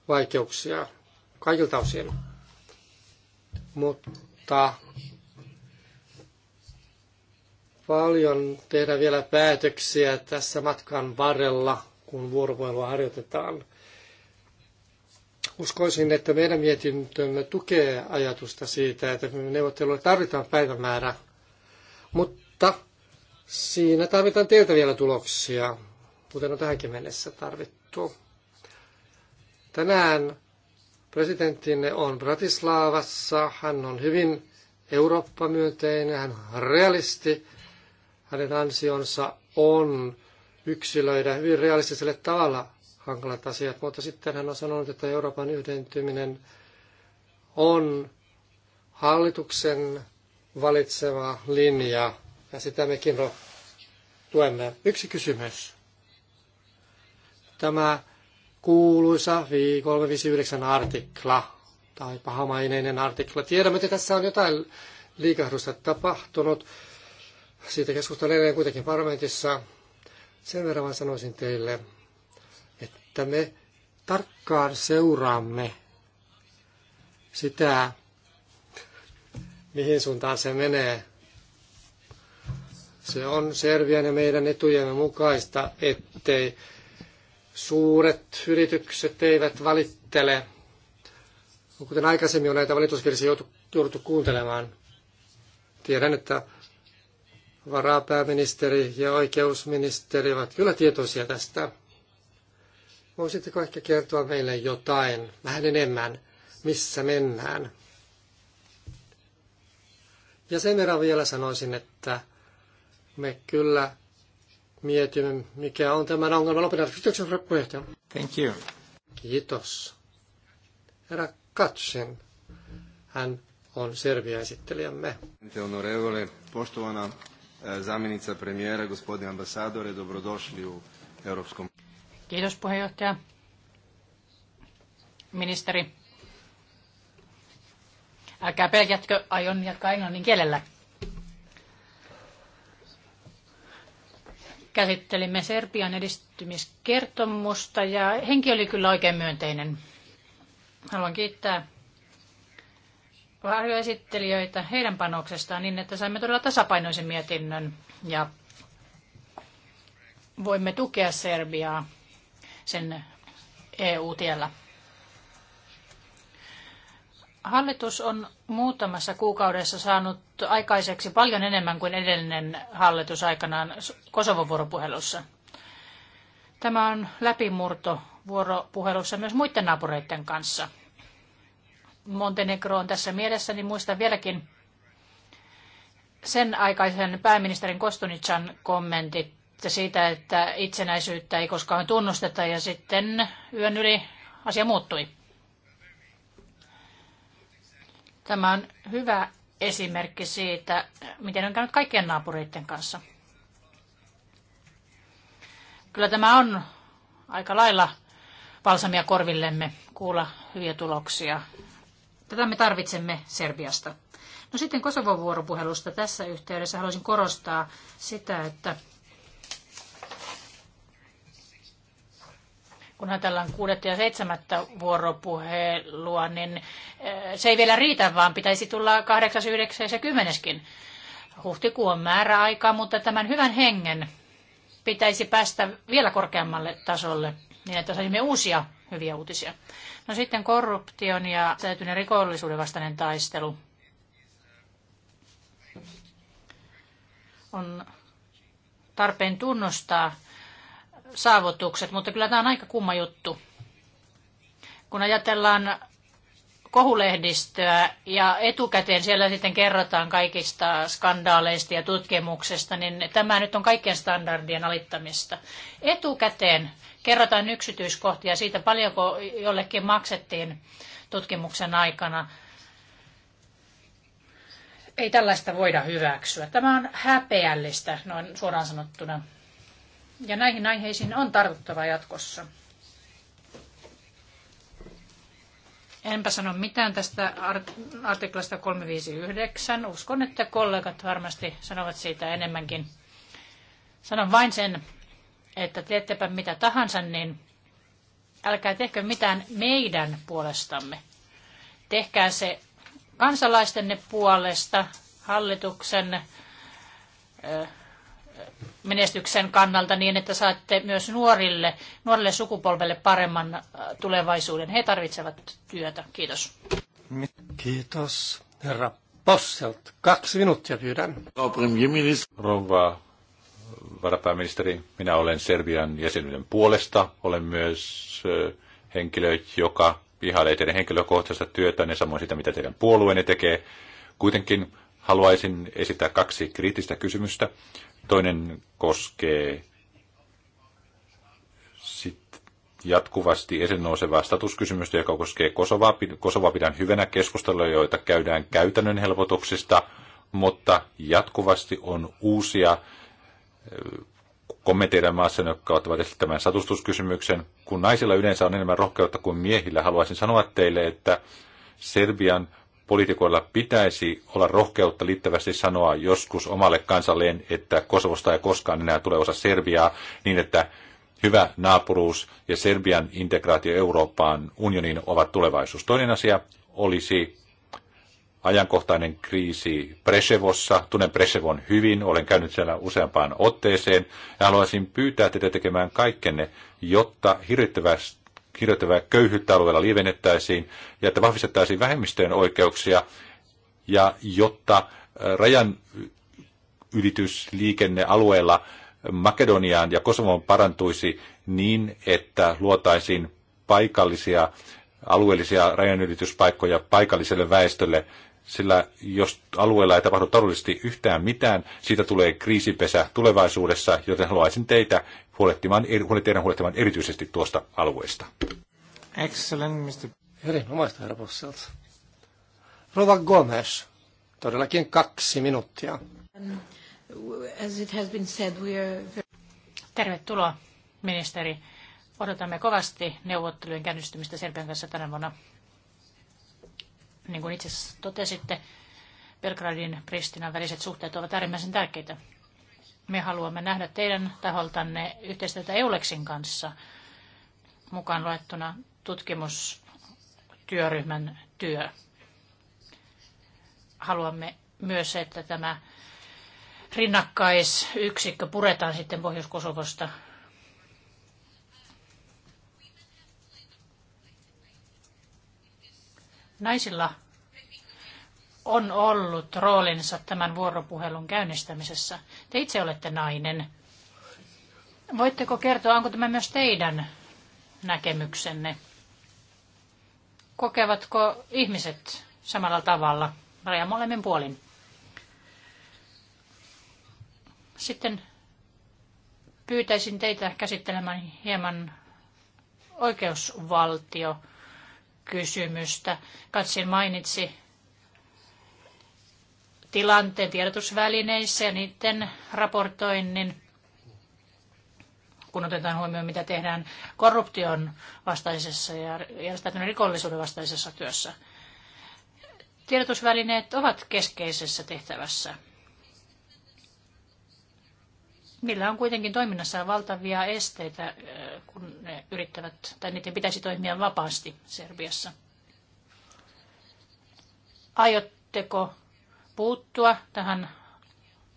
vaikeuksia kaikilta osin. Mutta Paljon tehdä vielä päätöksiä tässä matkan varrella, kun vuoropuhelua harjoitetaan. Uskoisin, että meidän mietintömme tukee ajatusta siitä, että me neuvotteluille tarvitaan päivämäärä, mutta siinä tarvitaan teiltä vielä tuloksia, kuten on tähänkin mennessä tarvittu. Tänään presidenttinne on Bratislavassa. Hän on hyvin Eurooppa-myönteinen, hän on realisti hänen ansionsa on yksilöidä hyvin realistiselle tavalla hankalat asiat, mutta sitten hän on sanonut, että Euroopan yhdentyminen on hallituksen valitsema linja, ja sitä mekin tuemme. Yksi kysymys. Tämä kuuluisa 359 artikla, tai pahamaineinen artikla. Tiedämme, että tässä on jotain liikahdusta tapahtunut siitä keskustellaan kuitenkin parlamentissa. Sen verran vaan sanoisin teille, että me tarkkaan seuraamme sitä, mihin suuntaan se menee. Se on Serbian ja meidän etujemme mukaista, ettei suuret yritykset eivät valittele. Kuten aikaisemmin on näitä valituskirsiä jouduttu kuuntelemaan, tiedän, että varapääministeri ja oikeusministeri ovat kyllä tietoisia tästä. Voisitteko ehkä kertoa meille jotain, vähän enemmän, missä mennään? Ja sen verran vielä sanoisin, että me kyllä mietimme, mikä on tämän ongelman lopetan. Kiitoksia, herra puheenjohtaja. Thank you. Kiitos. Herra Katsin, hän on Serbia-esittelijämme. Honorevole, poštovana zamjenica premijera, gospodin ambasadore, dobrodošli u Europskom... Kiitos puheenjohtaja. Ministeri, älkää pelkätkö, aion jatkaa englannin kielellä. Käsittelimme Serbian edistymiskertomusta ja henki oli kyllä oikein myönteinen. Haluan kiittää varjoesittelijöitä heidän panoksestaan niin, että saimme todella tasapainoisen mietinnön ja voimme tukea Serbiaa sen EU-tiellä. Hallitus on muutamassa kuukaudessa saanut aikaiseksi paljon enemmän kuin edellinen hallitus aikanaan Kosovon vuoropuhelussa. Tämä on läpimurto vuoropuhelussa myös muiden naapureiden kanssa – Montenegroon tässä mielessä, niin muistan vieläkin sen aikaisen pääministerin Kostunitsan kommentit siitä, että itsenäisyyttä ei koskaan tunnusteta ja sitten yön yli asia muuttui. Tämä on hyvä esimerkki siitä, miten on käynyt kaikkien naapureiden kanssa. Kyllä tämä on aika lailla valsamia korvillemme kuulla hyviä tuloksia Tätä me tarvitsemme Serbiasta. No sitten Kosovon vuoropuhelusta tässä yhteydessä haluaisin korostaa sitä, että kun ajatellaan kuudetta ja seitsemättä vuoropuhelua, niin eh, se ei vielä riitä, vaan pitäisi tulla kahdeksas, yhdeksäs ja kymmeneskin. Huhtikuu on määräaika, mutta tämän hyvän hengen pitäisi päästä vielä korkeammalle tasolle, niin että saisimme uusia hyviä uutisia. No sitten korruption ja täytyneen rikollisuuden vastainen taistelu. On tarpeen tunnustaa saavutukset, mutta kyllä tämä on aika kumma juttu. Kun ajatellaan kohulehdistöä ja etukäteen siellä sitten kerrotaan kaikista skandaaleista ja tutkimuksesta, niin tämä nyt on kaikkien standardien alittamista. Etukäteen kerrotaan yksityiskohtia siitä, paljonko jollekin maksettiin tutkimuksen aikana. Ei tällaista voida hyväksyä. Tämä on häpeällistä, noin suoraan sanottuna. Ja näihin aiheisiin on tartuttava jatkossa. Enpä sano mitään tästä artiklasta 359. Uskon, että kollegat varmasti sanovat siitä enemmänkin. Sanon vain sen, että teettepä mitä tahansa, niin älkää tehkö mitään meidän puolestamme. Tehkää se kansalaistenne puolesta, hallituksen menestyksen kannalta niin, että saatte myös nuorille, nuorille sukupolvelle paremman tulevaisuuden. He tarvitsevat työtä. Kiitos. Kiitos, herra Posselt. Kaksi minuuttia pyydän. Rouva varapääministeri. Minä olen Serbian jäsenyyden puolesta. Olen myös henkilö, joka ihailee teidän henkilökohtaista työtä ja samoin sitä, mitä teidän puolueenne tekee. Kuitenkin haluaisin esittää kaksi kriittistä kysymystä. Toinen koskee sit jatkuvasti esiin nousevaa statuskysymystä, joka koskee Kosovaa. Kosovaa pidän hyvänä keskustelua, joita käydään käytännön helpotuksista, mutta jatkuvasti on uusia kommenteida maassa, jotka ottavat esille tämän satustuskysymyksen. Kun naisilla yleensä on enemmän rohkeutta kuin miehillä, haluaisin sanoa teille, että Serbian poliitikoilla pitäisi olla rohkeutta liittävästi sanoa joskus omalle kansalleen, että Kosovosta ei koskaan enää tule osa Serbiaa, niin että hyvä naapuruus ja Serbian integraatio Euroopan unioniin ovat tulevaisuus. Toinen asia olisi ajankohtainen kriisi Presevossa. Tunnen Presevon hyvin, olen käynyt siellä useampaan otteeseen ja haluaisin pyytää teitä tekemään kaikkenne, jotta hirvittävää köyhyyttä alueella lievennettäisiin ja että vahvistettaisiin vähemmistöjen oikeuksia ja jotta rajan ylitysliikenne alueella Makedoniaan ja Kosovoon parantuisi niin, että luotaisiin paikallisia alueellisia rajanylityspaikkoja paikalliselle väestölle sillä jos alueella ei tapahdu taloudellisesti yhtään mitään, siitä tulee kriisipesä tulevaisuudessa, joten haluaisin teitä huolehtimaan, teidän huolehtimaan erityisesti tuosta alueesta. Excellent, Mr. Erinomaista, herra Posselta. Rova Gomes, todellakin kaksi minuuttia. Um, as it has been said, we are very... Tervetuloa, ministeri. Odotamme kovasti neuvottelujen käynnistymistä Serbian kanssa tänä vuonna niin kuin itse totesitte, Belgradin Pristinan väliset suhteet ovat äärimmäisen tärkeitä. Me haluamme nähdä teidän taholtanne yhteistyötä Euleksin kanssa mukaan luettuna tutkimustyöryhmän työ. Haluamme myös, että tämä rinnakkaisyksikkö puretaan sitten Pohjois-Kosovosta Naisilla on ollut roolinsa tämän vuoropuhelun käynnistämisessä. Te itse olette nainen. Voitteko kertoa, onko tämä myös teidän näkemyksenne? Kokevatko ihmiset samalla tavalla raja molemmin puolin? Sitten pyytäisin teitä käsittelemään hieman oikeusvaltio kysymystä. Katsin mainitsi tilanteen tiedotusvälineissä ja niiden raportoinnin, kun otetaan huomioon, mitä tehdään korruption vastaisessa ja järjestäytyneen rikollisuuden vastaisessa työssä. Tiedotusvälineet ovat keskeisessä tehtävässä. Niillä on kuitenkin toiminnassaan valtavia esteitä, kun ne yrittävät, tai niiden pitäisi toimia vapaasti Serbiassa. Aiotteko puuttua tähän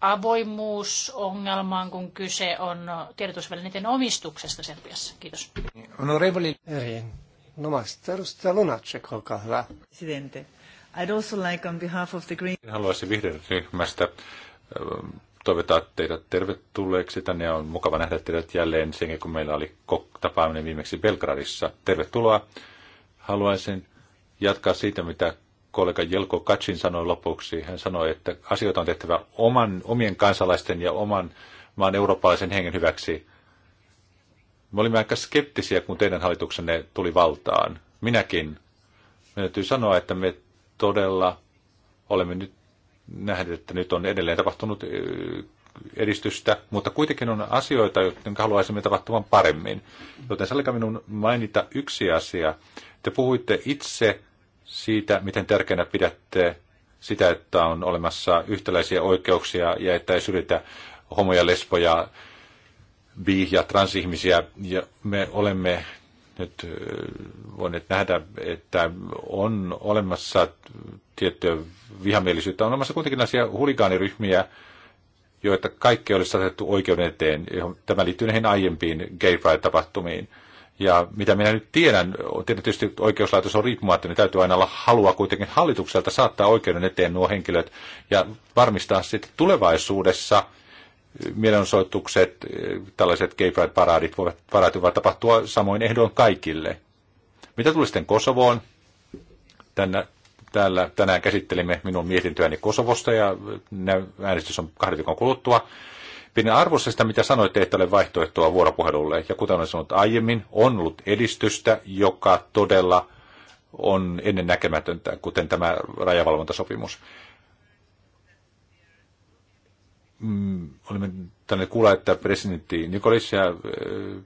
avoimuusongelmaan, kun kyse on tiedotusvälineiden omistuksesta Serbiassa? Kiitos. Honorevoli Erinomaisesti edustaja Lunacek, olkaa hyvä. Presidente. I'd also like on behalf of the Green... Haluaisin vihreän ryhmästä toivotaan teitä tervetulleeksi tänne on mukava nähdä teidät jälleen sen, kun meillä oli tapaaminen viimeksi Belgradissa. Tervetuloa. Haluaisin jatkaa siitä, mitä kollega Jelko Katsin sanoi lopuksi. Hän sanoi, että asioita on tehtävä oman, omien kansalaisten ja oman maan eurooppalaisen hengen hyväksi. Me olimme aika skeptisiä, kun teidän hallituksenne tuli valtaan. Minäkin. Me täytyy sanoa, että me todella olemme nyt nähdä, että nyt on edelleen tapahtunut edistystä, mutta kuitenkin on asioita, joiden haluaisimme tapahtuvan paremmin. Joten sallikaa minun mainita yksi asia. Te puhuitte itse siitä, miten tärkeänä pidätte sitä, että on olemassa yhtäläisiä oikeuksia ja että ei syrjitä homoja, lesboja, bi- ja transihmisiä. Ja me olemme nyt voineet nähdä, että on olemassa tiettyä vihamielisyyttä. On olemassa kuitenkin näisiä huligaaniryhmiä, joita kaikki olisi asetettu oikeuden eteen. Tämä liittyy näihin aiempiin gay pride-tapahtumiin. Ja mitä minä nyt tiedän, tiedän tietysti oikeuslaitos on riippumatta, niin täytyy aina olla halua kuitenkin hallitukselta saattaa oikeuden eteen nuo henkilöt ja varmistaa sitten tulevaisuudessa – mielenosoitukset, tällaiset gay pride-paraadit voivat, paraadit voivat tapahtua samoin ehdoin kaikille. Mitä tuli sitten Kosovoon? Tänä, täällä tänään käsittelimme minun mietintöäni Kosovosta ja äänestys on kahden viikon kuluttua. Pidän arvossa sitä, mitä sanoitte, että ole vaihtoehtoa vuoropuhelulle. Ja kuten olen sanonut aiemmin, on ollut edistystä, joka todella on ennen näkemätöntä, kuten tämä rajavalvontasopimus mm, olemme tänne kuulla, että presidentti Nikolis ja äh,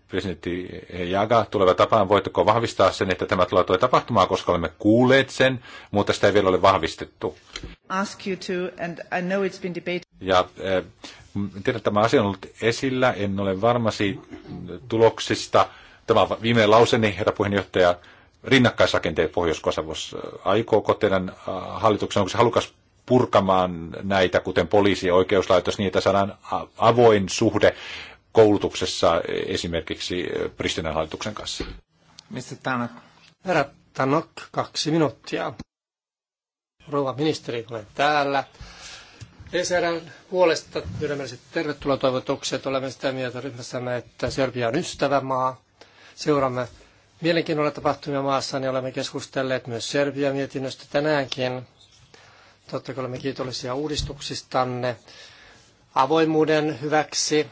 presidentti Jaga tulevat tapaan. Voitteko vahvistaa sen, että tämä tulee tapahtumaan, koska olemme kuulleet sen, mutta sitä ei vielä ole vahvistettu. Ask you to, and I know it's been debated. Ja äh, tiedän, että tämä asia on ollut esillä, en ole varma siitä tuloksista. Tämä viimeinen lauseni, herra puheenjohtaja. Rinnakkaisrakenteet Pohjois-Kosovossa. Aikooko teidän äh, hallituksen, onko se halukas purkamaan näitä, kuten poliisi ja oikeuslaitos, niin että saadaan avoin suhde koulutuksessa esimerkiksi eh, Pristinan hallituksen kanssa. Mr. Tanak. Herra Tanok, kaksi minuuttia. Rouva ministeri, olen täällä. ECRn puolesta ylimääräiset tervetuloa toivotukset. Olemme sitä mieltä ryhmässämme, että Serbia on ystävämaa. Seuraamme mielenkiinnolla tapahtumia maassa, niin olemme keskustelleet myös Serbia mietinnöstä tänäänkin. Totta kai olemme kiitollisia uudistuksistanne avoimuuden hyväksi,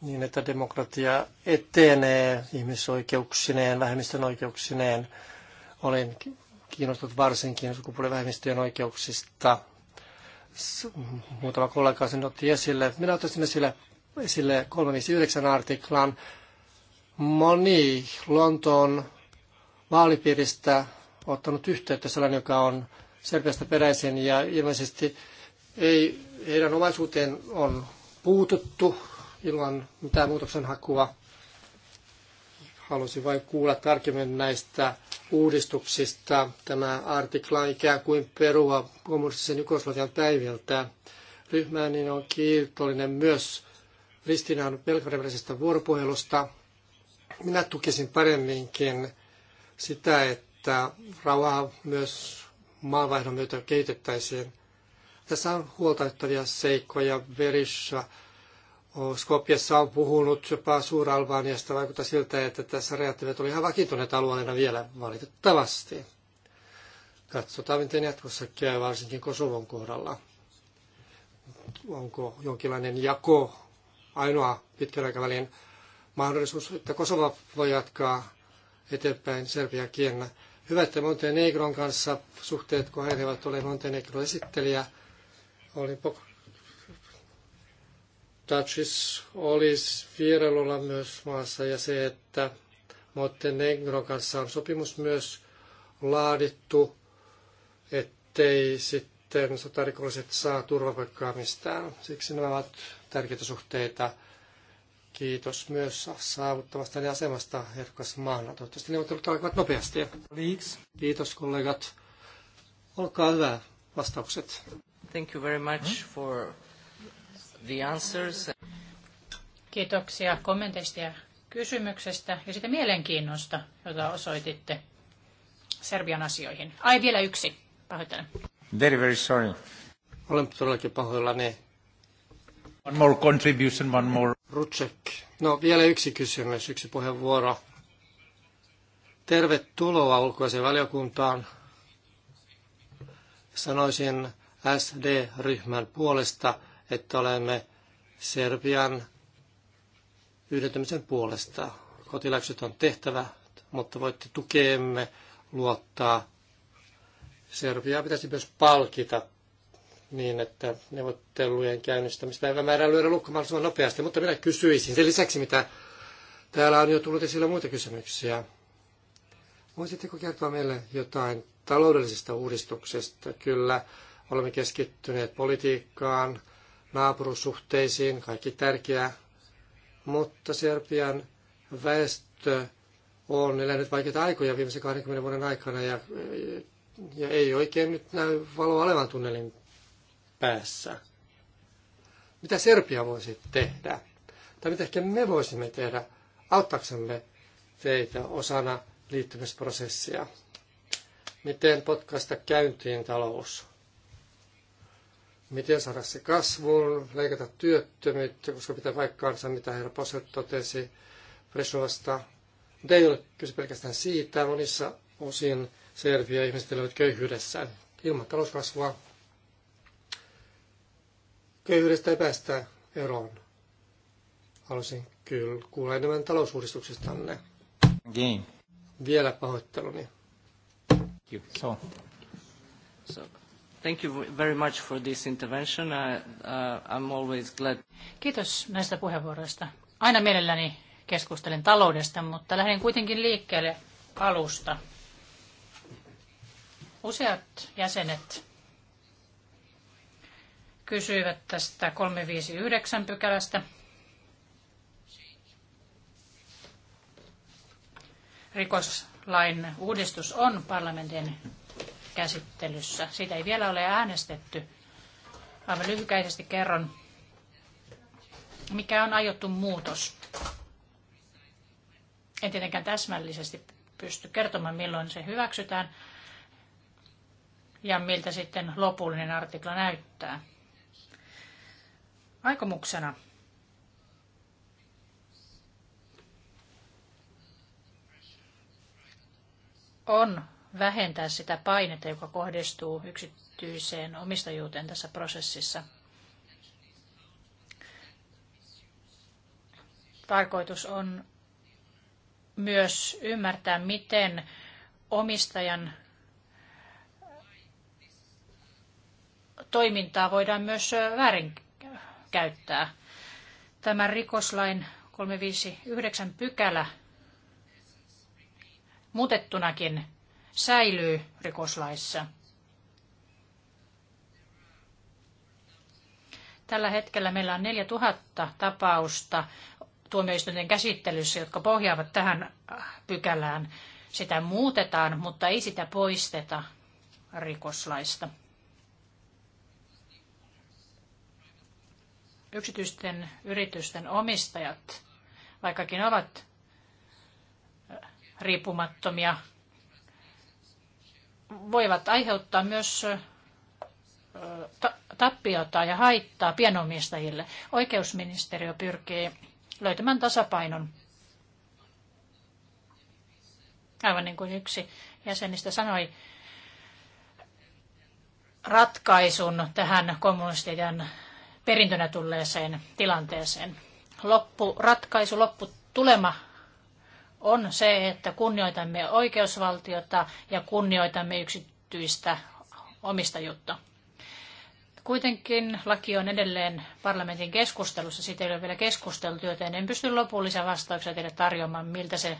niin että demokratia etenee ihmisoikeuksineen, vähemmistön oikeuksineen. Olen kiinnostunut varsinkin sukupuolivähemmistöjen oikeuksista. Muutama kollega sen otti esille. Minä ottaisin esille, esille 359 artiklan. Moni Lontoon vaalipiiristä ottanut yhteyttä sellainen, joka on Serbiasta peräisin ja ilmeisesti ei, heidän omaisuuteen on puututtu ilman mitään muutoksenhakua. Halusin vain kuulla tarkemmin näistä uudistuksista. Tämä artikla on ikään kuin perua kommunistisen Jugoslavian päiviltä. niin on kiitollinen myös Ristinan velkarevälisestä vuoropuhelusta. Minä tukisin paremminkin sitä, että rauhaa myös maanvaihdon myötä kehitettäisiin. Tässä on huoltaittavia seikkoja. Verissä Skopje on puhunut jopa Suur-Albaniasta. Vaikuttaa siltä, että tässä reaktiivit oli ihan vakiintuneet alueena vielä valitettavasti. Katsotaan, miten jatkossa käy, varsinkin Kosovon kohdalla. Onko jonkinlainen jako ainoa pitkän aikavälin mahdollisuus, että Kosova voi jatkaa eteenpäin Serbian kielenä hyvät että Montenegron kanssa suhteet kohenevat. Olen Montenegron esittelijä. Olin Dutchis olisi vierailulla myös maassa ja se, että Montenegron kanssa on sopimus myös laadittu, ettei sitten sotarikolliset saa turvapaikkaa mistään. Siksi nämä ovat tärkeitä suhteita. Kiitos myös saavuttavasta asemasta ehdokas maana. Toivottavasti neuvottelut alkavat nopeasti. Kiitos kollegat. Olkaa hyvä vastaukset. Thank you very much hmm? for the answers. Kiitoksia kommenteista ja kysymyksestä ja sitä mielenkiinnosta, jota osoititte Serbian asioihin. Ai vielä yksi, pahoittelen. Very, very sorry. Olen todellakin pahoillani. One more contribution, one more. No vielä yksi kysymys, yksi puheenvuoro. Tervetuloa ulkoisen valiokuntaan. Sanoisin SD-ryhmän puolesta, että olemme Serbian yhdentämisen puolesta. Kotiläkset on tehtävä, mutta voitte tukeemme luottaa. Serbia pitäisi myös palkita niin, että neuvottelujen käynnistämispäivämäärää lyödä lukko mahdollisimman nopeasti. Mutta minä kysyisin sen lisäksi, mitä täällä on jo tullut esille muita kysymyksiä. Voisitteko kertoa meille jotain taloudellisesta uudistuksesta? Kyllä, olemme keskittyneet politiikkaan, naapurussuhteisiin, kaikki tärkeää. Mutta Serbian väestö on elänyt vaikeita aikoja viimeisen 20 vuoden aikana ja, ja ei oikein nyt näy valoa olevan tunnelin päässä. Mitä Serbia voisi tehdä? Tai mitä ehkä me voisimme tehdä auttaaksemme teitä osana liittymisprosessia? Miten potkaista käyntiin talous? Miten saada se kasvuun, leikata työttömyyttä, koska pitää paikkaansa, mitä herra Poset totesi Presovasta. Mutta ei ole kyse pelkästään siitä. Monissa osin Serbia ihmiset elävät köyhyydessään ilman talouskasvua köyhyydestä ei päästä eroon. Haluaisin kyllä kuulla enemmän talousuudistuksestanne. Again. Vielä pahoitteluni. So. So. Thank you very much for this intervention. I, uh, I'm always glad. Kiitos näistä puheenvuoroista. Aina mielelläni keskustelen taloudesta, mutta lähden kuitenkin liikkeelle alusta. Useat jäsenet kysyivät tästä 359 pykälästä. Rikoslain uudistus on parlamentin käsittelyssä. Siitä ei vielä ole äänestetty. Aivan lyhykäisesti kerron, mikä on aiottu muutos. En tietenkään täsmällisesti pysty kertomaan, milloin se hyväksytään ja miltä sitten lopullinen artikla näyttää aikomuksena. on vähentää sitä painetta, joka kohdistuu yksityiseen omistajuuteen tässä prosessissa. Tarkoitus on myös ymmärtää, miten omistajan toimintaa voidaan myös väärin käyttää. Tämä rikoslain 359 pykälä muutettunakin säilyy rikoslaissa. Tällä hetkellä meillä on 4000 tapausta tuomioistuinten käsittelyssä, jotka pohjaavat tähän pykälään. Sitä muutetaan, mutta ei sitä poisteta rikoslaista. yksityisten yritysten omistajat, vaikkakin ovat riippumattomia, voivat aiheuttaa myös tappiota ja haittaa pienomistajille. Oikeusministeriö pyrkii löytämään tasapainon. Aivan niin kuin yksi jäsenistä sanoi, ratkaisun tähän kommunistien perintönä tulleeseen tilanteeseen. ratkaisu, lopputulema on se, että kunnioitamme oikeusvaltiota ja kunnioitamme yksityistä omistajuutta. Kuitenkin laki on edelleen parlamentin keskustelussa, siitä ei ole vielä keskusteltu, joten en pysty lopullisia vastauksia teille tarjoamaan, miltä se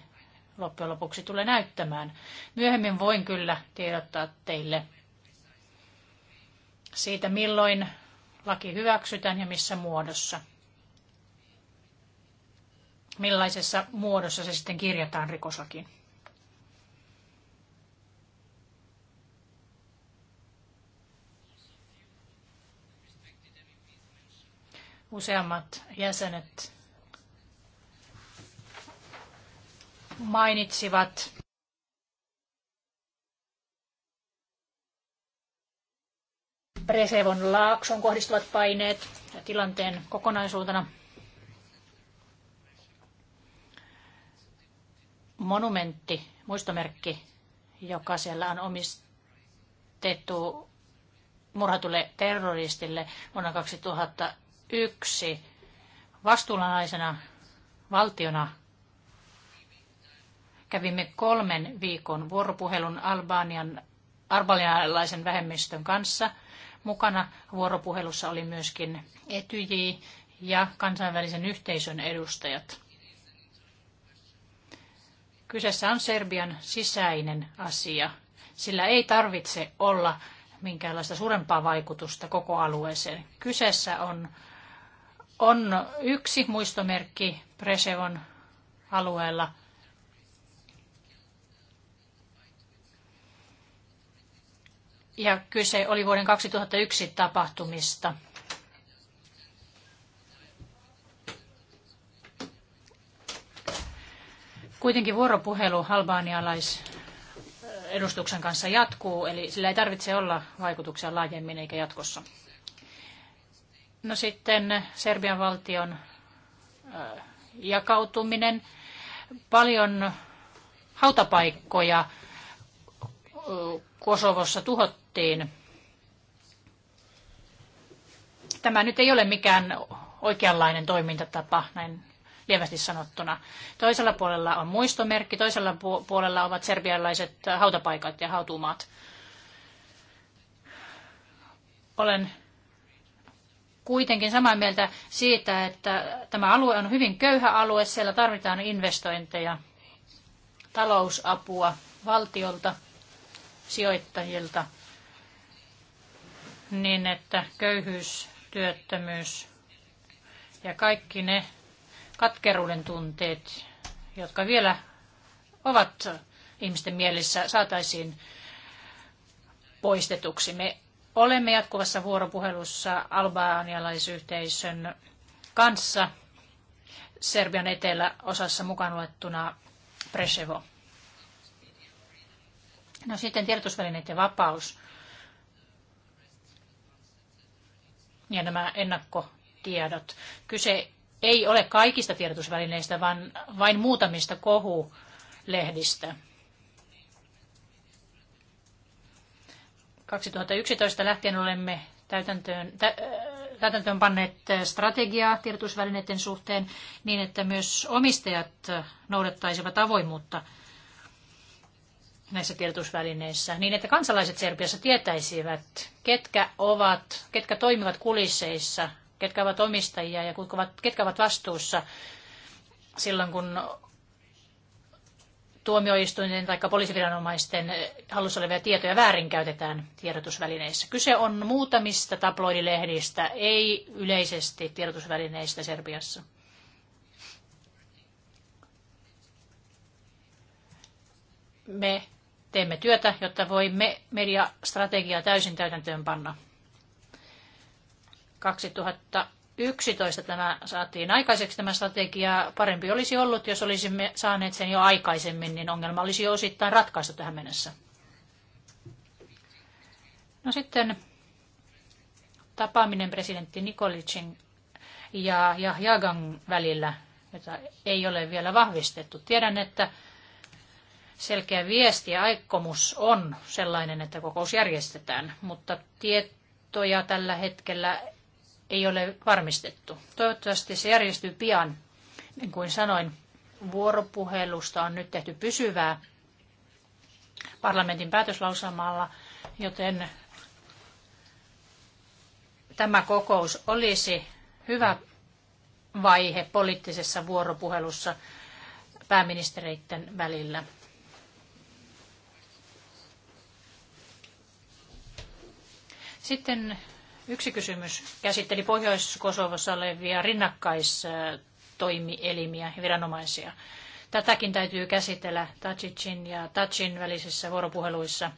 loppujen lopuksi tulee näyttämään. Myöhemmin voin kyllä tiedottaa teille siitä, milloin laki hyväksytään ja missä muodossa. Millaisessa muodossa se sitten kirjataan rikoslakiin? Useammat jäsenet mainitsivat Presevon laakson kohdistuvat paineet ja tilanteen kokonaisuutena. Monumentti, muistomerkki, joka siellä on omistettu murhatulle terroristille vuonna 2001 vastuunalaisena valtiona kävimme kolmen viikon vuoropuhelun Albanian albanialaisen vähemmistön kanssa – Mukana vuoropuhelussa oli myöskin Etyj ja kansainvälisen yhteisön edustajat. Kyseessä on Serbian sisäinen asia. Sillä ei tarvitse olla minkäänlaista suurempaa vaikutusta koko alueeseen. Kyseessä on, on yksi muistomerkki Presevon alueella – ja kyse oli vuoden 2001 tapahtumista. Kuitenkin vuoropuhelu albanialais kanssa jatkuu, eli sillä ei tarvitse olla vaikutuksia laajemmin eikä jatkossa. No sitten Serbian valtion äh, jakautuminen. Paljon hautapaikkoja äh, Kosovossa tuhottiin. Tämä nyt ei ole mikään oikeanlainen toimintatapa, näin lievästi sanottuna. Toisella puolella on muistomerkki, toisella puolella ovat serbialaiset hautapaikat ja hautumaat. Olen kuitenkin samaa mieltä siitä, että tämä alue on hyvin köyhä alue, siellä tarvitaan investointeja, talousapua valtiolta – sijoittajilta niin, että köyhyys, työttömyys ja kaikki ne katkeruuden tunteet, jotka vielä ovat ihmisten mielissä, saataisiin poistetuksi. Me olemme jatkuvassa vuoropuhelussa albaanialaisyhteisön kanssa Serbian eteläosassa mukaan luettuna Presevo. No sitten tiedotusvälineiden vapaus. Ja nämä ennakkotiedot. Kyse ei ole kaikista tiedotusvälineistä, vaan vain muutamista kohulehdistä. 2011 lähtien olemme täytäntöön, tä, äh, täytäntöön panneet strategiaa tiedotusvälineiden suhteen niin, että myös omistajat noudattaisivat avoimuutta – näissä tiedotusvälineissä, niin että kansalaiset Serbiassa tietäisivät, ketkä ovat, ketkä toimivat kulisseissa, ketkä ovat omistajia ja ketkä ovat, ketkä ovat vastuussa silloin, kun tuomioistuinten tai poliisiviranomaisten hallussa olevia tietoja väärinkäytetään tiedotusvälineissä. Kyse on muutamista tabloidilehdistä, ei yleisesti tiedotusvälineistä Serbiassa. Me teemme työtä, jotta voimme mediastrategiaa täysin täytäntöön panna. 2011 tämä saatiin aikaiseksi tämä strategia. Parempi olisi ollut, jos olisimme saaneet sen jo aikaisemmin, niin ongelma olisi jo osittain ratkaistu tähän mennessä. No sitten tapaaminen presidentti Nikolicin ja Jagan välillä, jota ei ole vielä vahvistettu. Tiedän, että selkeä viesti ja aikomus on sellainen, että kokous järjestetään, mutta tietoja tällä hetkellä ei ole varmistettu. Toivottavasti se järjestyy pian. Niin kuin sanoin, vuoropuhelusta on nyt tehty pysyvää parlamentin päätöslausamalla, joten tämä kokous olisi hyvä vaihe poliittisessa vuoropuhelussa pääministereiden välillä. Sitten yksi kysymys käsitteli Pohjois-Kosovossa olevia rinnakkaistoimielimiä ja viranomaisia. Tätäkin täytyy käsitellä Tadjicin ja Tadjin välisissä vuoropuheluissa.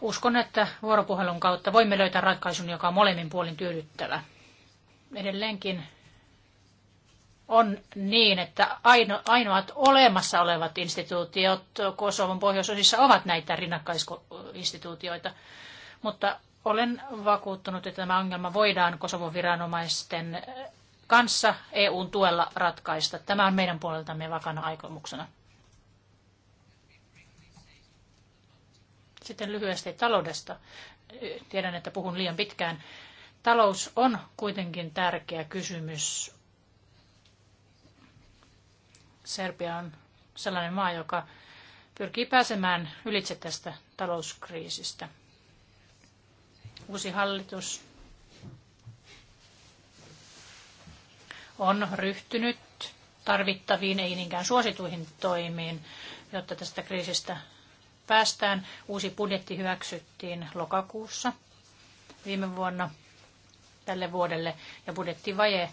Uskon, että vuoropuhelun kautta voimme löytää ratkaisun, joka on molemmin puolin tyydyttävä. Edelleenkin on niin, että aino, ainoat olemassa olevat instituutiot Kosovon pohjoisosissa ovat näitä rinnakkaisinstituutioita. Mutta olen vakuuttunut, että tämä ongelma voidaan Kosovon viranomaisten kanssa EUn tuella ratkaista. Tämä on meidän puoleltamme vakana aikomuksena. Sitten lyhyesti taloudesta. Tiedän, että puhun liian pitkään. Talous on kuitenkin tärkeä kysymys Serbia on sellainen maa, joka pyrkii pääsemään ylitse tästä talouskriisistä. Uusi hallitus on ryhtynyt tarvittaviin, ei niinkään suosituihin toimiin, jotta tästä kriisistä päästään. Uusi budjetti hyväksyttiin lokakuussa viime vuonna tälle vuodelle ja budjettivaje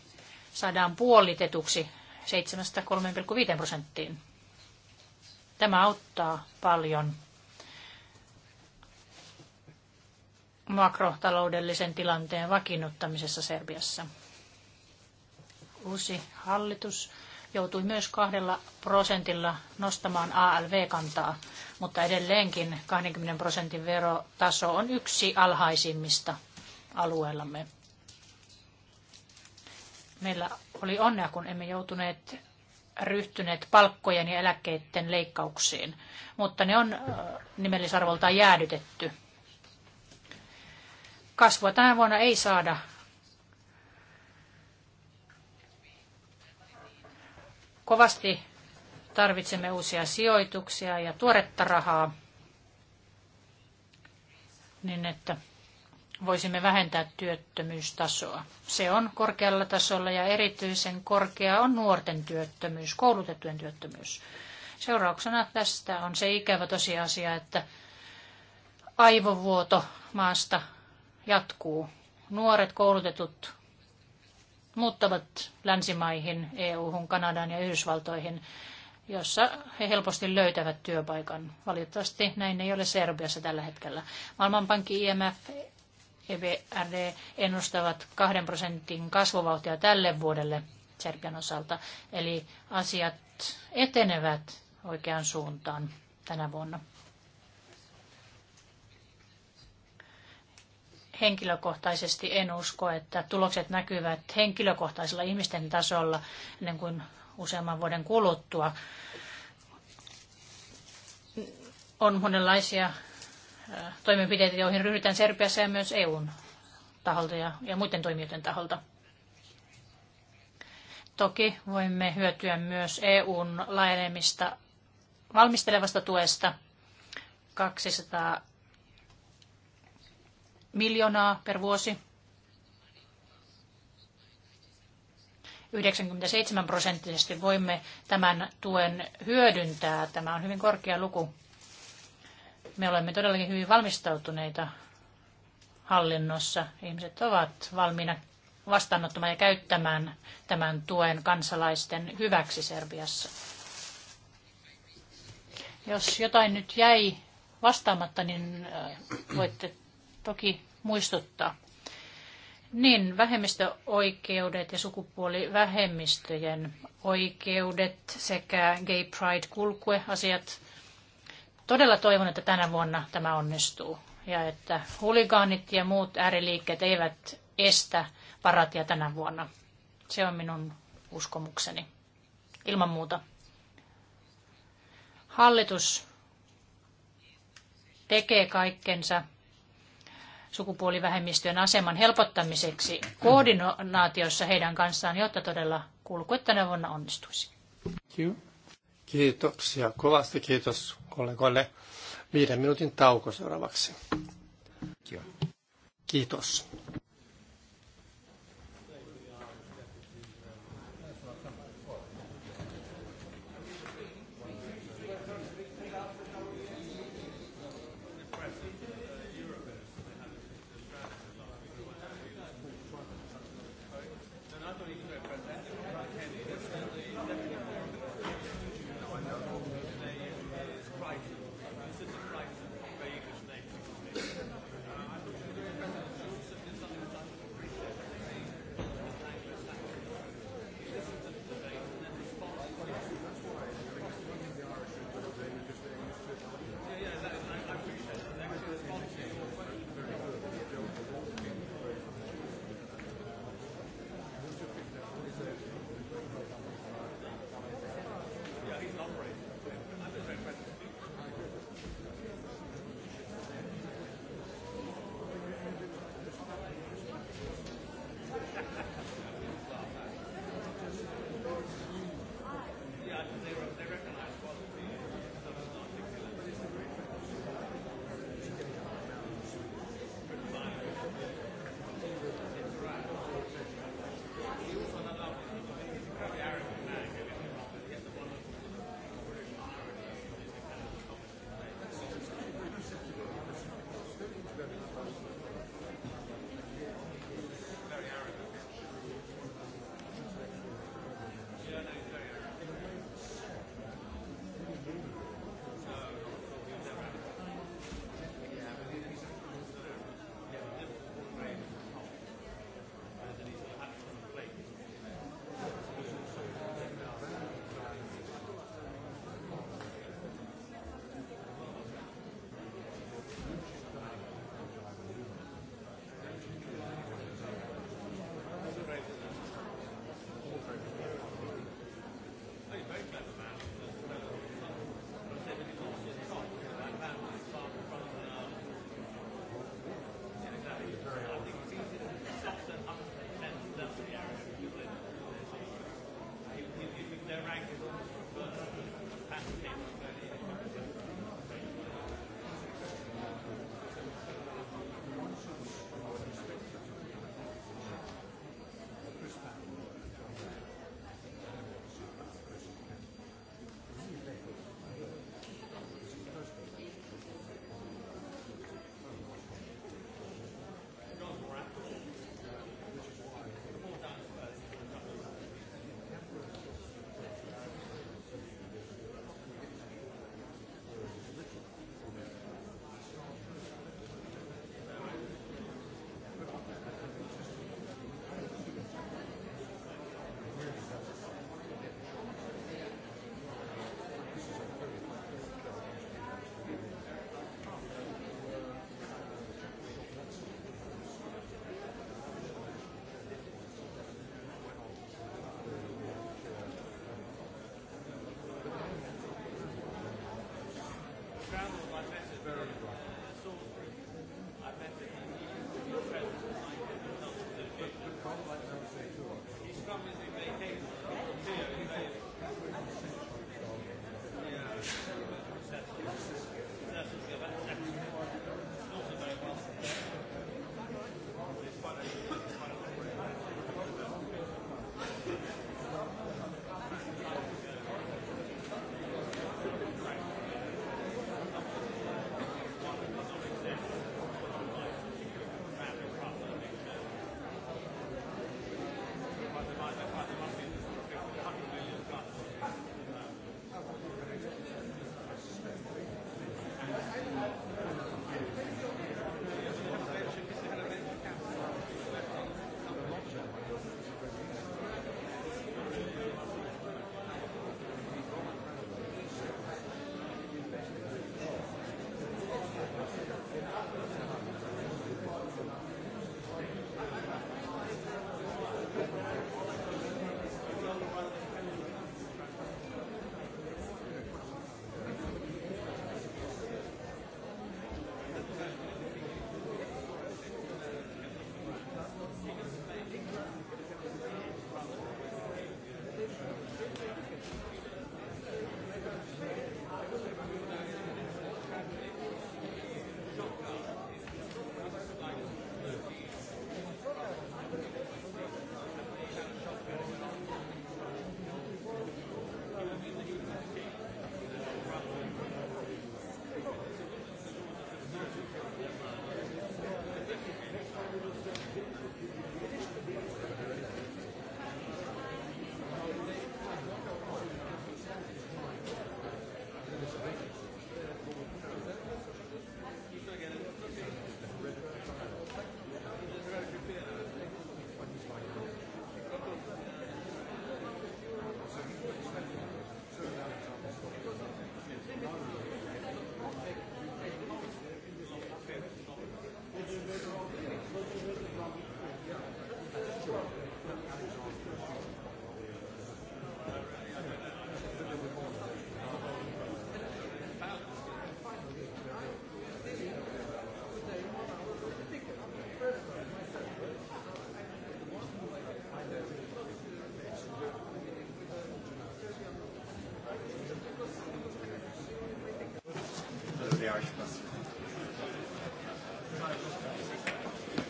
saadaan puolitetuksi 7-3,5 prosenttiin. Tämä auttaa paljon makrotaloudellisen tilanteen vakiinnuttamisessa Serbiassa. Uusi hallitus joutui myös kahdella prosentilla nostamaan ALV-kantaa, mutta edelleenkin 20 prosentin verotaso on yksi alhaisimmista alueellamme. Meillä oli onnea, kun emme joutuneet ryhtyneet palkkojen ja eläkkeiden leikkauksiin, mutta ne on äh, nimellisarvoltaan jäädytetty. Kasvua tänä vuonna ei saada. Kovasti tarvitsemme uusia sijoituksia ja tuoretta rahaa, niin että voisimme vähentää työttömyystasoa. Se on korkealla tasolla ja erityisen korkea on nuorten työttömyys, koulutettujen työttömyys. Seurauksena tästä on se ikävä tosiasia, että aivovuoto maasta jatkuu. Nuoret koulutetut muuttavat länsimaihin, EU-hun, Kanadaan ja Yhdysvaltoihin, jossa he helposti löytävät työpaikan. Valitettavasti näin ei ole Serbiassa tällä hetkellä. Maailmanpankki IMF EBRD ennustavat kahden prosentin kasvuvauhtia tälle vuodelle Serbian osalta. Eli asiat etenevät oikeaan suuntaan tänä vuonna. Henkilökohtaisesti en usko, että tulokset näkyvät henkilökohtaisella ihmisten tasolla ennen kuin useamman vuoden kuluttua. On monenlaisia toimenpiteitä, joihin ryhdytään Serbiassa ja myös EUn taholta ja, ja muiden toimijoiden taholta. Toki voimme hyötyä myös EUn laajenemista valmistelevasta tuesta 200 miljoonaa per vuosi. 97 prosenttisesti voimme tämän tuen hyödyntää. Tämä on hyvin korkea luku. Me olemme todellakin hyvin valmistautuneita hallinnossa. Ihmiset ovat valmiina vastaanottamaan ja käyttämään tämän tuen kansalaisten hyväksi Serbiassa. Jos jotain nyt jäi vastaamatta, niin äh, voitte toki muistuttaa. Niin, vähemmistöoikeudet ja sukupuolivähemmistöjen oikeudet sekä gay pride kulkueasiat Todella toivon, että tänä vuonna tämä onnistuu ja että huligaanit ja muut ääriliikkeet eivät estä paratia tänä vuonna. Se on minun uskomukseni. Ilman muuta. Hallitus tekee kaikkensa sukupuolivähemmistöjen aseman helpottamiseksi koordinaatiossa heidän kanssaan, jotta todella kulku tänä vuonna onnistuisi. Kiitoksia kovasti. Kiitos kollegoille. Viiden minuutin tauko seuraavaksi. Kiitos.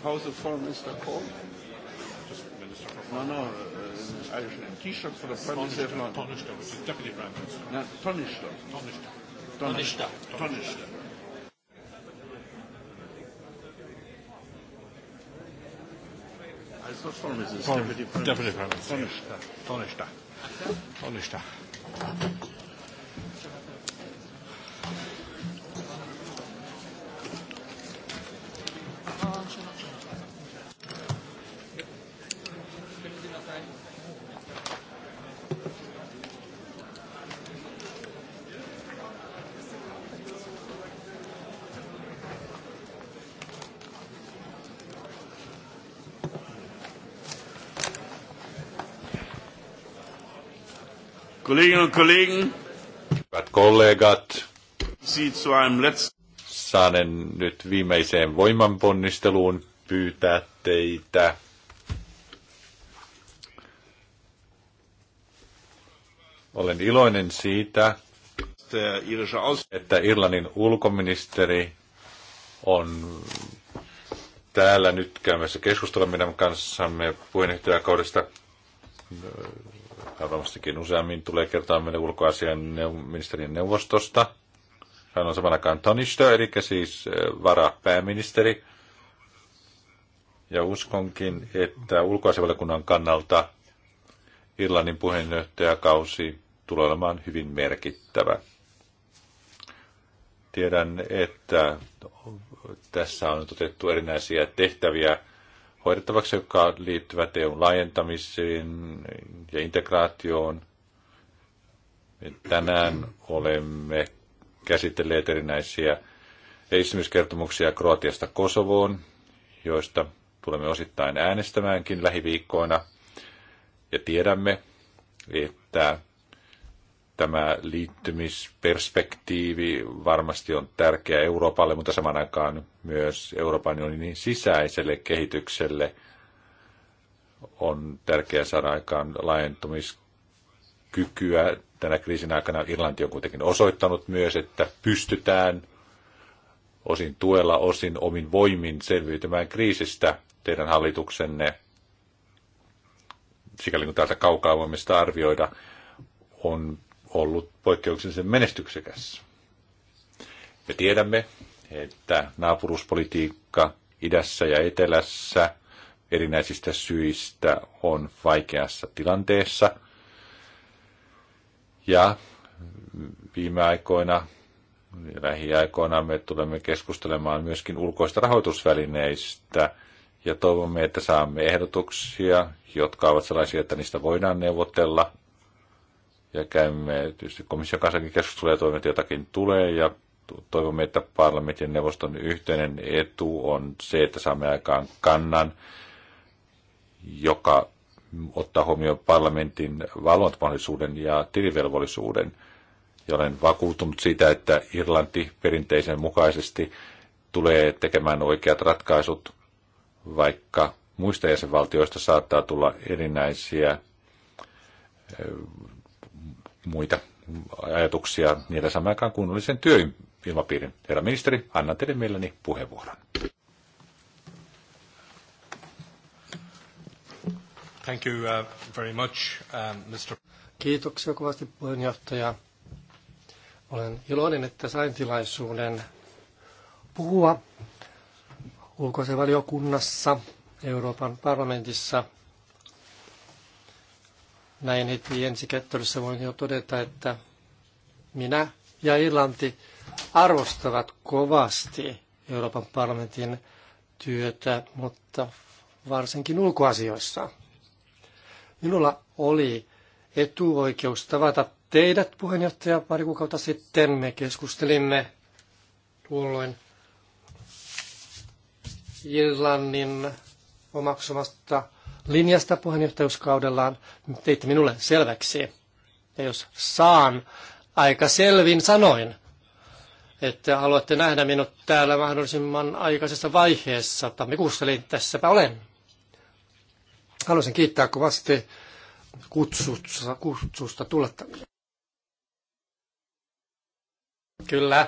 How's the foreign minister called? Just minister for no, no, äh, äh, t-shirt for the Prime Minister of Ireland. Taoiseach, which is Deputy Prime Minister. No, Taoiseach. Taoiseach. Taoiseach. Taoiseach. It's Deputy Prime Minister. Deputy Prime Minister. Kolleginnen und Kollegen, hyvät kollegat, saanen nyt viimeiseen voimanponnisteluun pyytää teitä. Olen iloinen siitä, että Irlannin ulkoministeri on täällä nyt käymässä keskustelua meidän kanssamme puheenjohtajakaudesta varmastikin useammin tulee kertoa meille ulkoasian ministerin neuvostosta. Hän on samalla kantonista, eli siis äh, varapääministeri. Ja uskonkin, että ulkoasianvaliokunnan kannalta Irlannin puheenjohtajakausi tulee olemaan hyvin merkittävä. Tiedän, että tässä on otettu erinäisiä tehtäviä hoidettavaksi, jotka liittyvät EUn laajentamiseen ja integraatioon. Me tänään olemme käsitelleet erinäisiä edistymiskertomuksia Kroatiasta Kosovoon, joista tulemme osittain äänestämäänkin lähiviikkoina. Ja tiedämme, että tämä liittymisperspektiivi varmasti on tärkeä Euroopalle, mutta saman aikaan myös Euroopan unionin sisäiselle kehitykselle on tärkeää saada aikaan laajentumiskykyä. Tänä kriisin aikana Irlanti on kuitenkin osoittanut myös, että pystytään osin tuella, osin omin voimin selviytymään kriisistä teidän hallituksenne. Sikäli kun täältä kaukaa voimme sitä arvioida, on ollut poikkeuksellisen menestyksekäs. Me tiedämme, että naapuruuspolitiikka idässä ja etelässä erinäisistä syistä on vaikeassa tilanteessa. Ja viime aikoina lähiaikoina me tulemme keskustelemaan myöskin ulkoista rahoitusvälineistä ja toivomme, että saamme ehdotuksia, jotka ovat sellaisia, että niistä voidaan neuvotella – ja käymme tietysti komission kanssakin keskustelua ja että jotakin tulee ja toivomme, että parlamentin neuvoston yhteinen etu on se, että saamme aikaan kannan, joka ottaa huomioon parlamentin valvontamahdollisuuden ja tilivelvollisuuden. Ja olen vakuuttunut siitä, että Irlanti perinteisen mukaisesti tulee tekemään oikeat ratkaisut, vaikka muista jäsenvaltioista saattaa tulla erinäisiä muita ajatuksia niitä samaan aikaan kunnollisen työilmapiirin. Herra ministeri, annan teille mielelläni puheenvuoron. Thank you uh, very much, um, Mr. Kiitoksia kovasti puheenjohtaja. Olen iloinen, että sain tilaisuuden puhua ulkoisen valiokunnassa Euroopan parlamentissa – näin heti kättelyssä voin jo todeta, että minä ja Irlanti arvostavat kovasti Euroopan parlamentin työtä, mutta varsinkin ulkoasioissa. Minulla oli etuoikeus tavata teidät, puheenjohtaja, pari kuukautta sitten. Me keskustelimme tuolloin Irlannin omaksumasta linjasta puheenjohtajuuskaudellaan. Teitte minulle selväksi. Ja jos saan aika selvin sanoin, että haluatte nähdä minut täällä mahdollisimman aikaisessa vaiheessa tammikuussa, eli tässäpä olen. Haluaisin kiittää kovasti kutsusta, kutsusta tulla Kyllä,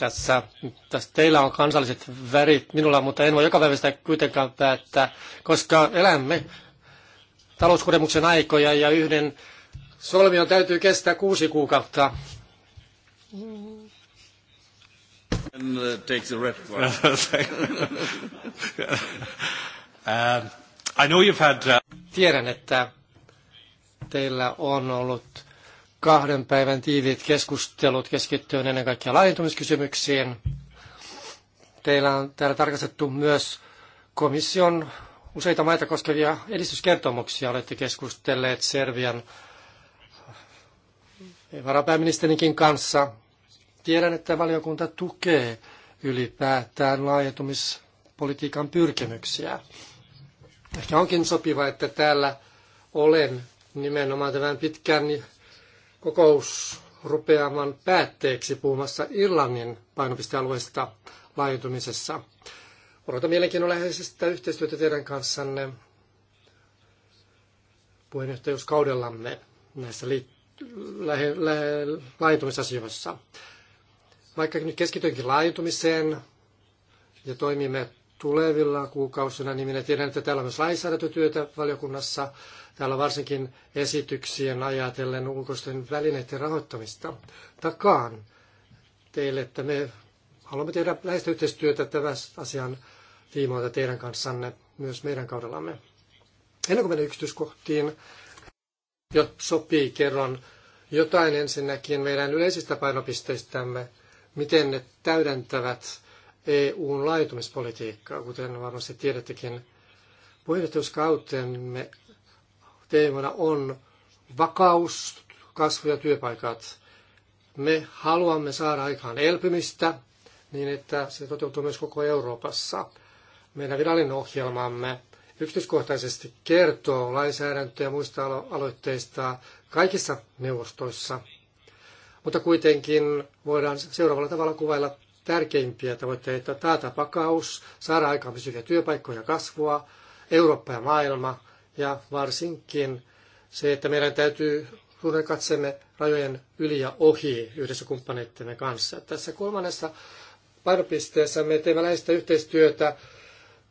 tässä, tässä teillä on kansalliset värit minulla, mutta en voi joka päivä sitä kuitenkaan päättää, koska elämme talouskudemuksen aikoja ja yhden solmion täytyy kestää kuusi kuukautta. And, uh, take the uh, I know you've had, uh... Tiedän, että teillä on ollut kahden päivän tiiviit keskustelut keskittyen ennen kaikkea laajentumiskysymyksiin. Teillä on täällä tarkastettu myös komission useita maita koskevia edistyskertomuksia. Olette keskustelleet Serbian varapääministerinkin kanssa. Tiedän, että valiokunta tukee ylipäätään laajentumispolitiikan pyrkimyksiä. Ehkä onkin sopiva, että täällä olen nimenomaan tämän pitkän kokous rupeaman päätteeksi puhumassa Irlannin painopistealueesta laajentumisessa. Odotan mielenkiinnolla läheisistä yhteistyötä teidän kanssanne puheenjohtajuuskaudellamme näissä li- laajentumisasioissa. Vaikka nyt keskitynkin laajentumiseen ja toimimme tulevilla kuukausina, niin minä tiedän, että täällä on myös lainsäädäntötyötä valiokunnassa Täällä varsinkin esityksien ajatellen ulkoisten välineiden rahoittamista takaan teille, että me haluamme tehdä läheistä yhteistyötä tämän asian tiimoilta teidän kanssanne myös meidän kaudellamme. Ennen kuin menen yksityiskohtiin, jo sopii, kerron jotain ensinnäkin meidän yleisistä painopisteistämme, miten ne täydentävät EUn laajentumispolitiikkaa, kuten varmasti tiedättekin. Puheenjohtajuuskautemme teemana on vakaus, kasvu ja työpaikat. Me haluamme saada aikaan elpymistä niin, että se toteutuu myös koko Euroopassa. Meidän virallinen ohjelmamme yksityiskohtaisesti kertoo lainsäädäntöä ja muista alo- aloitteista kaikissa neuvostoissa. Mutta kuitenkin voidaan seuraavalla tavalla kuvailla tärkeimpiä tavoitteita. Taata vakaus, saada aikaan pysyviä työpaikkoja ja kasvua, Eurooppa ja maailma ja varsinkin se, että meidän täytyy suuren katsemme rajojen yli ja ohi yhdessä kumppaneittemme kanssa. Tässä kolmannessa painopisteessä me teemme läheistä yhteistyötä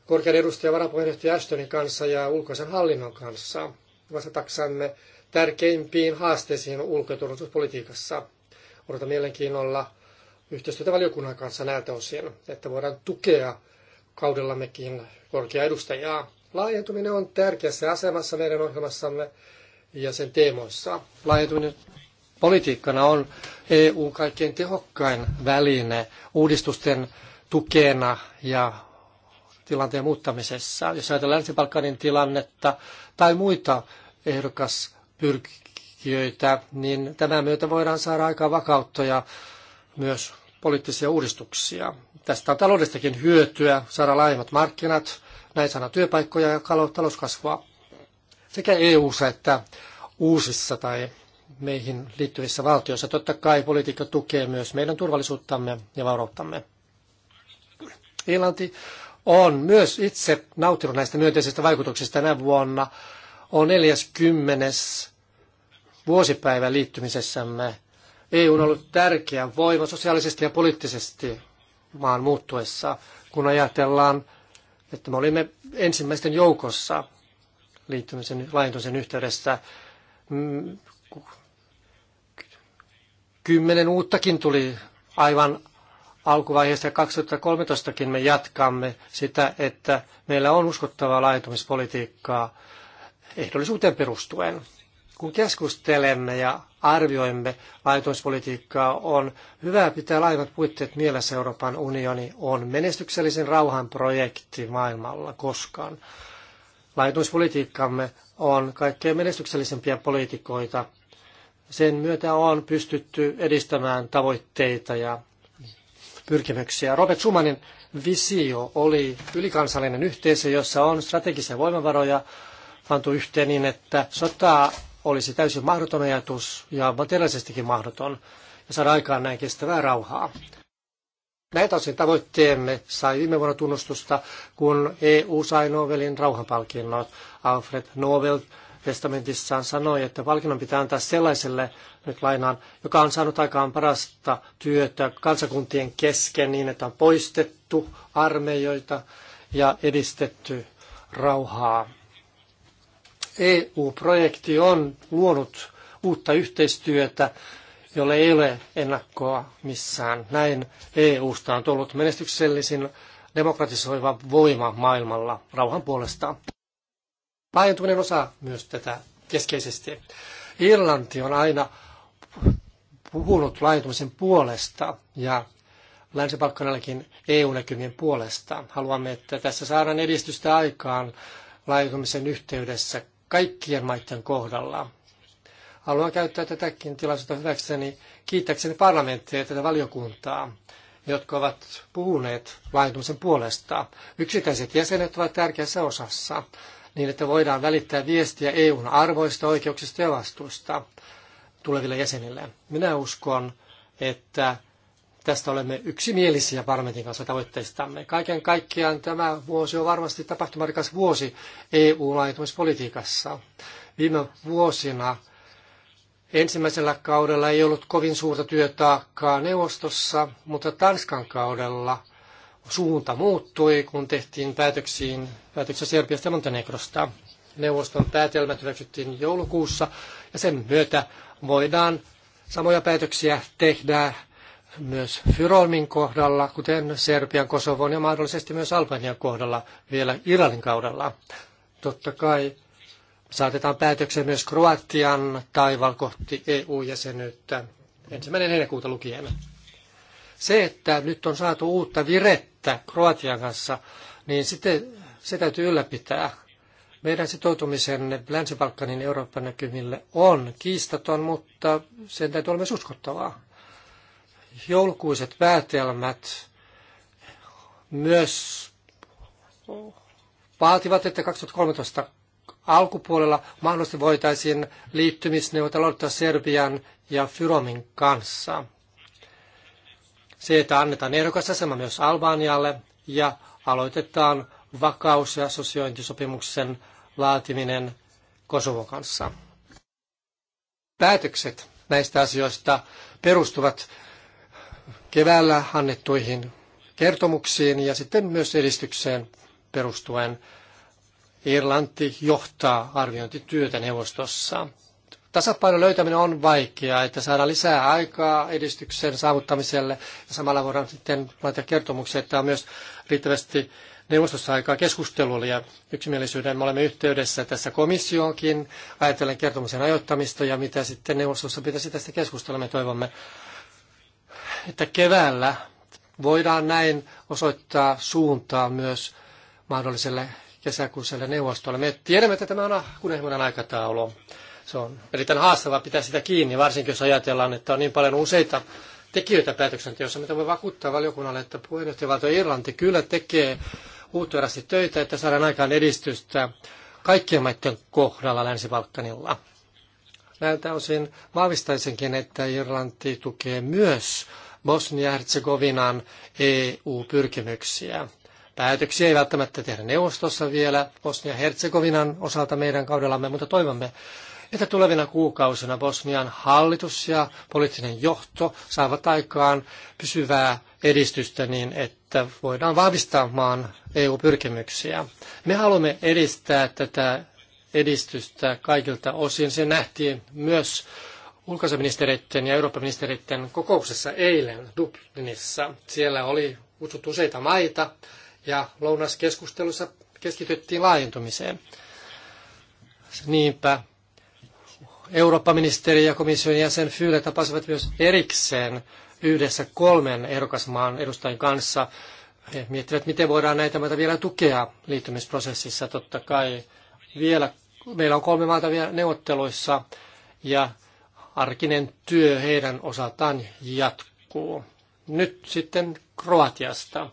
korkean edustajan varapuheenjohtaja Ashtonin kanssa ja ulkoisen hallinnon kanssa vastataksamme tärkeimpiin haasteisiin ulko- ja turvallisuuspolitiikassa. Odotan mielenkiinnolla yhteistyötä valiokunnan kanssa näiltä osin, että voidaan tukea kaudellammekin korkea edustajaa. Laajentuminen on tärkeässä asemassa meidän ohjelmassamme ja sen teemoissa. Laajentuminen politiikkana on eu kaikkein tehokkain väline uudistusten tukena ja tilanteen muuttamisessa. Jos ajatellaan Länsi-Balkanin tilannetta tai muita ehdokaspyrkijöitä, niin tämän myötä voidaan saada aikaan vakautta ja myös poliittisia uudistuksia. Tästä on taloudestakin hyötyä, saada laajemmat markkinat, näin saadaan työpaikkoja ja talouskasvua sekä eu että uusissa tai meihin liittyvissä valtioissa. Totta kai politiikka tukee myös meidän turvallisuuttamme ja vaurauttamme. Irlanti on myös itse nauttinut näistä myönteisistä vaikutuksista tänä vuonna. On 40. vuosipäivä liittymisessämme. EU on ollut tärkeä voima sosiaalisesti ja poliittisesti maan muuttuessa, kun ajatellaan että me olimme ensimmäisten joukossa liittymisen laajentumisen yhteydessä. Mm, kymmenen uuttakin tuli aivan alkuvaiheessa 2013kin me jatkamme sitä, että meillä on uskottavaa laajentumispolitiikkaa ehdollisuuteen perustuen kun keskustelemme ja arvioimme laitospolitiikkaa, on hyvä pitää laivat puitteet mielessä Euroopan unioni on menestyksellisin rauhanprojekti maailmalla koskaan. Laitospolitiikkamme on kaikkein menestyksellisimpiä poliitikoita. Sen myötä on pystytty edistämään tavoitteita ja pyrkimyksiä. Robert Schumanin visio oli ylikansallinen yhteisö, jossa on strategisia voimavaroja pantu yhteen niin, että sotaa olisi täysin mahdoton ajatus ja materiaalisestikin mahdoton ja saada aikaan näin kestävää rauhaa. Näitä osin tavoitteemme sai viime vuonna tunnustusta, kun EU sai Nobelin rauhanpalkinnot. Alfred Nobel testamentissaan sanoi, että palkinnon pitää antaa sellaiselle, nyt lainaan, joka on saanut aikaan parasta työtä kansakuntien kesken niin, että on poistettu armeijoita ja edistetty rauhaa. EU-projekti on luonut uutta yhteistyötä, jolle ei ole ennakkoa missään. Näin EUsta on tullut menestyksellisin demokratisoiva voima maailmalla rauhan puolesta. Laajentuminen osaa myös tätä keskeisesti. Irlanti on aina puhunut laajentumisen puolesta ja länsi EU-näkymien puolesta. Haluamme, että tässä saadaan edistystä aikaan laajentumisen yhteydessä kaikkien maiden kohdalla. Haluan käyttää tätäkin tilaisuutta hyväkseni kiittäkseni parlamenttia ja tätä valiokuntaa, jotka ovat puhuneet laajentumisen puolesta. Yksittäiset jäsenet ovat tärkeässä osassa, niin että voidaan välittää viestiä EUn arvoista, oikeuksista ja vastuusta tuleville jäsenille. Minä uskon, että Tästä olemme yksimielisiä parlamentin kanssa tavoitteistamme. Kaiken kaikkiaan tämä vuosi on varmasti tapahtumarikas vuosi EU-laajentumispolitiikassa. Viime vuosina ensimmäisellä kaudella ei ollut kovin suurta työtaakkaa neuvostossa, mutta Tanskan kaudella suunta muuttui, kun tehtiin päätöksiin, päätöksiä Serbiasta ja Montenegrosta. Neuvoston päätelmät hyväksyttiin joulukuussa ja sen myötä voidaan samoja päätöksiä tehdä myös Fyrolmin kohdalla, kuten Serbian, Kosovon ja mahdollisesti myös Albanian kohdalla vielä Iranin kaudella. Totta kai saatetaan päätökseen myös Kroatian taival kohti EU-jäsenyyttä ensimmäinen heinäkuuta lukien. Se, että nyt on saatu uutta virettä Kroatian kanssa, niin sitten se täytyy ylläpitää. Meidän sitoutumisenne Länsi-Balkanin Euroopan näkymille on kiistaton, mutta sen täytyy olla myös uskottavaa joulukuiset päätelmät myös vaativat, että 2013 alkupuolella mahdollisesti voitaisiin liittymisneuvotella Serbian ja Fyromin kanssa. Se, että annetaan ehdokasasema myös Albanialle ja aloitetaan vakaus- ja sosiointisopimuksen laatiminen Kosovo kanssa. Päätökset näistä asioista perustuvat keväällä annettuihin kertomuksiin ja sitten myös edistykseen perustuen Irlanti johtaa arviointityötä neuvostossa. Tasapainon löytäminen on vaikeaa, että saadaan lisää aikaa edistyksen saavuttamiselle ja samalla voidaan sitten laittaa kertomuksia, että on myös riittävästi neuvostossa aikaa keskustelulle ja yksimielisyyden. Me olemme yhteydessä tässä komissioonkin ajatellen kertomuksen ajoittamista ja mitä sitten neuvostossa pitäisi tästä keskustella. Me toivomme että keväällä voidaan näin osoittaa suuntaa myös mahdolliselle kesäkuiselle neuvostolle. Me tiedämme, että tämä on kunnianhimoinen aikataulu. Se on erittäin haastavaa pitää sitä kiinni, varsinkin jos ajatellaan, että on niin paljon useita tekijöitä päätöksenteossa, mitä voi vakuuttaa valiokunnalle, että puheenjohtajavaltio Irlanti kyllä tekee uutterasti töitä, että saadaan aikaan edistystä kaikkien maiden kohdalla Länsi-Balkanilla. Näiltä osin vahvistaisinkin, että Irlanti tukee myös Bosnia-Herzegovinan EU-pyrkimyksiä. Päätöksiä ei välttämättä tehdä neuvostossa vielä Bosnia-Herzegovinan osalta meidän kaudellamme, mutta toivomme, että tulevina kuukausina Bosnian hallitus ja poliittinen johto saavat aikaan pysyvää edistystä niin, että voidaan vahvistaa maan EU-pyrkimyksiä. Me haluamme edistää tätä edistystä kaikilta osin. Se nähtiin myös ulkoasiaministeriöiden ja eurooppaministeriöiden kokouksessa eilen Dublinissa. Siellä oli kutsuttu useita maita ja lounaskeskustelussa keskityttiin laajentumiseen. Niinpä Eurooppa-ministeri ja komission jäsen Fyle tapasivat myös erikseen yhdessä kolmen ehdokasmaan edustajien kanssa. He miettivät, miten voidaan näitä maita vielä tukea liittymisprosessissa. Totta kai vielä meillä on kolme maata vielä neuvotteluissa ja arkinen työ heidän osaltaan jatkuu. Nyt sitten Kroatiasta.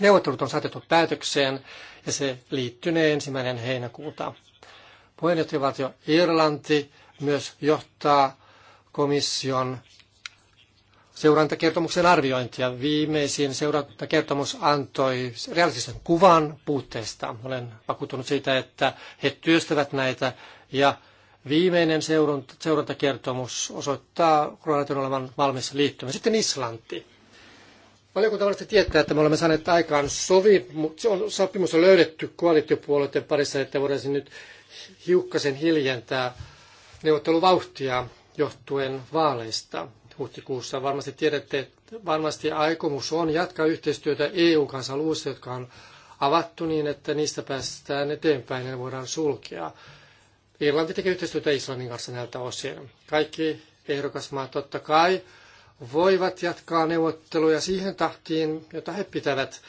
Neuvottelut on saatettu päätökseen ja se liittynee ensimmäinen heinäkuuta. Puheenjohtajavaltio Irlanti myös johtaa komission seurantakertomuksen arviointia. Viimeisin seurantakertomus antoi realistisen kuvan puutteesta. Olen vakuuttunut siitä, että he työstävät näitä ja viimeinen seurantakertomus osoittaa Kroatian olevan valmis liittymä. Sitten Islanti. Valiokunta varmasti tietää, että me olemme saaneet aikaan sopimus, sopimus on löydetty koalitiopuolueiden parissa, että voidaan nyt hiukkasen hiljentää neuvotteluvauhtia johtuen vaaleista huhtikuussa. Varmasti tiedätte, että varmasti aikomus on jatkaa yhteistyötä EU-kanssa luvuissa, jotka on avattu niin, että niistä päästään eteenpäin ja ne voidaan sulkea. Irlanti tekee yhteistyötä Islannin kanssa näiltä osin. Kaikki ehdokasmaat totta kai voivat jatkaa neuvotteluja siihen tahtiin, jota he pitävät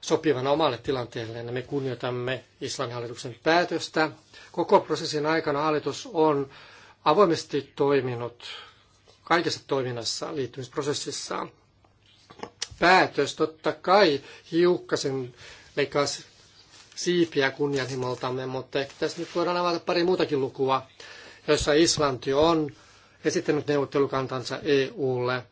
sopivana omalle tilanteelleen. Me kunnioitamme Islannin hallituksen päätöstä. Koko prosessin aikana hallitus on avoimesti toiminut kaikessa toiminnassaan, liittymisprosessissaan. Päätös totta kai hiukkasen leikkaa siipiä kunnianhimoltamme, mutta ehkä tässä nyt voidaan avata pari muutakin lukua, jossa Islanti on esittänyt neuvottelukantansa EUlle,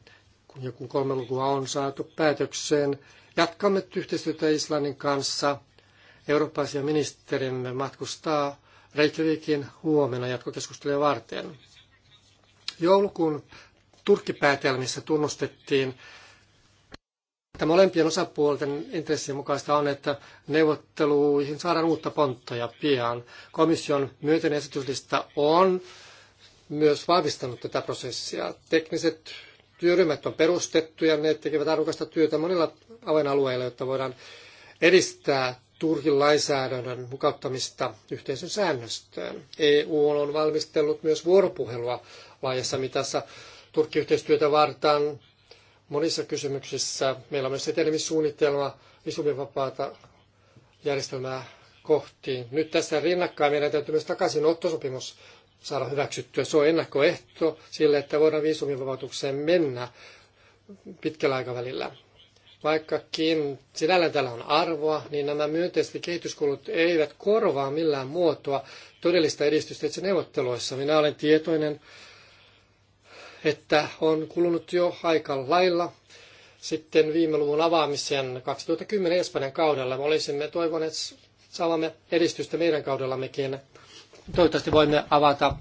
kun joku kolme lukua on saatu päätökseen. Jatkamme yhteistyötä Islannin kanssa. Eurooppaisia ministerimme matkustaa Reykjavikin huomenna jatkokeskustelua varten. Joulukuun Turkkipäätelmissä tunnustettiin, että molempien osapuolten intressien mukaista on, että neuvotteluihin saadaan uutta pontta ja pian. Komission myöten esityslista on myös vahvistanut tätä prosessia. Tekniset työryhmät on perustettu ja ne tekevät arvokasta työtä monilla avainalueilla, jotta voidaan edistää Turkin lainsäädännön mukauttamista yhteisön säännöstöön. EU on valmistellut myös vuoropuhelua laajassa mitassa Turkki-yhteistyötä vartaan monissa kysymyksissä. Meillä on myös etenemissuunnitelma visumivapaata järjestelmää kohti. Nyt tässä rinnakkain meidän täytyy myös takaisin ottosopimus saada hyväksyttyä. Se on ennakkoehto sille, että voidaan viisumivapautukseen mennä pitkällä aikavälillä. Vaikkakin sinällään tällä on arvoa, niin nämä myönteiset kehityskulut eivät korvaa millään muotoa todellista edistystä itse neuvotteluissa. Minä olen tietoinen että on kulunut jo aika lailla sitten viime luvun avaamisen 2010 Espanjan kaudella. Me olisimme toivoneet saavamme edistystä meidän kaudellammekin. Toivottavasti voimme avata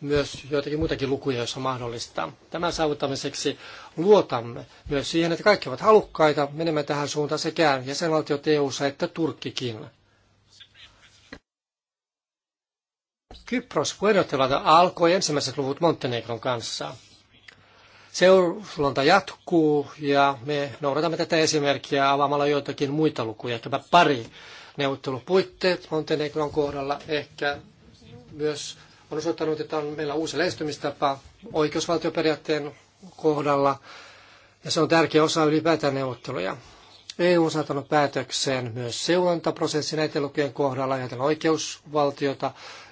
myös joitakin muitakin lukuja, joissa on mahdollista. Tämän saavuttamiseksi luotamme myös siihen, että kaikki ovat halukkaita menemään tähän suuntaan sekä jäsenvaltiot eu että Turkkikin. Kypros puheenjohtajalta alkoi ensimmäiset luvut Montenegron kanssa seurunta jatkuu ja me noudatamme tätä esimerkkiä avaamalla joitakin muita lukuja, ehkäpä pari neuvottelupuitteet Montenegron kohdalla ehkä myös on osoittanut, että on meillä uusi lähestymistapa oikeusvaltioperiaatteen kohdalla, ja se on tärkeä osa ylipäätään neuvotteluja. EU on saattanut päätökseen myös seurantaprosessi näiden lukujen kohdalla ajatellen oikeusvaltiota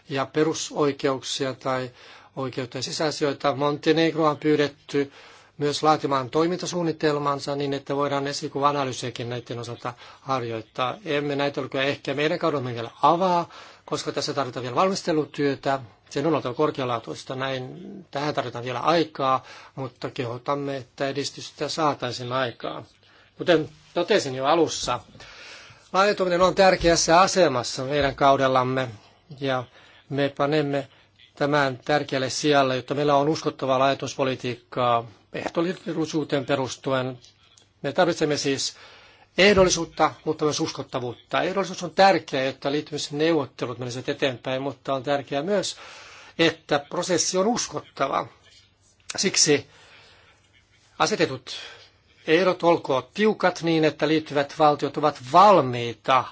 ja perusoikeuksia tai oikeutta ja sisäasioita. Montenegro on pyydetty myös laatimaan toimintasuunnitelmansa niin, että voidaan esikuva näiden osalta harjoittaa. Emme näitä ole ehkä meidän kaudellamme vielä avaa, koska tässä tarvitaan vielä valmistelutyötä. Sen on oltava korkealaatuista, näin tähän tarvitaan vielä aikaa, mutta kehotamme, että edistystä saataisiin aikaa. Kuten totesin jo alussa, laajentuminen on tärkeässä asemassa meidän kaudellamme ja me panemme tämän tärkeälle sijalle, jotta meillä on uskottavaa laitospolitiikkaa ehtoollisuuteen perustuen. Me tarvitsemme siis ehdollisuutta, mutta myös uskottavuutta. Ehdollisuus on tärkeää, jotta liittymisneuvottelut menisivät eteenpäin, mutta on tärkeää myös, että prosessi on uskottava. Siksi asetetut ehdot olkoot tiukat niin, että liittyvät valtiot ovat valmiita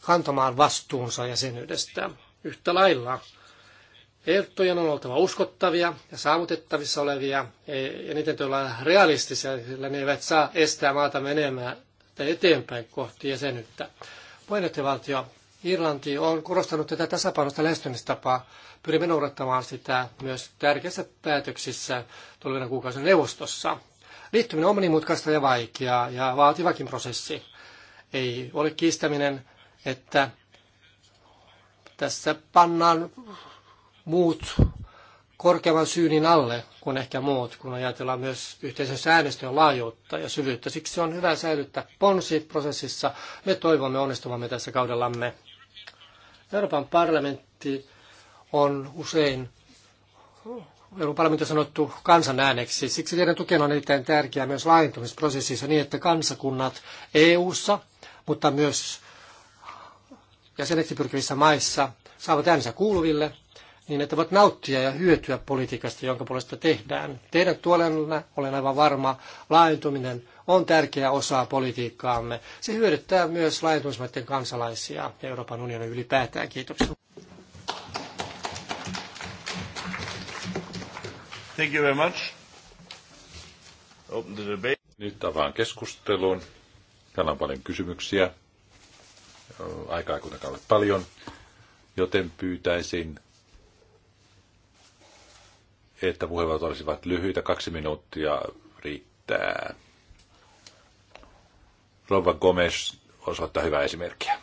kantamaan vastuunsa jäsenyydestä yhtä lailla Ehtojen on oltava uskottavia ja saavutettavissa olevia, e, ja niiden tulee olla realistisia, sillä ne eivät saa estää maata menemään tai eteenpäin kohti jäsenyyttä. Puheenjohtajavaltio Irlanti on korostanut tätä tasapainosta lähestymistapaa. Pyrimme noudattamaan sitä myös tärkeissä päätöksissä tulevina kuukausina neuvostossa. Liittyminen on monimutkaista ja vaikeaa ja vaativakin prosessi. Ei ole kiistäminen, että tässä pannaan muut korkeamman syynin alle kuin ehkä muut, kun ajatellaan myös yhteisön säännöstön laajuutta ja syvyyttä. Siksi on hyvä säilyttää ponsi prosessissa. Me toivomme onnistuvamme tässä kaudellamme. Euroopan parlamentti on usein Euroopan parlamentti on sanottu kansanääneksi. Siksi teidän tukena on erittäin tärkeää myös laajentumisprosessissa niin, että kansakunnat EU-ssa, mutta myös jäseneksi pyrkivissä maissa saavat äänensä kuuluville – niin että voit nauttia ja hyötyä politiikasta, jonka puolesta tehdään. Teidän tuolella, olen aivan varma, laajentuminen on tärkeä osa politiikkaamme. Se hyödyttää myös laajentumismaiden kansalaisia ja Euroopan unionin ylipäätään. Kiitoksia. Thank you very much. Open the debate. Nyt avaan keskustelun. Täällä on paljon kysymyksiä. Aikaa kuitenkaan ole paljon, joten pyytäisin että puheenvuorot olisivat lyhyitä, kaksi minuuttia riittää. Rova Gomes osoittaa hyvää esimerkkiä.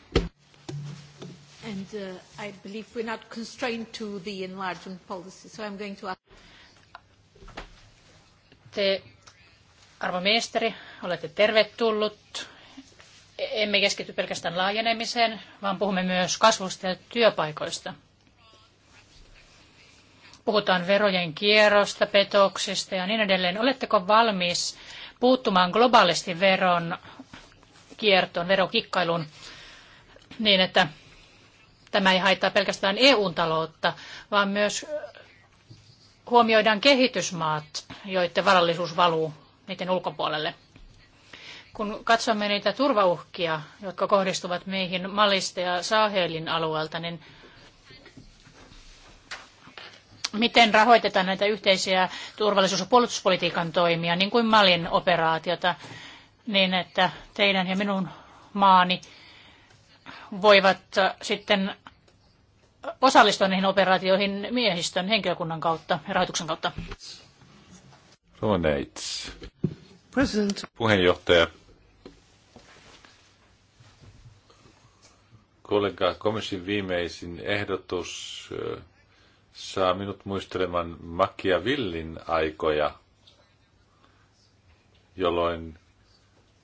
And uh, I believe we're not constrained to the enlargement policy, so I'm going to ask... Te, arvo ministeri, olette tervetullut. Emme keskity pelkästään laajenemiseen, vaan puhumme myös kasvusta ja työpaikoista. Puhutaan verojen kierrosta, petoksista ja niin edelleen. Oletteko valmis puuttumaan globaalisti veron kiertoon, verokikkailuun niin, että tämä ei haittaa pelkästään eu taloutta, vaan myös huomioidaan kehitysmaat, joiden varallisuus valuu niiden ulkopuolelle. Kun katsomme niitä turvauhkia, jotka kohdistuvat meihin Malista ja Sahelin alueelta, niin miten rahoitetaan näitä yhteisiä turvallisuus- ja puolustuspolitiikan toimia, niin kuin Malin operaatiota, niin että teidän ja minun maani voivat sitten osallistua niihin operaatioihin miehistön, henkilökunnan kautta ja rahoituksen kautta. Puheenjohtaja. Kollega komission viimeisin ehdotus saa minut muistelemaan Villin aikoja, jolloin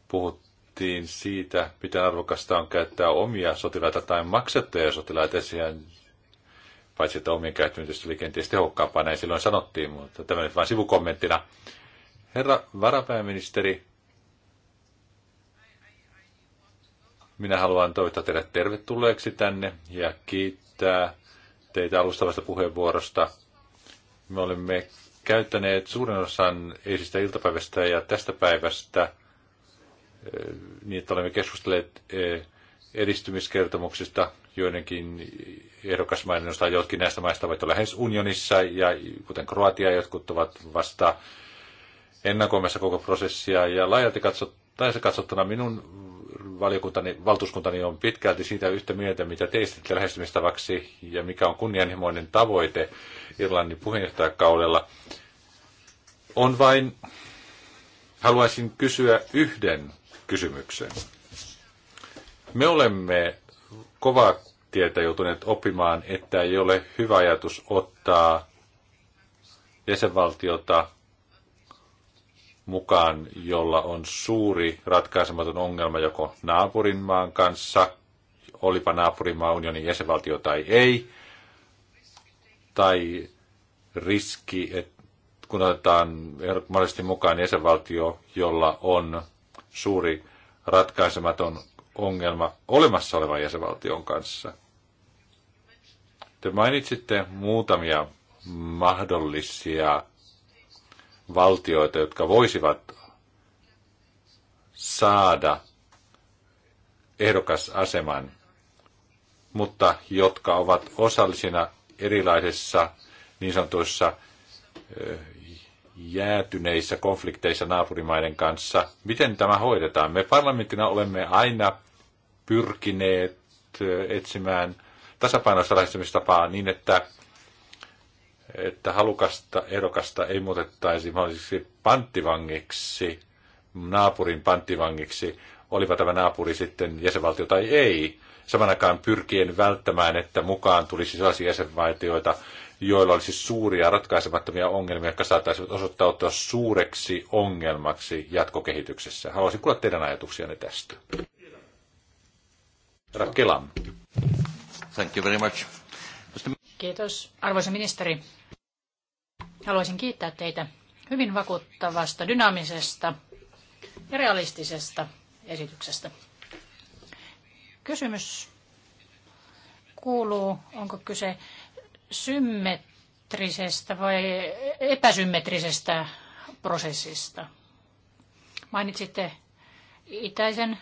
puhuttiin siitä, miten arvokasta on käyttää omia sotilaita tai maksettuja sotilaita esiin, paitsi että omien käyttäminen oli kenties tehokkaampaa, näin silloin sanottiin, mutta tämä nyt vain sivukommenttina. Herra varapääministeri, minä haluan toivottaa teidät tervetulleeksi tänne ja kiittää teitä alustavasta puheenvuorosta. Me olemme käyttäneet suurin osan eisistä iltapäivästä ja tästä päivästä eh, niin, että olemme keskustelleet eh, edistymiskertomuksista joidenkin ehdokasmaiden osalta. Jotkin näistä maista ovat lähes unionissa ja kuten Kroatia, jotkut ovat vasta ennakoimassa koko prosessia ja laajalti katsottuna minun valiokuntani, valtuuskuntani on pitkälti siitä yhtä mieltä, mitä teistitte lähestymistavaksi ja mikä on kunnianhimoinen tavoite Irlannin puheenjohtajakaudella. On vain, haluaisin kysyä yhden kysymyksen. Me olemme kovaa tietä joutuneet oppimaan, että ei ole hyvä ajatus ottaa jäsenvaltiota mukaan, jolla on suuri ratkaisematon ongelma joko naapurimaan kanssa, olipa naapurimaa unionin jäsenvaltio tai ei, tai riski, että kun otetaan mahdollisesti mukaan jäsenvaltio, jolla on suuri ratkaisematon ongelma olemassa olevan jäsenvaltion kanssa. Te mainitsitte muutamia mahdollisia valtioita, jotka voisivat saada ehdokasaseman, mutta jotka ovat osallisina erilaisissa niin sanotuissa jäätyneissä konflikteissa naapurimaiden kanssa. Miten tämä hoidetaan? Me parlamenttina olemme aina pyrkineet etsimään tasapainoista lähestymistapaa niin, että että halukasta ehdokasta ei muutettaisi mahdollisesti panttivangiksi, naapurin panttivangiksi, olipa tämä naapuri sitten jäsenvaltio tai ei, samanakaan pyrkien välttämään, että mukaan tulisi sellaisia jäsenvaltioita, joilla olisi suuria ratkaisemattomia ongelmia, jotka saattaisivat osoittautua suureksi ongelmaksi jatkokehityksessä. Haluaisin kuulla teidän ajatuksianne tästä. Rakelam. Thank you very much. Kiitos. Arvoisa ministeri, haluaisin kiittää teitä hyvin vakuuttavasta, dynaamisesta ja realistisesta esityksestä. Kysymys kuuluu, onko kyse symmetrisestä vai epäsymmetrisestä prosessista? Mainitsitte itäisen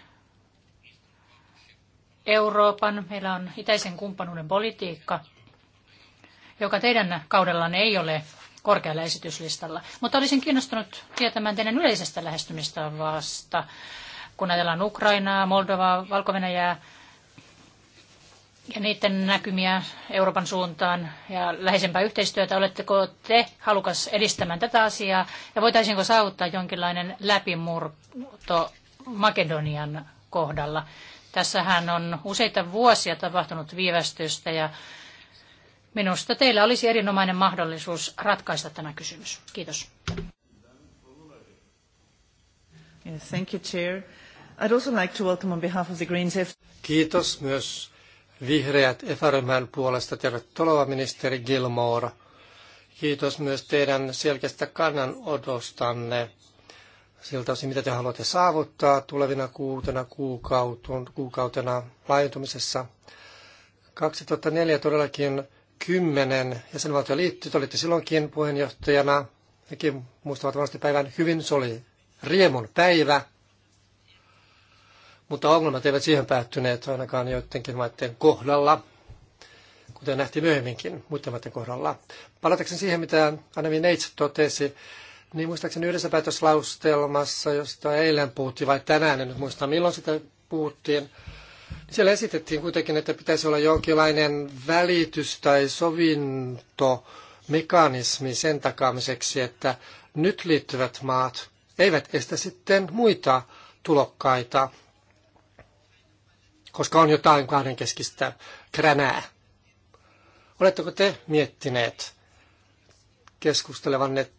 Euroopan, meillä on itäisen kumppanuuden politiikka – joka teidän kaudellanne ei ole korkealla esityslistalla. Mutta olisin kiinnostunut tietämään teidän yleisestä lähestymistavasta, kun ajatellaan Ukrainaa, Moldovaa, valko ja niiden näkymiä Euroopan suuntaan ja läheisempää yhteistyötä. Oletteko te halukas edistämään tätä asiaa ja voitaisiinko saavuttaa jonkinlainen läpimurto Makedonian kohdalla? Tässähän on useita vuosia tapahtunut viivästystä ja Minusta teillä olisi erinomainen mahdollisuus ratkaista tämä kysymys. Kiitos. Yes, thank you, Chair. I'd also like to welcome on behalf of the Greens. Kiitos myös vihreät EFA-ryhmän puolesta. Tervetuloa ministeri Gilmore. Kiitos myös teidän selkeästä kannanodostanne siltä osin, mitä te haluatte saavuttaa tulevina kuutena kuukautena, kuukautena laajentumisessa. 2004 todellakin 2010 jäsenvaltio liittyi, te olitte silloinkin puheenjohtajana, hekin muistavat varmasti päivän hyvin, se oli riemun päivä, mutta ongelmat eivät siihen päättyneet ainakaan joidenkin maiden kohdalla, kuten nähtiin myöhemminkin muiden maiden kohdalla. Palatakseni siihen, mitä Anemi Neitsä totesi, niin muistaakseni yhdessä päätöslaustelmassa, josta eilen puhuttiin vai tänään, en nyt muista milloin sitä puhuttiin, siellä esitettiin kuitenkin, että pitäisi olla jonkinlainen välitys- tai sovintomekanismi sen takaamiseksi, että nyt liittyvät maat eivät estä sitten muita tulokkaita, koska on jotain kahdenkeskistä kränää. Oletteko te miettineet keskustelevanne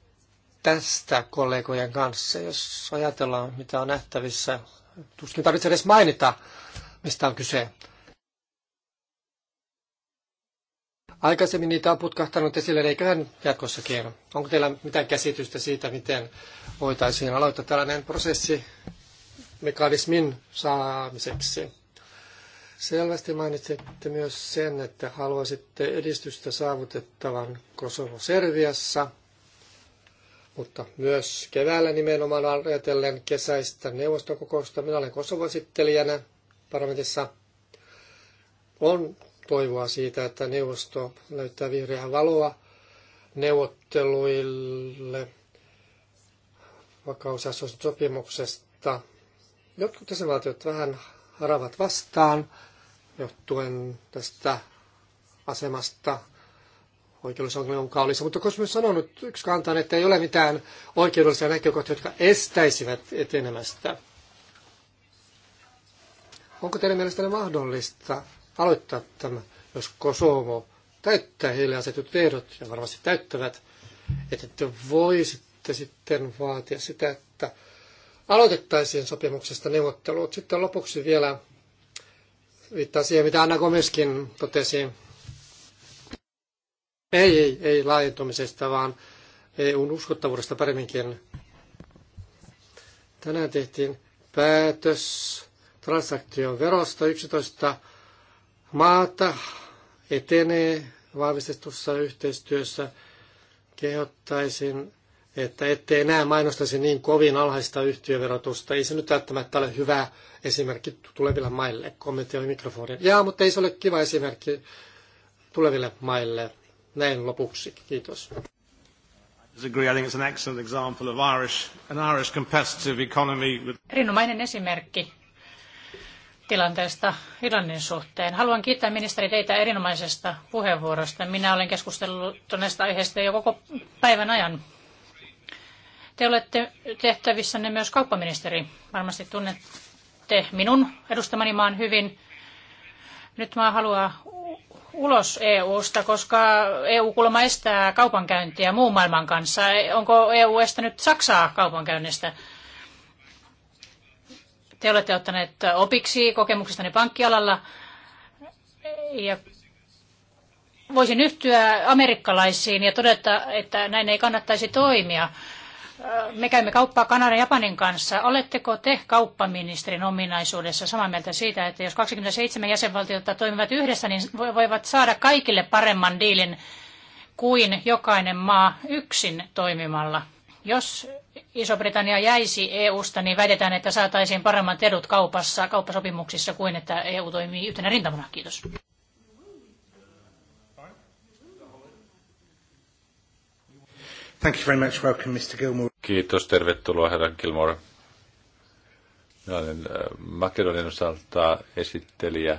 tästä kollegojen kanssa, jos ajatellaan, mitä on nähtävissä? Tuskin tarvitsee edes mainita mistä on kyse. Aikaisemmin niitä on putkahtanut esille, eiköhän jatkossakin. Onko teillä mitään käsitystä siitä, miten voitaisiin aloittaa tällainen prosessi mekanismin saamiseksi? Selvästi mainitsitte myös sen, että haluaisitte edistystä saavutettavan Kosovo-Serviassa, mutta myös keväällä nimenomaan ajatellen kesäistä neuvostokokousta. Minä olen Kosovo-esittelijänä parlamentissa on toivoa siitä, että neuvosto näyttää vihreää valoa neuvotteluille sopimuksesta. Jotkut jäsenvaltiot vähän haravat vastaan johtuen tästä asemasta oikeudellisongelmakaulissa, mutta koska myös sanonut yksi kantaan, että ei ole mitään oikeudellisia näkökohtia, jotka estäisivät etenemästä. Onko teidän mielestänne mahdollista aloittaa tämä, jos Kosovo täyttää heille asetut ehdot, ja varmasti täyttävät, että te voisitte sitten vaatia sitä, että aloitettaisiin sopimuksesta neuvottelut. Sitten lopuksi vielä viittaa siihen, mitä Anna Gomeskin totesi. Ei, ei, ei laajentumisesta, vaan EUn uskottavuudesta paremminkin. Tänään tehtiin päätös transaktioverosta 11 maata etenee vahvistetussa yhteistyössä. Kehottaisin, että ettei enää mainostaisi niin kovin alhaista yhtiöverotusta. Ei se nyt välttämättä ole hyvä esimerkki tuleville maille. oli mikrofonin. Jaa, mutta ei se ole kiva esimerkki tuleville maille. Näin lopuksi. Kiitos. Erinomainen esimerkki tilanteesta Irlannin suhteen. Haluan kiittää ministeri teitä erinomaisesta puheenvuorosta. Minä olen keskustellut näistä aiheista jo koko päivän ajan. Te olette tehtävissänne myös kauppaministeri. Varmasti tunnette minun edustamani maan hyvin. Nyt maa haluaa ulos EUsta, koska EU kuulemma estää kaupankäyntiä muun maailman kanssa. Onko EU estänyt Saksaa kaupankäynnistä? Te olette ottaneet opiksi kokemuksestani pankkialalla ja voisin yhtyä amerikkalaisiin ja todeta, että näin ei kannattaisi toimia. Me käymme kauppaa Kanadan ja Japanin kanssa. Oletteko te kauppaministerin ominaisuudessa samaa mieltä siitä, että jos 27 jäsenvaltiota toimivat yhdessä, niin voivat saada kaikille paremman diilin kuin jokainen maa yksin toimimalla? Jos Iso-Britannia jäisi EU-sta, niin väitetään, että saataisiin paremmat edut kaupassa, kauppasopimuksissa kuin että EU toimii yhtenä rintamana. Kiitos. Thank you very much. Welcome, Mr. Gilmore. Kiitos, tervetuloa herra Gilmore. Minä olen äh, Makedonian osalta esittelijä.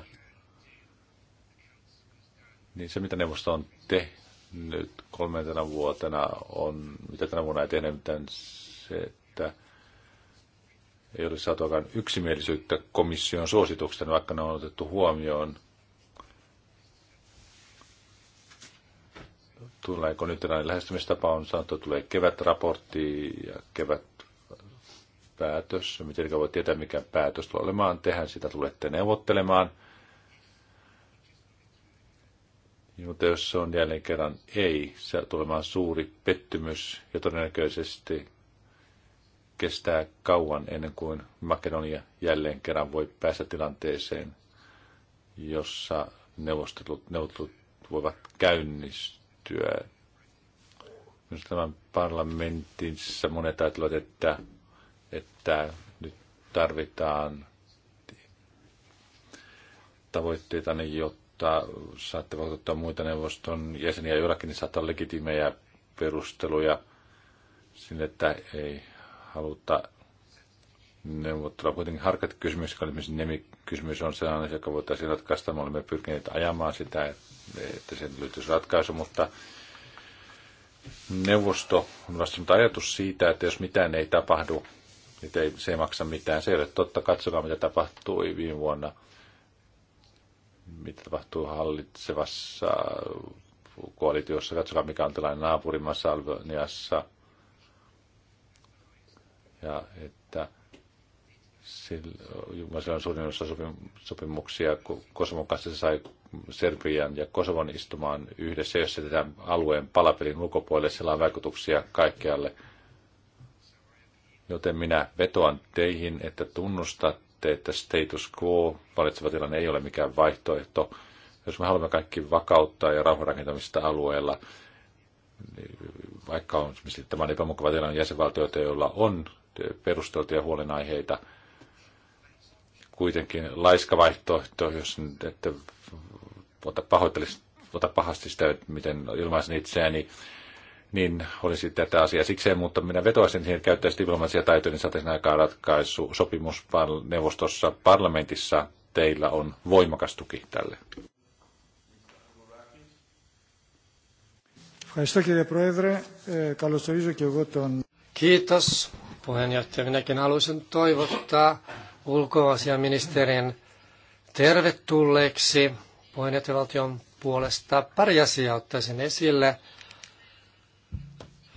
Niin se, mitä neuvosto on tehnyt kolmentena vuotena, on, mitä tänä vuonna ei tehnyt, mitään se, että ei ole saatu aikaan yksimielisyyttä komission suosituksesta, vaikka ne on otettu huomioon. Tuleeko nyt tällainen lähestymistapa on sanottu, tulee kevätraportti ja kevät päätös. Miten voi tietää, mikä päätös tulee olemaan. Tehän sitä tulette neuvottelemaan. Mutta jos se on jälleen kerran ei, se tulee suuri pettymys ja todennäköisesti kestää kauan ennen kuin Makedonia jälleen kerran voi päästä tilanteeseen, jossa neuvostelut, neuvostelut voivat käynnistyä. Myös tämän parlamentissa monet ajattelevat, että, että nyt tarvitaan tavoitteita, niin jotta saatte vaikuttaa muita neuvoston jäseniä, joillakin niin saattaa legitimejä perusteluja sille, että ei haluta neuvottelua. kuitenkin harkat kysymys, joka esimerkiksi nimikysymys on sellainen, joka voitaisiin ratkaista. Me olemme pyrkineet ajamaan sitä, että sen löytyisi ratkaisu, mutta neuvosto on vastannut ajatus siitä, että jos mitään ei tapahdu, niin ei, se ei maksa mitään. Se ei ole totta. Katsokaa, mitä tapahtui viime vuonna, mitä tapahtuu hallitsevassa koalitiossa. Katsokaa, mikä on tilanne naapurimassa Albaniassa – ja että sillä on suurin osa sopimuksia Kosovon kanssa se sai Serbian ja Kosovon istumaan yhdessä, jos se alueen palapelin ulkopuolelle, sillä on vaikutuksia kaikkealle. Joten minä vetoan teihin, että tunnustatte, että status quo, valitseva tilanne ei ole mikään vaihtoehto. Jos me haluamme kaikki vakauttaa ja rauhanrakentamista alueella, niin vaikka on, tämä on epämukava tilanne jäsenvaltioita, joilla on perusteltuja huolenaiheita. Kuitenkin laiska vaihtoehto, jos että ota, ota pahasti sitä, miten ilmaisen itseäni, niin olisi tätä asiaa sikseen, mutta minä vetoaisin siihen, että käyttäisi diplomaisia taitoja, niin saataisiin aikaan ratkaisu sopimusneuvostossa parlamentissa. Teillä on voimakas tuki tälle. Kiitos puheenjohtaja. Minäkin haluaisin toivottaa ulkoasiaministerin tervetulleeksi puheenjohtajavaltion puolesta. Pari asiaa ottaisin esille,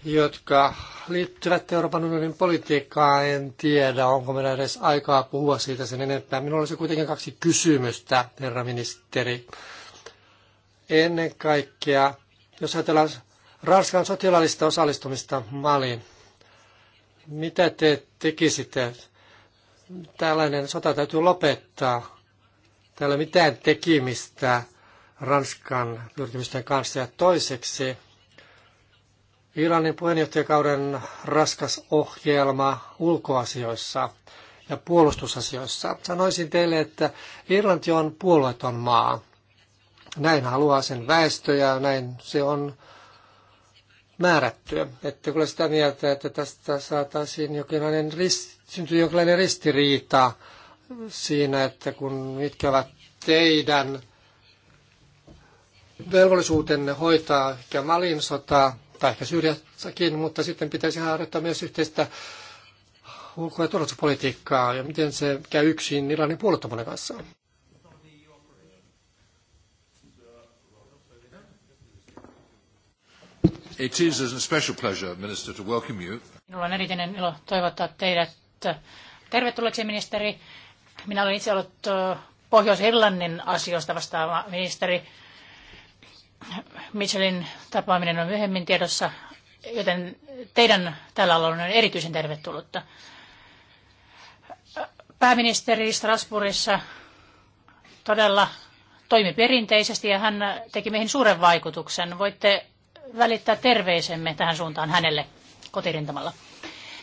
jotka liittyvät Euroopan unionin politiikkaan. En tiedä, onko meillä edes aikaa puhua siitä sen enempää. Minulla olisi kuitenkin kaksi kysymystä, herra ministeri. Ennen kaikkea, jos ajatellaan Ranskan sotilaallista osallistumista Maliin, mitä te tekisitte? Tällainen sota täytyy lopettaa. Täällä ei mitään tekemistä Ranskan pyrkimysten kanssa. Ja toiseksi Irlannin puheenjohtajakauden raskas ohjelma ulkoasioissa ja puolustusasioissa. Sanoisin teille, että Irlanti on puolueton maa. Näin haluaa sen väestö ja näin se on määrättyä. Ette ole sitä mieltä, että tästä saataisiin jonkinlainen rist, syntyy jonkinlainen ristiriita siinä, että kun mitkä ovat teidän velvollisuutenne hoitaa ehkä Malin sotaa, tai ehkä Syyriassakin, mutta sitten pitäisi harjoittaa myös yhteistä ulko- ja turvallisuuspolitiikkaa, ja miten se käy yksin Iranin puolueettomuuden kanssa. It is a special pleasure, Minister, to welcome you. Minulla on erityinen ilo toivottaa teidät äh, tervetulleeksi, ministeri. Minä olen itse ollut äh, Pohjois-Irlannin asioista vastaava ministeri. Michelin tapaaminen on myöhemmin tiedossa, joten teidän tällä alalla on erityisen tervetullutta. Pääministeri Strasbourgissa todella toimi perinteisesti ja hän teki meihin suuren vaikutuksen. Voitte välittää terveisemme tähän suuntaan hänelle kotirintamalla.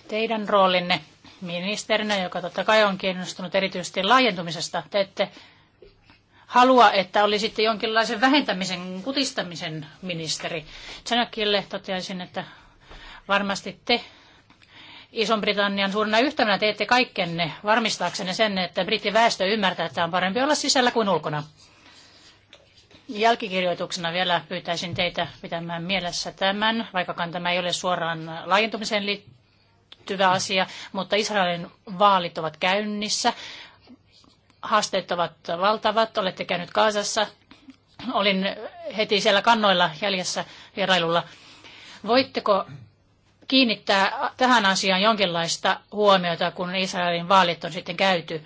Teidän roolinne ministerinä, joka totta kai on kiinnostunut erityisesti laajentumisesta, te ette halua, että olisitte jonkinlaisen vähentämisen, kutistamisen ministeri. Tsenakille toteaisin, että varmasti te Ison-Britannian suurena yhtämänä teette kaikkenne varmistaaksenne sen, että brittiväestö ymmärtää, että on parempi olla sisällä kuin ulkona jälkikirjoituksena vielä pyytäisin teitä pitämään mielessä tämän, vaikkakaan tämä ei ole suoraan laajentumiseen liittyvä asia, mutta Israelin vaalit ovat käynnissä. Haasteet ovat valtavat. Olette käynyt Kaasassa. Olin heti siellä kannoilla jäljessä vierailulla. Voitteko kiinnittää tähän asiaan jonkinlaista huomiota, kun Israelin vaalit on sitten käyty?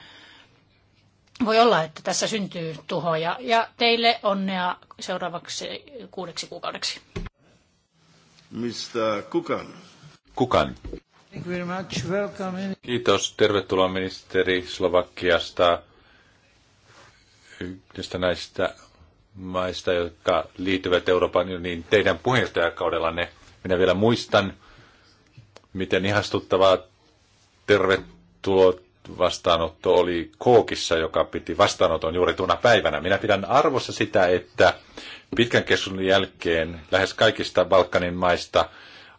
Voi olla, että tässä syntyy tuhoja ja teille onnea seuraavaksi kuudeksi kuukaudeksi. Mr. Kukan. Kukan. Kiitos. Tervetuloa ministeri Slovakiasta yhdestä näistä maista, jotka liittyvät Euroopan unioniin teidän puheenjohtajakaudellanne. Minä vielä muistan, miten ihastuttavaa tervetuloa vastaanotto oli Kookissa, joka piti vastaanoton juuri tuona päivänä. Minä pidän arvossa sitä, että pitkän keskustelun jälkeen lähes kaikista Balkanin maista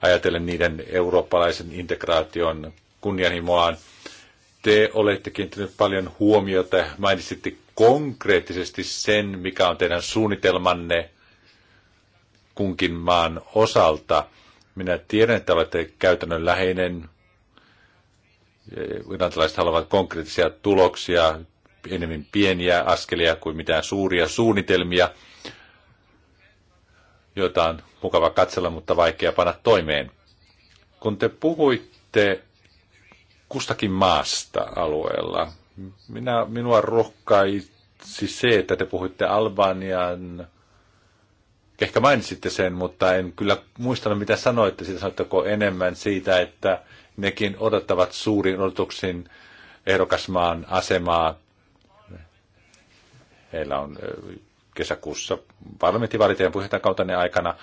ajatellen niiden eurooppalaisen integraation kunnianhimoaan. Te olette kiinnittäneet paljon huomiota ja mainitsitte konkreettisesti sen, mikä on teidän suunnitelmanne kunkin maan osalta. Minä tiedän, että olette käytännönläheinen Irantilaiset haluavat konkreettisia tuloksia, enemmän pieniä askelia kuin mitään suuria suunnitelmia, joita on mukava katsella, mutta vaikea panna toimeen. Kun te puhuitte kustakin maasta alueella, minä, minua rohkaisi se, että te puhuitte Albanian, ehkä mainitsitte sen, mutta en kyllä muistanut, mitä sanoitte siitä. Sanoitteko enemmän siitä, että nekin odottavat suurin odotuksin ehdokasmaan asemaa. Heillä on kesäkuussa parlamenttivaalit kautta puheenjohtajakautenne aikana.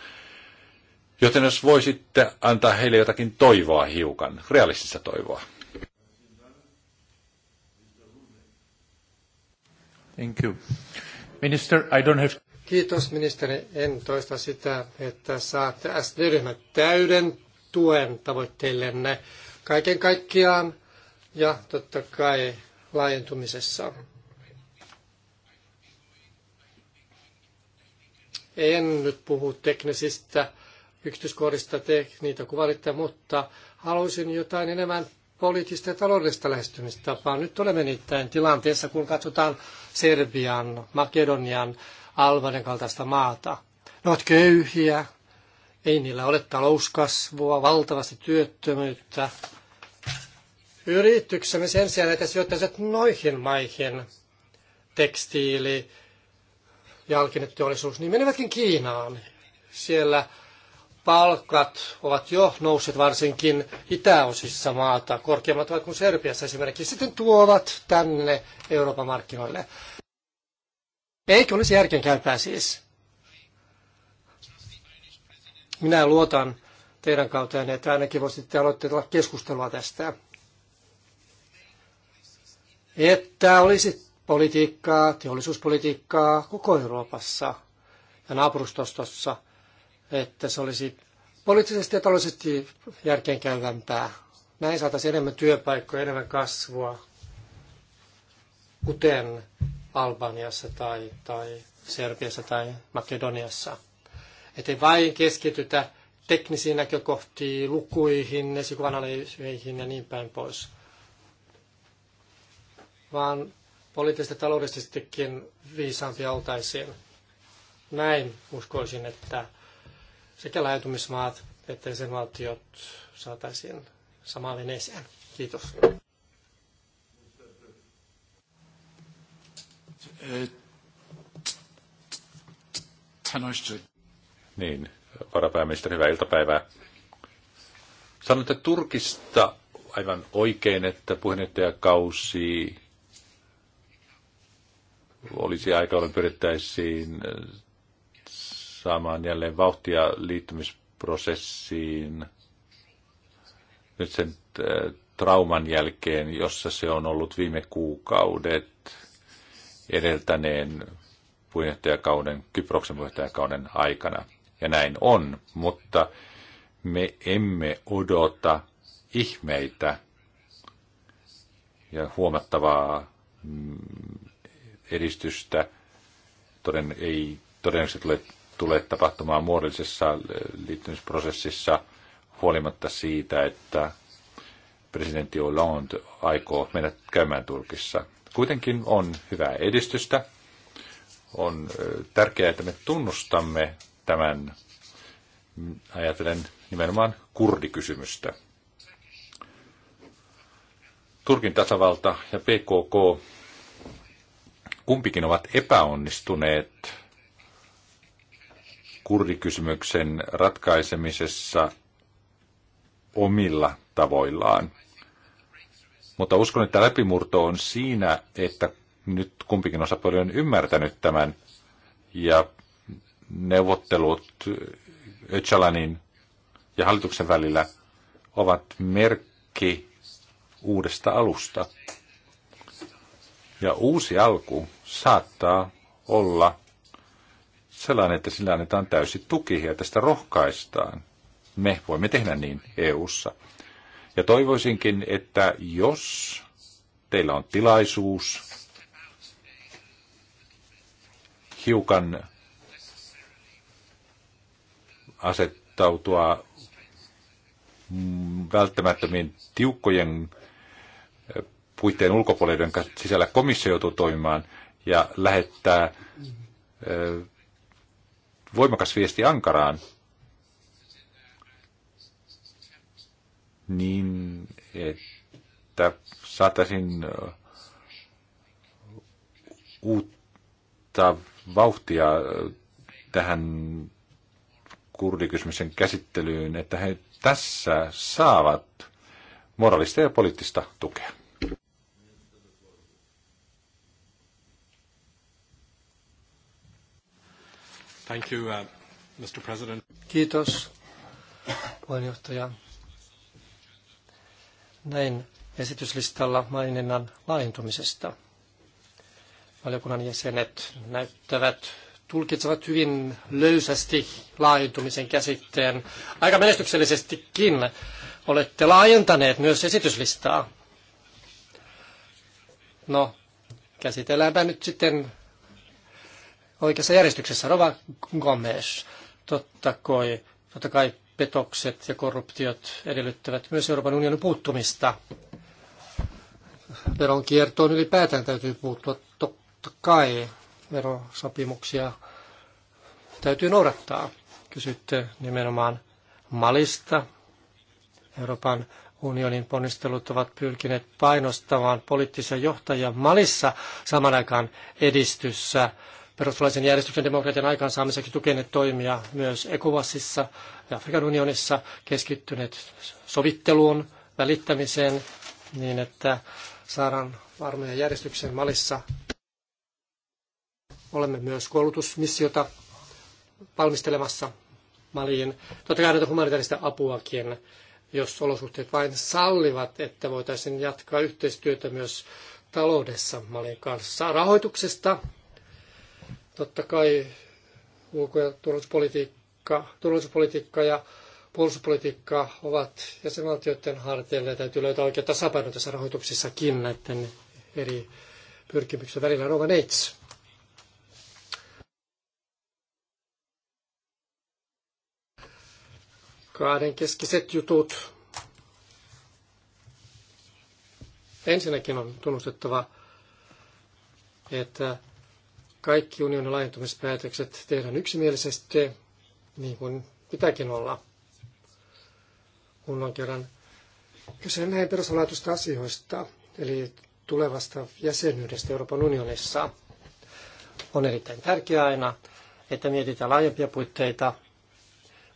Joten jos voisitte antaa heille jotakin toivoa hiukan, realistista toivoa. Thank you. Minister, I don't have... Kiitos ministeri. En toista sitä, että saatte SD-ryhmän täyden tuen tavoitteillenne kaiken kaikkiaan ja totta kai laajentumisessa. En nyt puhu teknisistä yksityiskohdista, te niitä kuvailitte, mutta halusin jotain enemmän poliittista ja taloudellista lähestymistapaa. Nyt olemme niittäin tilanteessa, kun katsotaan Serbian, Makedonian, Albanian kaltaista maata. Ne ovat köyhiä, ei niillä ole talouskasvua, valtavasti työttömyyttä, Yrityksemme sen sijaan, että sijoittaisivat noihin maihin, tekstiili, jalkineteollisuus, niin menevätkin Kiinaan. Siellä palkat ovat jo nousseet varsinkin itäosissa maata, korkeammat ovat kuin Serbiassa esimerkiksi, sitten tuovat tänne Euroopan markkinoille. Eikö olisi järkeenkäypää siis? Minä luotan teidän kauteen, että ainakin voisitte aloittaa keskustelua tästä että olisi politiikkaa, teollisuuspolitiikkaa koko Euroopassa ja naapurustostossa, että se olisi poliittisesti ja taloudellisesti järkeenkäyvämpää. Näin saataisiin enemmän työpaikkoja, enemmän kasvua, kuten Albaniassa tai, tai Serbiassa tai Makedoniassa. Ettei vain keskitytä teknisiin näkökohtiin, lukuihin, esikuvanalyysiin ja niin päin pois vaan poliittisesti ja taloudellisestikin viisaampia oltaisiin. Näin uskoisin, että sekä laajentumismaat että sen valtiot saataisiin samaan veneeseen. Kiitos. Niin, varapääministeri, hyvää iltapäivää. Sanoitte Turkista aivan oikein, että puheenjohtajakausi olisi aika, jolloin pyrittäisiin äh, saamaan jälleen vauhtia liittymisprosessiin nyt sen äh, trauman jälkeen, jossa se on ollut viime kuukaudet edeltäneen puheenjohtajakauden, Kyproksen puheenjohtajakauden aikana. Ja näin on, mutta me emme odota ihmeitä ja huomattavaa mm, edistystä. Toden, ei todennäköisesti tule, tule tapahtumaan muodollisessa äh, liittymisprosessissa huolimatta siitä, että presidentti Hollande aikoo mennä käymään Turkissa. Kuitenkin on hyvää edistystä. On äh, tärkeää, että me tunnustamme tämän, mm, ajatellen nimenomaan kurdikysymystä. Turkin tasavalta ja PKK kumpikin ovat epäonnistuneet kurdikysymyksen ratkaisemisessa omilla tavoillaan. Mutta uskon, että läpimurto on siinä, että nyt kumpikin osapuoli on ymmärtänyt tämän ja neuvottelut Öcalanin ja hallituksen välillä ovat merkki uudesta alusta. Ja uusi alku saattaa olla sellainen, että sillä annetaan täysi tuki ja tästä rohkaistaan. Me voimme tehdä niin EU:ssa. Ja toivoisinkin, että jos teillä on tilaisuus hiukan asettautua mm, välttämättömiin tiukkojen eh, puitteen jonka sisällä komissio joutuu toimimaan, ja lähettää voimakas viesti Ankaraan, niin että saataisiin uutta vauhtia tähän kurdikysymyksen käsittelyyn, että he tässä saavat moraalista ja poliittista tukea. Thank you, uh, Mr. President. Kiitos, puheenjohtaja. Näin esityslistalla maininnan laajentumisesta. Valiokunnan jäsenet näyttävät tulkitsevat hyvin löysästi laajentumisen käsitteen. Aika menestyksellisestikin olette laajentaneet myös esityslistaa. No, käsitelläänpä nyt sitten oikeassa järjestyksessä. Rova Gomes, totta kai, totta kai petokset ja korruptiot edellyttävät myös Euroopan unionin puuttumista. Veronkiertoon ylipäätään täytyy puuttua totta kai. Verosopimuksia täytyy noudattaa. Kysytte nimenomaan Malista. Euroopan unionin ponnistelut ovat pyrkineet painostamaan poliittisia johtajia Malissa saman aikaan edistyssä perustuslaisen järjestyksen demokratian aikaansaamiseksi tukeneet toimia myös ECOWASissa ja Afrikan unionissa keskittyneet sovitteluun, välittämiseen, niin että saadaan armeijan järjestyksen malissa. Olemme myös koulutusmissiota valmistelemassa maliin. Totta kai näitä humanitaarista apuakin, jos olosuhteet vain sallivat, että voitaisiin jatkaa yhteistyötä myös taloudessa Malin kanssa. Rahoituksesta Totta kai ulko- ja turvallisuuspolitiikka, turvallisuuspolitiikka ja puolustuspolitiikka ovat jäsenvaltioiden harteille. Täytyy löytää oikea tasapaino tässä rahoituksessakin näiden eri pyrkimyksien välillä. Rova Neits. Kahden keskiset jutut. Ensinnäkin on tunnustettava, että kaikki unionin laajentumispäätökset tehdään yksimielisesti, niin kuin pitääkin olla, kun on kerran kyse näin peruslaatuista asioista, eli tulevasta jäsenyydestä Euroopan unionissa. On erittäin tärkeää aina, että mietitään laajempia puitteita,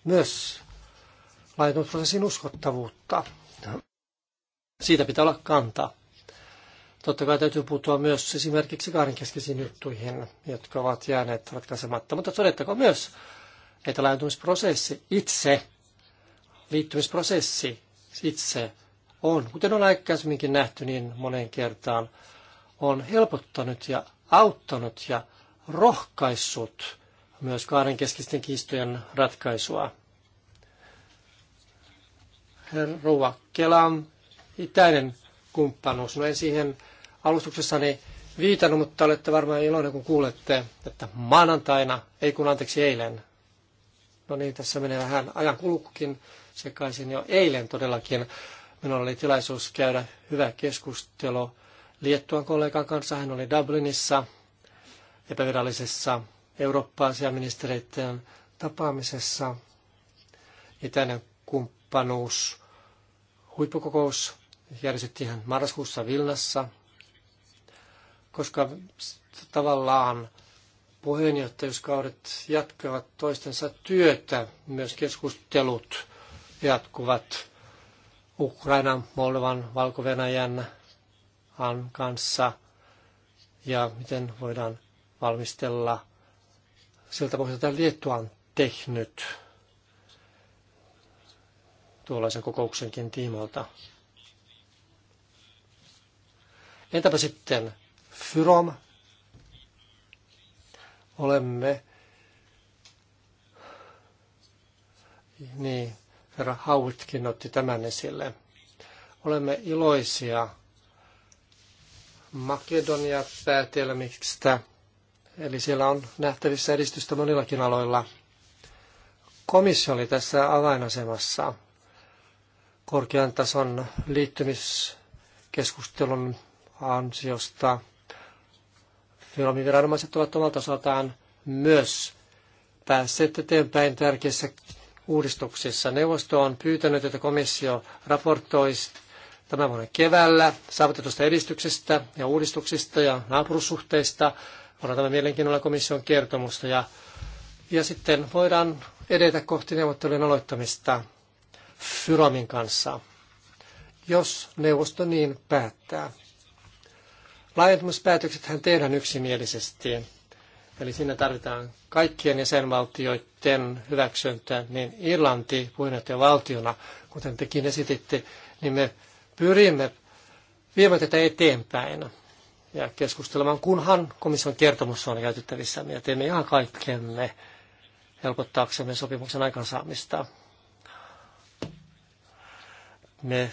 myös laajentumisprosessin uskottavuutta. Siitä pitää olla kantaa. Totta kai täytyy puuttua myös esimerkiksi kahdenkeskeisiin juttuihin, jotka ovat jääneet ratkaisematta. Mutta todettakoon myös, että laajentumisprosessi itse, liittymisprosessi itse on, kuten on aikaisemminkin nähty niin moneen kertaan, on helpottanut ja auttanut ja rohkaissut myös kahdenkeskisten kiistojen ratkaisua. Rouva Kelan itäinen kumppanuus. No en siihen alustuksessani viitannut, mutta olette varmaan iloinen, kun kuulette, että maanantaina, ei kun anteeksi eilen, no niin, tässä menee vähän ajan kulkukin sekaisin jo eilen todellakin, minulla oli tilaisuus käydä hyvä keskustelu Liettuan kollegan kanssa, hän oli Dublinissa epävirallisessa Eurooppa-asiaministereiden tapaamisessa. Itäinen kumppanuus huippukokous järjestettiin marraskuussa Vilnassa – koska tavallaan puheenjohtajuuskaudet jatkavat toistensa työtä, myös keskustelut jatkuvat Ukrainan, Moldovan, valko kanssa ja miten voidaan valmistella siltä pohjalta, Liettua on tehnyt tuollaisen kokouksenkin tiimoilta. Entäpä sitten Fyrom. Olemme Niin, herra Hauitkin otti tämän esille. Olemme iloisia Makedonia päätelmistä, eli siellä on nähtävissä edistystä monillakin aloilla. Komissio oli tässä avainasemassa korkean tason liittymiskeskustelun ansiosta. Viromin viranomaiset ovat omalta osaltaan myös päässeet eteenpäin tärkeissä uudistuksissa. Neuvosto on pyytänyt, että komissio raportoisi tämän vuoden keväällä saavutetusta edistyksestä ja uudistuksista ja naapurussuhteista. Odotamme mielenkiinnolla komission kertomusta ja, ja sitten voidaan edetä kohti neuvottelujen aloittamista Fyromin kanssa, jos neuvosto niin päättää. Laajentumispäätöksethän tehdään yksimielisesti, eli siinä tarvitaan kaikkien jäsenvaltioiden hyväksyntä, niin Irlanti puheenjohtajavaltiona, kuten tekin esititte, niin me pyrimme viemään tätä eteenpäin ja keskustelemaan, kunhan komission kertomus on käytettävissä. Me teemme ihan kaikkemme helpottaaksemme sopimuksen aikaansaamista. Me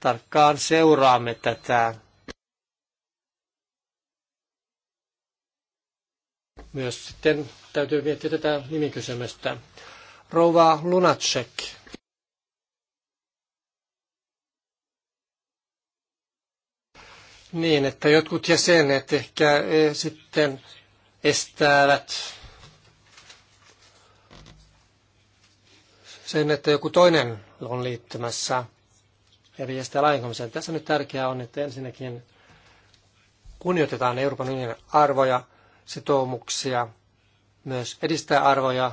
tarkkaan seuraamme tätä myös sitten täytyy miettiä tätä nimikysymystä. Rouva Lunacek. Niin, että jotkut jäsenet ehkä e, sitten estävät sen, että joku toinen on liittymässä eri estää lainkomiseen. Tässä nyt tärkeää on, että ensinnäkin kunnioitetaan Euroopan unionin arvoja, sitoumuksia, myös edistää arvoja.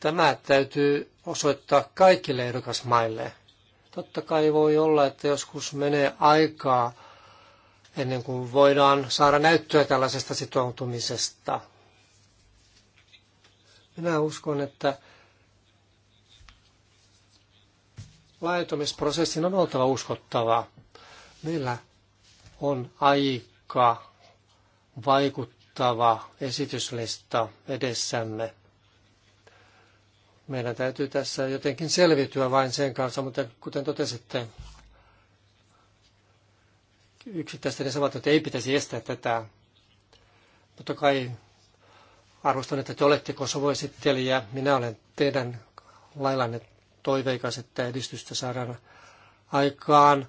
Tämä täytyy osoittaa kaikille ehdokasmaille. Totta kai voi olla, että joskus menee aikaa ennen kuin voidaan saada näyttöä tällaisesta sitoutumisesta. Minä uskon, että laitomisprosessin on oltava uskottava. Meillä on aika vaikuttava esityslista edessämme. Meidän täytyy tässä jotenkin selviytyä vain sen kanssa, mutta kuten totesitte, yksittäisten jäsenvaltiot ei pitäisi estää tätä. Totta kai arvostan, että te olette kosovo esittelijä. Minä olen teidän laillanne toiveikas, että edistystä saadaan aikaan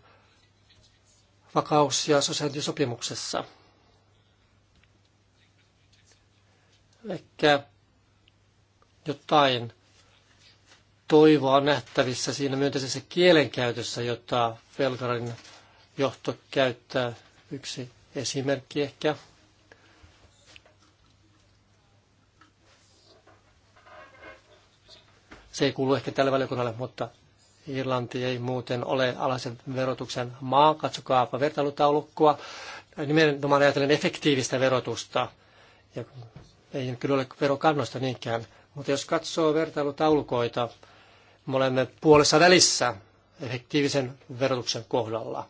vakaus- ja sosiaalisopimuksessa. Ehkä jotain toivoa nähtävissä siinä myönteisessä kielenkäytössä, jota Velkarin johto käyttää. Yksi esimerkki ehkä. Se ei kuulu ehkä tälle valiokunnalle, mutta Irlanti ei muuten ole alaisen verotuksen maa. Katsokaapa vertailutaulukkoa. Nimenomaan ajatellen efektiivistä verotusta. Ja ei kyllä ole verokannoista niinkään, mutta jos katsoo vertailutaulukoita, me olemme puolessa välissä efektiivisen verotuksen kohdalla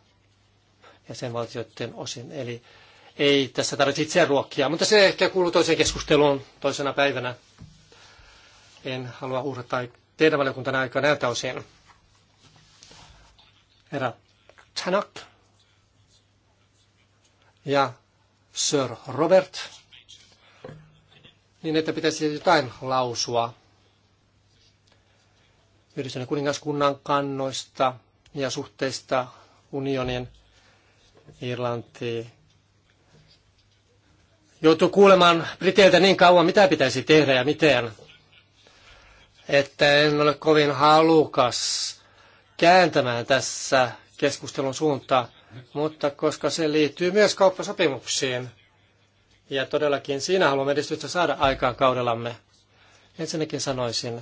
valtioiden osin. Eli ei tässä tarvitse itseään ruokkia, mutta se ehkä kuuluu toiseen keskusteluun toisena päivänä. En halua uhrata teidän valiokuntana aikaa näiltä osin. Herra Tanak ja Sir Robert niin että pitäisi jotain lausua yhdistyneen kuningaskunnan kannoista ja suhteista unionin Irlantiin. Joutuu kuulemaan Briteiltä niin kauan, mitä pitäisi tehdä ja miten, että en ole kovin halukas kääntämään tässä keskustelun suuntaa, mutta koska se liittyy myös kauppasopimuksiin – ja todellakin siinä haluamme edistystä saada aikaan kaudellamme. Ensinnäkin sanoisin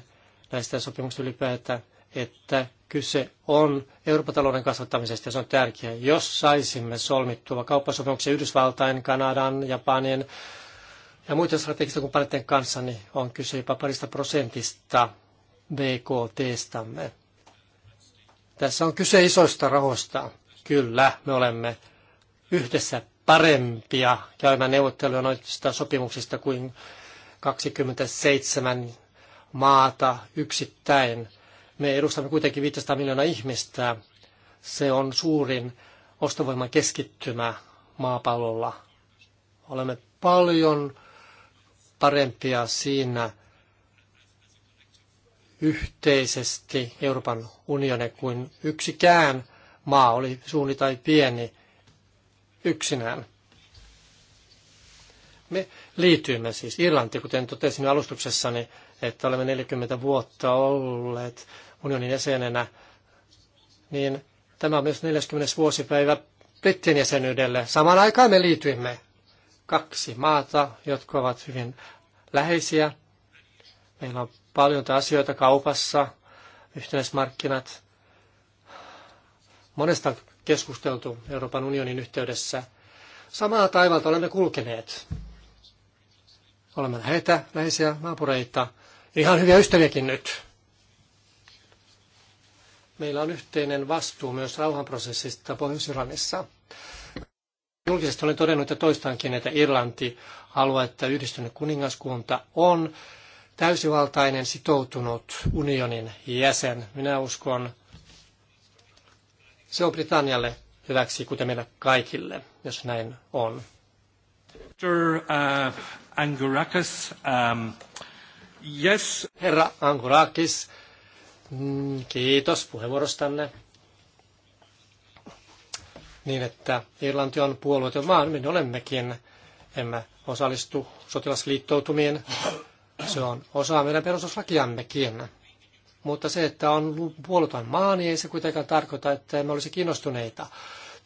näistä sopimuksista ylipäätään, että kyse on Euroopan talouden kasvattamisesta ja se on tärkeää. Jos saisimme solmittua kauppasopimuksia Yhdysvaltain, Kanadan, Japanin ja muiden strategisten kumppaneiden kanssa, niin on kyse jopa parista prosentista BKTstamme. Tässä on kyse isoista rahoista. Kyllä, me olemme yhdessä parempia käymään neuvotteluja noista sopimuksista kuin 27 maata yksittäin. Me edustamme kuitenkin 500 miljoonaa ihmistä. Se on suurin ostovoiman keskittymä maapallolla. Olemme paljon parempia siinä yhteisesti Euroopan unionin kuin yksikään maa, oli suuri tai pieni yksinään. Me liityimme siis Irlantiin, kuten totesin alustuksessani, että olemme 40 vuotta olleet unionin jäsenenä, niin tämä on myös 40. vuosipäivä Brittien jäsenyydelle. Samaan aikaan me liityimme kaksi maata, jotka ovat hyvin läheisiä. Meillä on paljon asioita kaupassa, yhtenäismarkkinat. Monesta keskusteltu Euroopan unionin yhteydessä. Samaa taivalta olemme kulkeneet. Olemme läheitä, läheisiä naapureita, ihan hyviä ystäviäkin nyt. Meillä on yhteinen vastuu myös rauhanprosessista Pohjois-Irlannissa. Julkisesti olen todennut ja toistankin, että Irlanti haluaa, että yhdistynyt kuningaskunta on täysivaltainen sitoutunut unionin jäsen. Minä uskon, se on Britannialle hyväksi, kuten meille kaikille, jos näin on. Mr. Uh, Angurakis, um, yes. Herra Angurakis, mm, kiitos puheenvuorostanne. Niin, että Irlanti on puolueeton maa, niin me olemmekin. Emme osallistu sotilasliittoutumiin. Se on osa meidän perustuslakiammekin. Mutta se, että on puoluton maa, niin ei se kuitenkaan tarkoita, että emme olisi kiinnostuneita.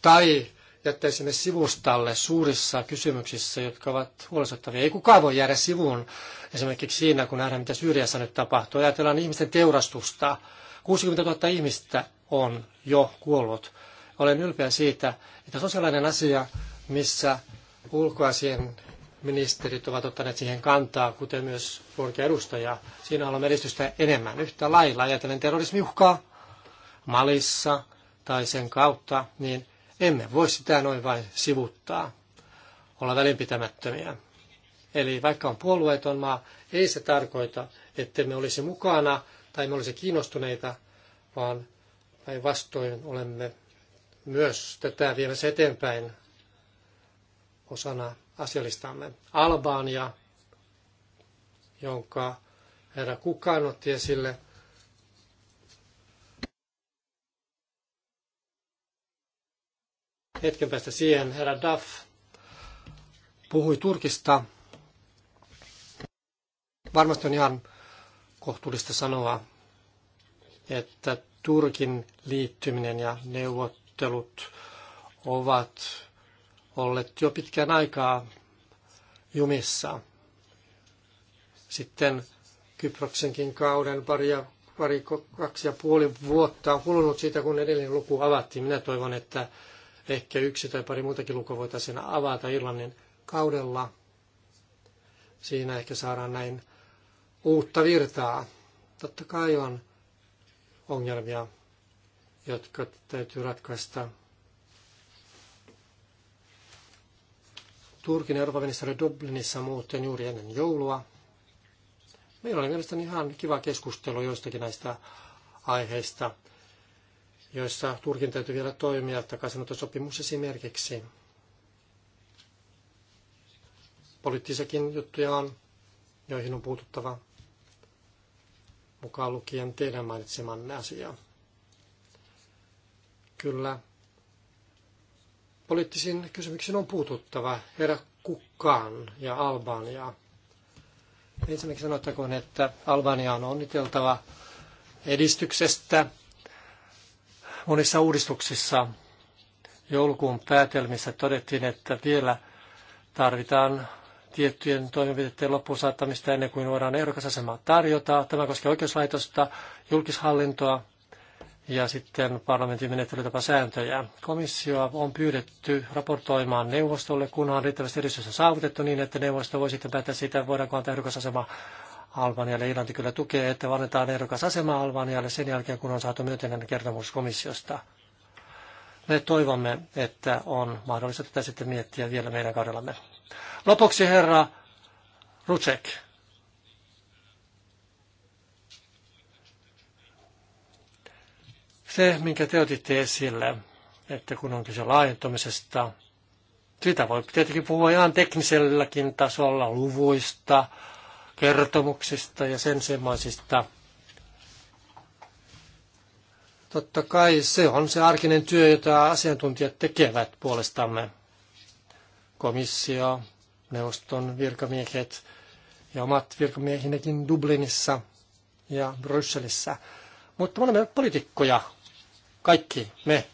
Tai jättäisimme sivustalle suurissa kysymyksissä, jotka ovat huolestuttavia. Ei kukaan voi jäädä sivuun esimerkiksi siinä, kun nähdään, mitä Syyriassa nyt tapahtuu. Ajatellaan ihmisten teurastusta. 60 000 ihmistä on jo kuollut. Olen ylpeä siitä, että se on sellainen asia, missä ulkoasien ministerit ovat ottaneet siihen kantaa, kuten myös korkea edustaja. Siinä on edistystä enemmän yhtä lailla. Ajatellen terrorismiuhkaa Malissa tai sen kautta, niin emme voi sitä noin vain sivuttaa, olla välinpitämättömiä. Eli vaikka on puolueeton maa, ei se tarkoita, että me olisi mukana tai me olisi kiinnostuneita, vaan päinvastoin olemme myös tätä viemässä eteenpäin osana asialistamme. Albaania, jonka herra Kukaan otti esille. Hetken päästä siihen herra Duff puhui Turkista. Varmasti on ihan kohtuullista sanoa, että Turkin liittyminen ja neuvottelut ovat olleet jo pitkän aikaa jumissa. Sitten Kyproksenkin kauden pari, ja, pari kaksi ja puoli vuotta on kulunut siitä, kun edellinen luku avattiin. Minä toivon, että ehkä yksi tai pari muutakin lukua voitaisiin avata Irlannin kaudella. Siinä ehkä saadaan näin uutta virtaa. Totta kai on ongelmia, jotka täytyy ratkaista Turkin Euroopan ministeri Dublinissa muuten juuri ennen joulua. Meillä oli mielestäni ihan kiva keskustelu joistakin näistä aiheista, joissa Turkin täytyy vielä toimia sopimus esimerkiksi. Poliittisiakin juttuja on, joihin on puututtava mukaan lukien teidän mainitsemanne asiaa. Kyllä, Poliittisiin kysymyksiin on puututtava. Herra Kukkaan ja Albaniaa. Ensinnäkin sanottakoon, että Albania on onniteltava edistyksestä monissa uudistuksissa. Joulukuun päätelmissä todettiin, että vielä tarvitaan tiettyjen toimenpiteiden loppuun saattamista ennen kuin voidaan ehdokasasemaa tarjota. Tämä koskee oikeuslaitosta, julkishallintoa ja sitten parlamentin menettelytapasääntöjä. Komissio on pyydetty raportoimaan neuvostolle, kunhan on riittävästi edistystä saavutettu niin, että neuvosto voi sitten päättää sitä, voidaanko antaa ehdokasasema Albanialle. Irlanti kyllä tukee, että annetaan ehdokasasema Albanialle sen jälkeen, kun on saatu myönteinen kertomus komissiosta. Me toivomme, että on mahdollista tätä sitten miettiä vielä meidän kaudellamme. Lopuksi herra Rucek. Se, minkä te otitte esille, että kun on kyse laajentumisesta, sitä voi tietenkin puhua ihan tekniselläkin tasolla, luvuista, kertomuksista ja sen semmoisista. Totta kai se on se arkinen työ, jota asiantuntijat tekevät puolestamme. Komissio, neuvoston virkamiehet ja omat virkamiehinekin Dublinissa ja Brysselissä. Mutta me olemme poliitikkoja, kaikki me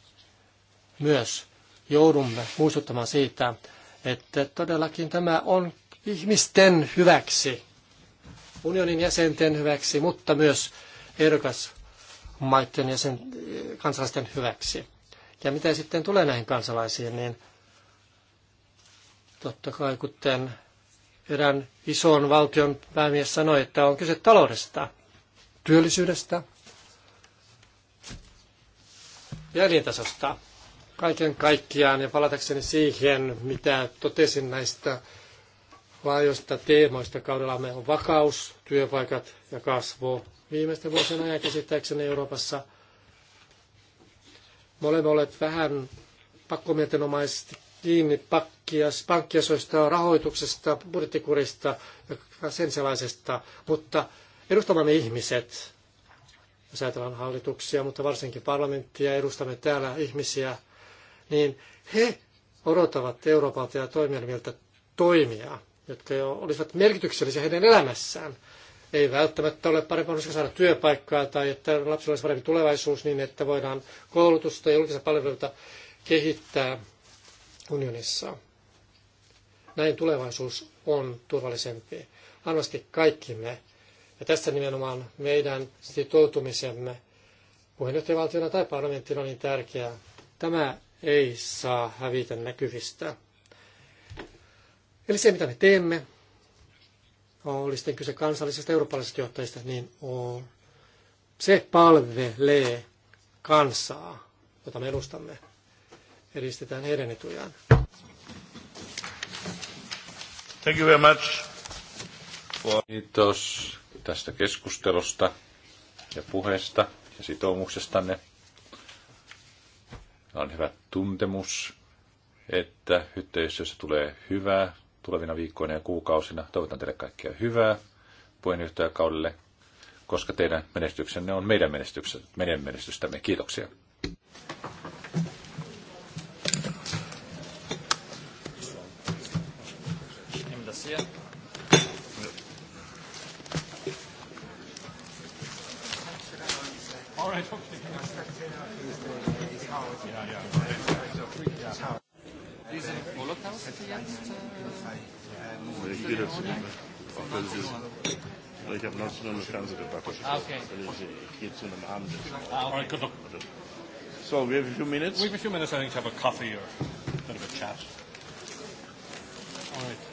myös joudumme muistuttamaan siitä, että todellakin tämä on ihmisten hyväksi, unionin jäsenten hyväksi, mutta myös ehdokasmaiden ja sen kansalaisten hyväksi. Ja mitä sitten tulee näihin kansalaisiin, niin totta kai kuten erään ison valtion päämies sanoi, että on kyse taloudesta, työllisyydestä, ja kaiken kaikkiaan. Ja palatakseni siihen, mitä totesin näistä laajoista teemoista kaudella Meillä on vakaus, työpaikat ja kasvu. Viimeisten vuosien ajan käsittääkseni Euroopassa me olemme olleet vähän pakkomieltenomaisesti kiinni pankkiasoista, rahoituksesta, budjettikurista ja sen sellaisesta, mutta edustamamme ihmiset jos ajatellaan hallituksia, mutta varsinkin parlamenttia, edustamme täällä ihmisiä, niin he odottavat Euroopalta ja toimielimiltä toimia, jotka jo olisivat merkityksellisiä heidän elämässään. Ei välttämättä ole parempi mahdollisuus saada työpaikkaa tai että lapsilla olisi parempi tulevaisuus niin, että voidaan koulutusta ja julkisia palveluita kehittää unionissa. Näin tulevaisuus on turvallisempi. Varmasti kaikki me ja tässä nimenomaan meidän sitoutumisemme puheenjohtajavaltiona tai parlamenttina on niin tärkeää. Tämä ei saa hävitä näkyvistä. Eli se, mitä me teemme, oli sitten kyse kansallisesta eurooppalaisesta johtajista, niin on. se palvelee kansaa, jota me edustamme. Edistetään heidän etujaan. Thank you very much. Kiitos tästä keskustelusta ja puheesta ja sitoumuksestanne. On hyvä tuntemus, että yhteisössä tulee hyvää tulevina viikkoina ja kuukausina. Toivotan teille kaikkia hyvää puheenjohtajakaudelle, koska teidän menestyksenne on meidän, menestyksemme, meidän menestystämme. Kiitoksia. ich habe 19 eine Fernsehdebatte. Ich gehe zu einem So, we have a few minutes? We have a few minutes, I think, to have a coffee or a bit of a chat. All right.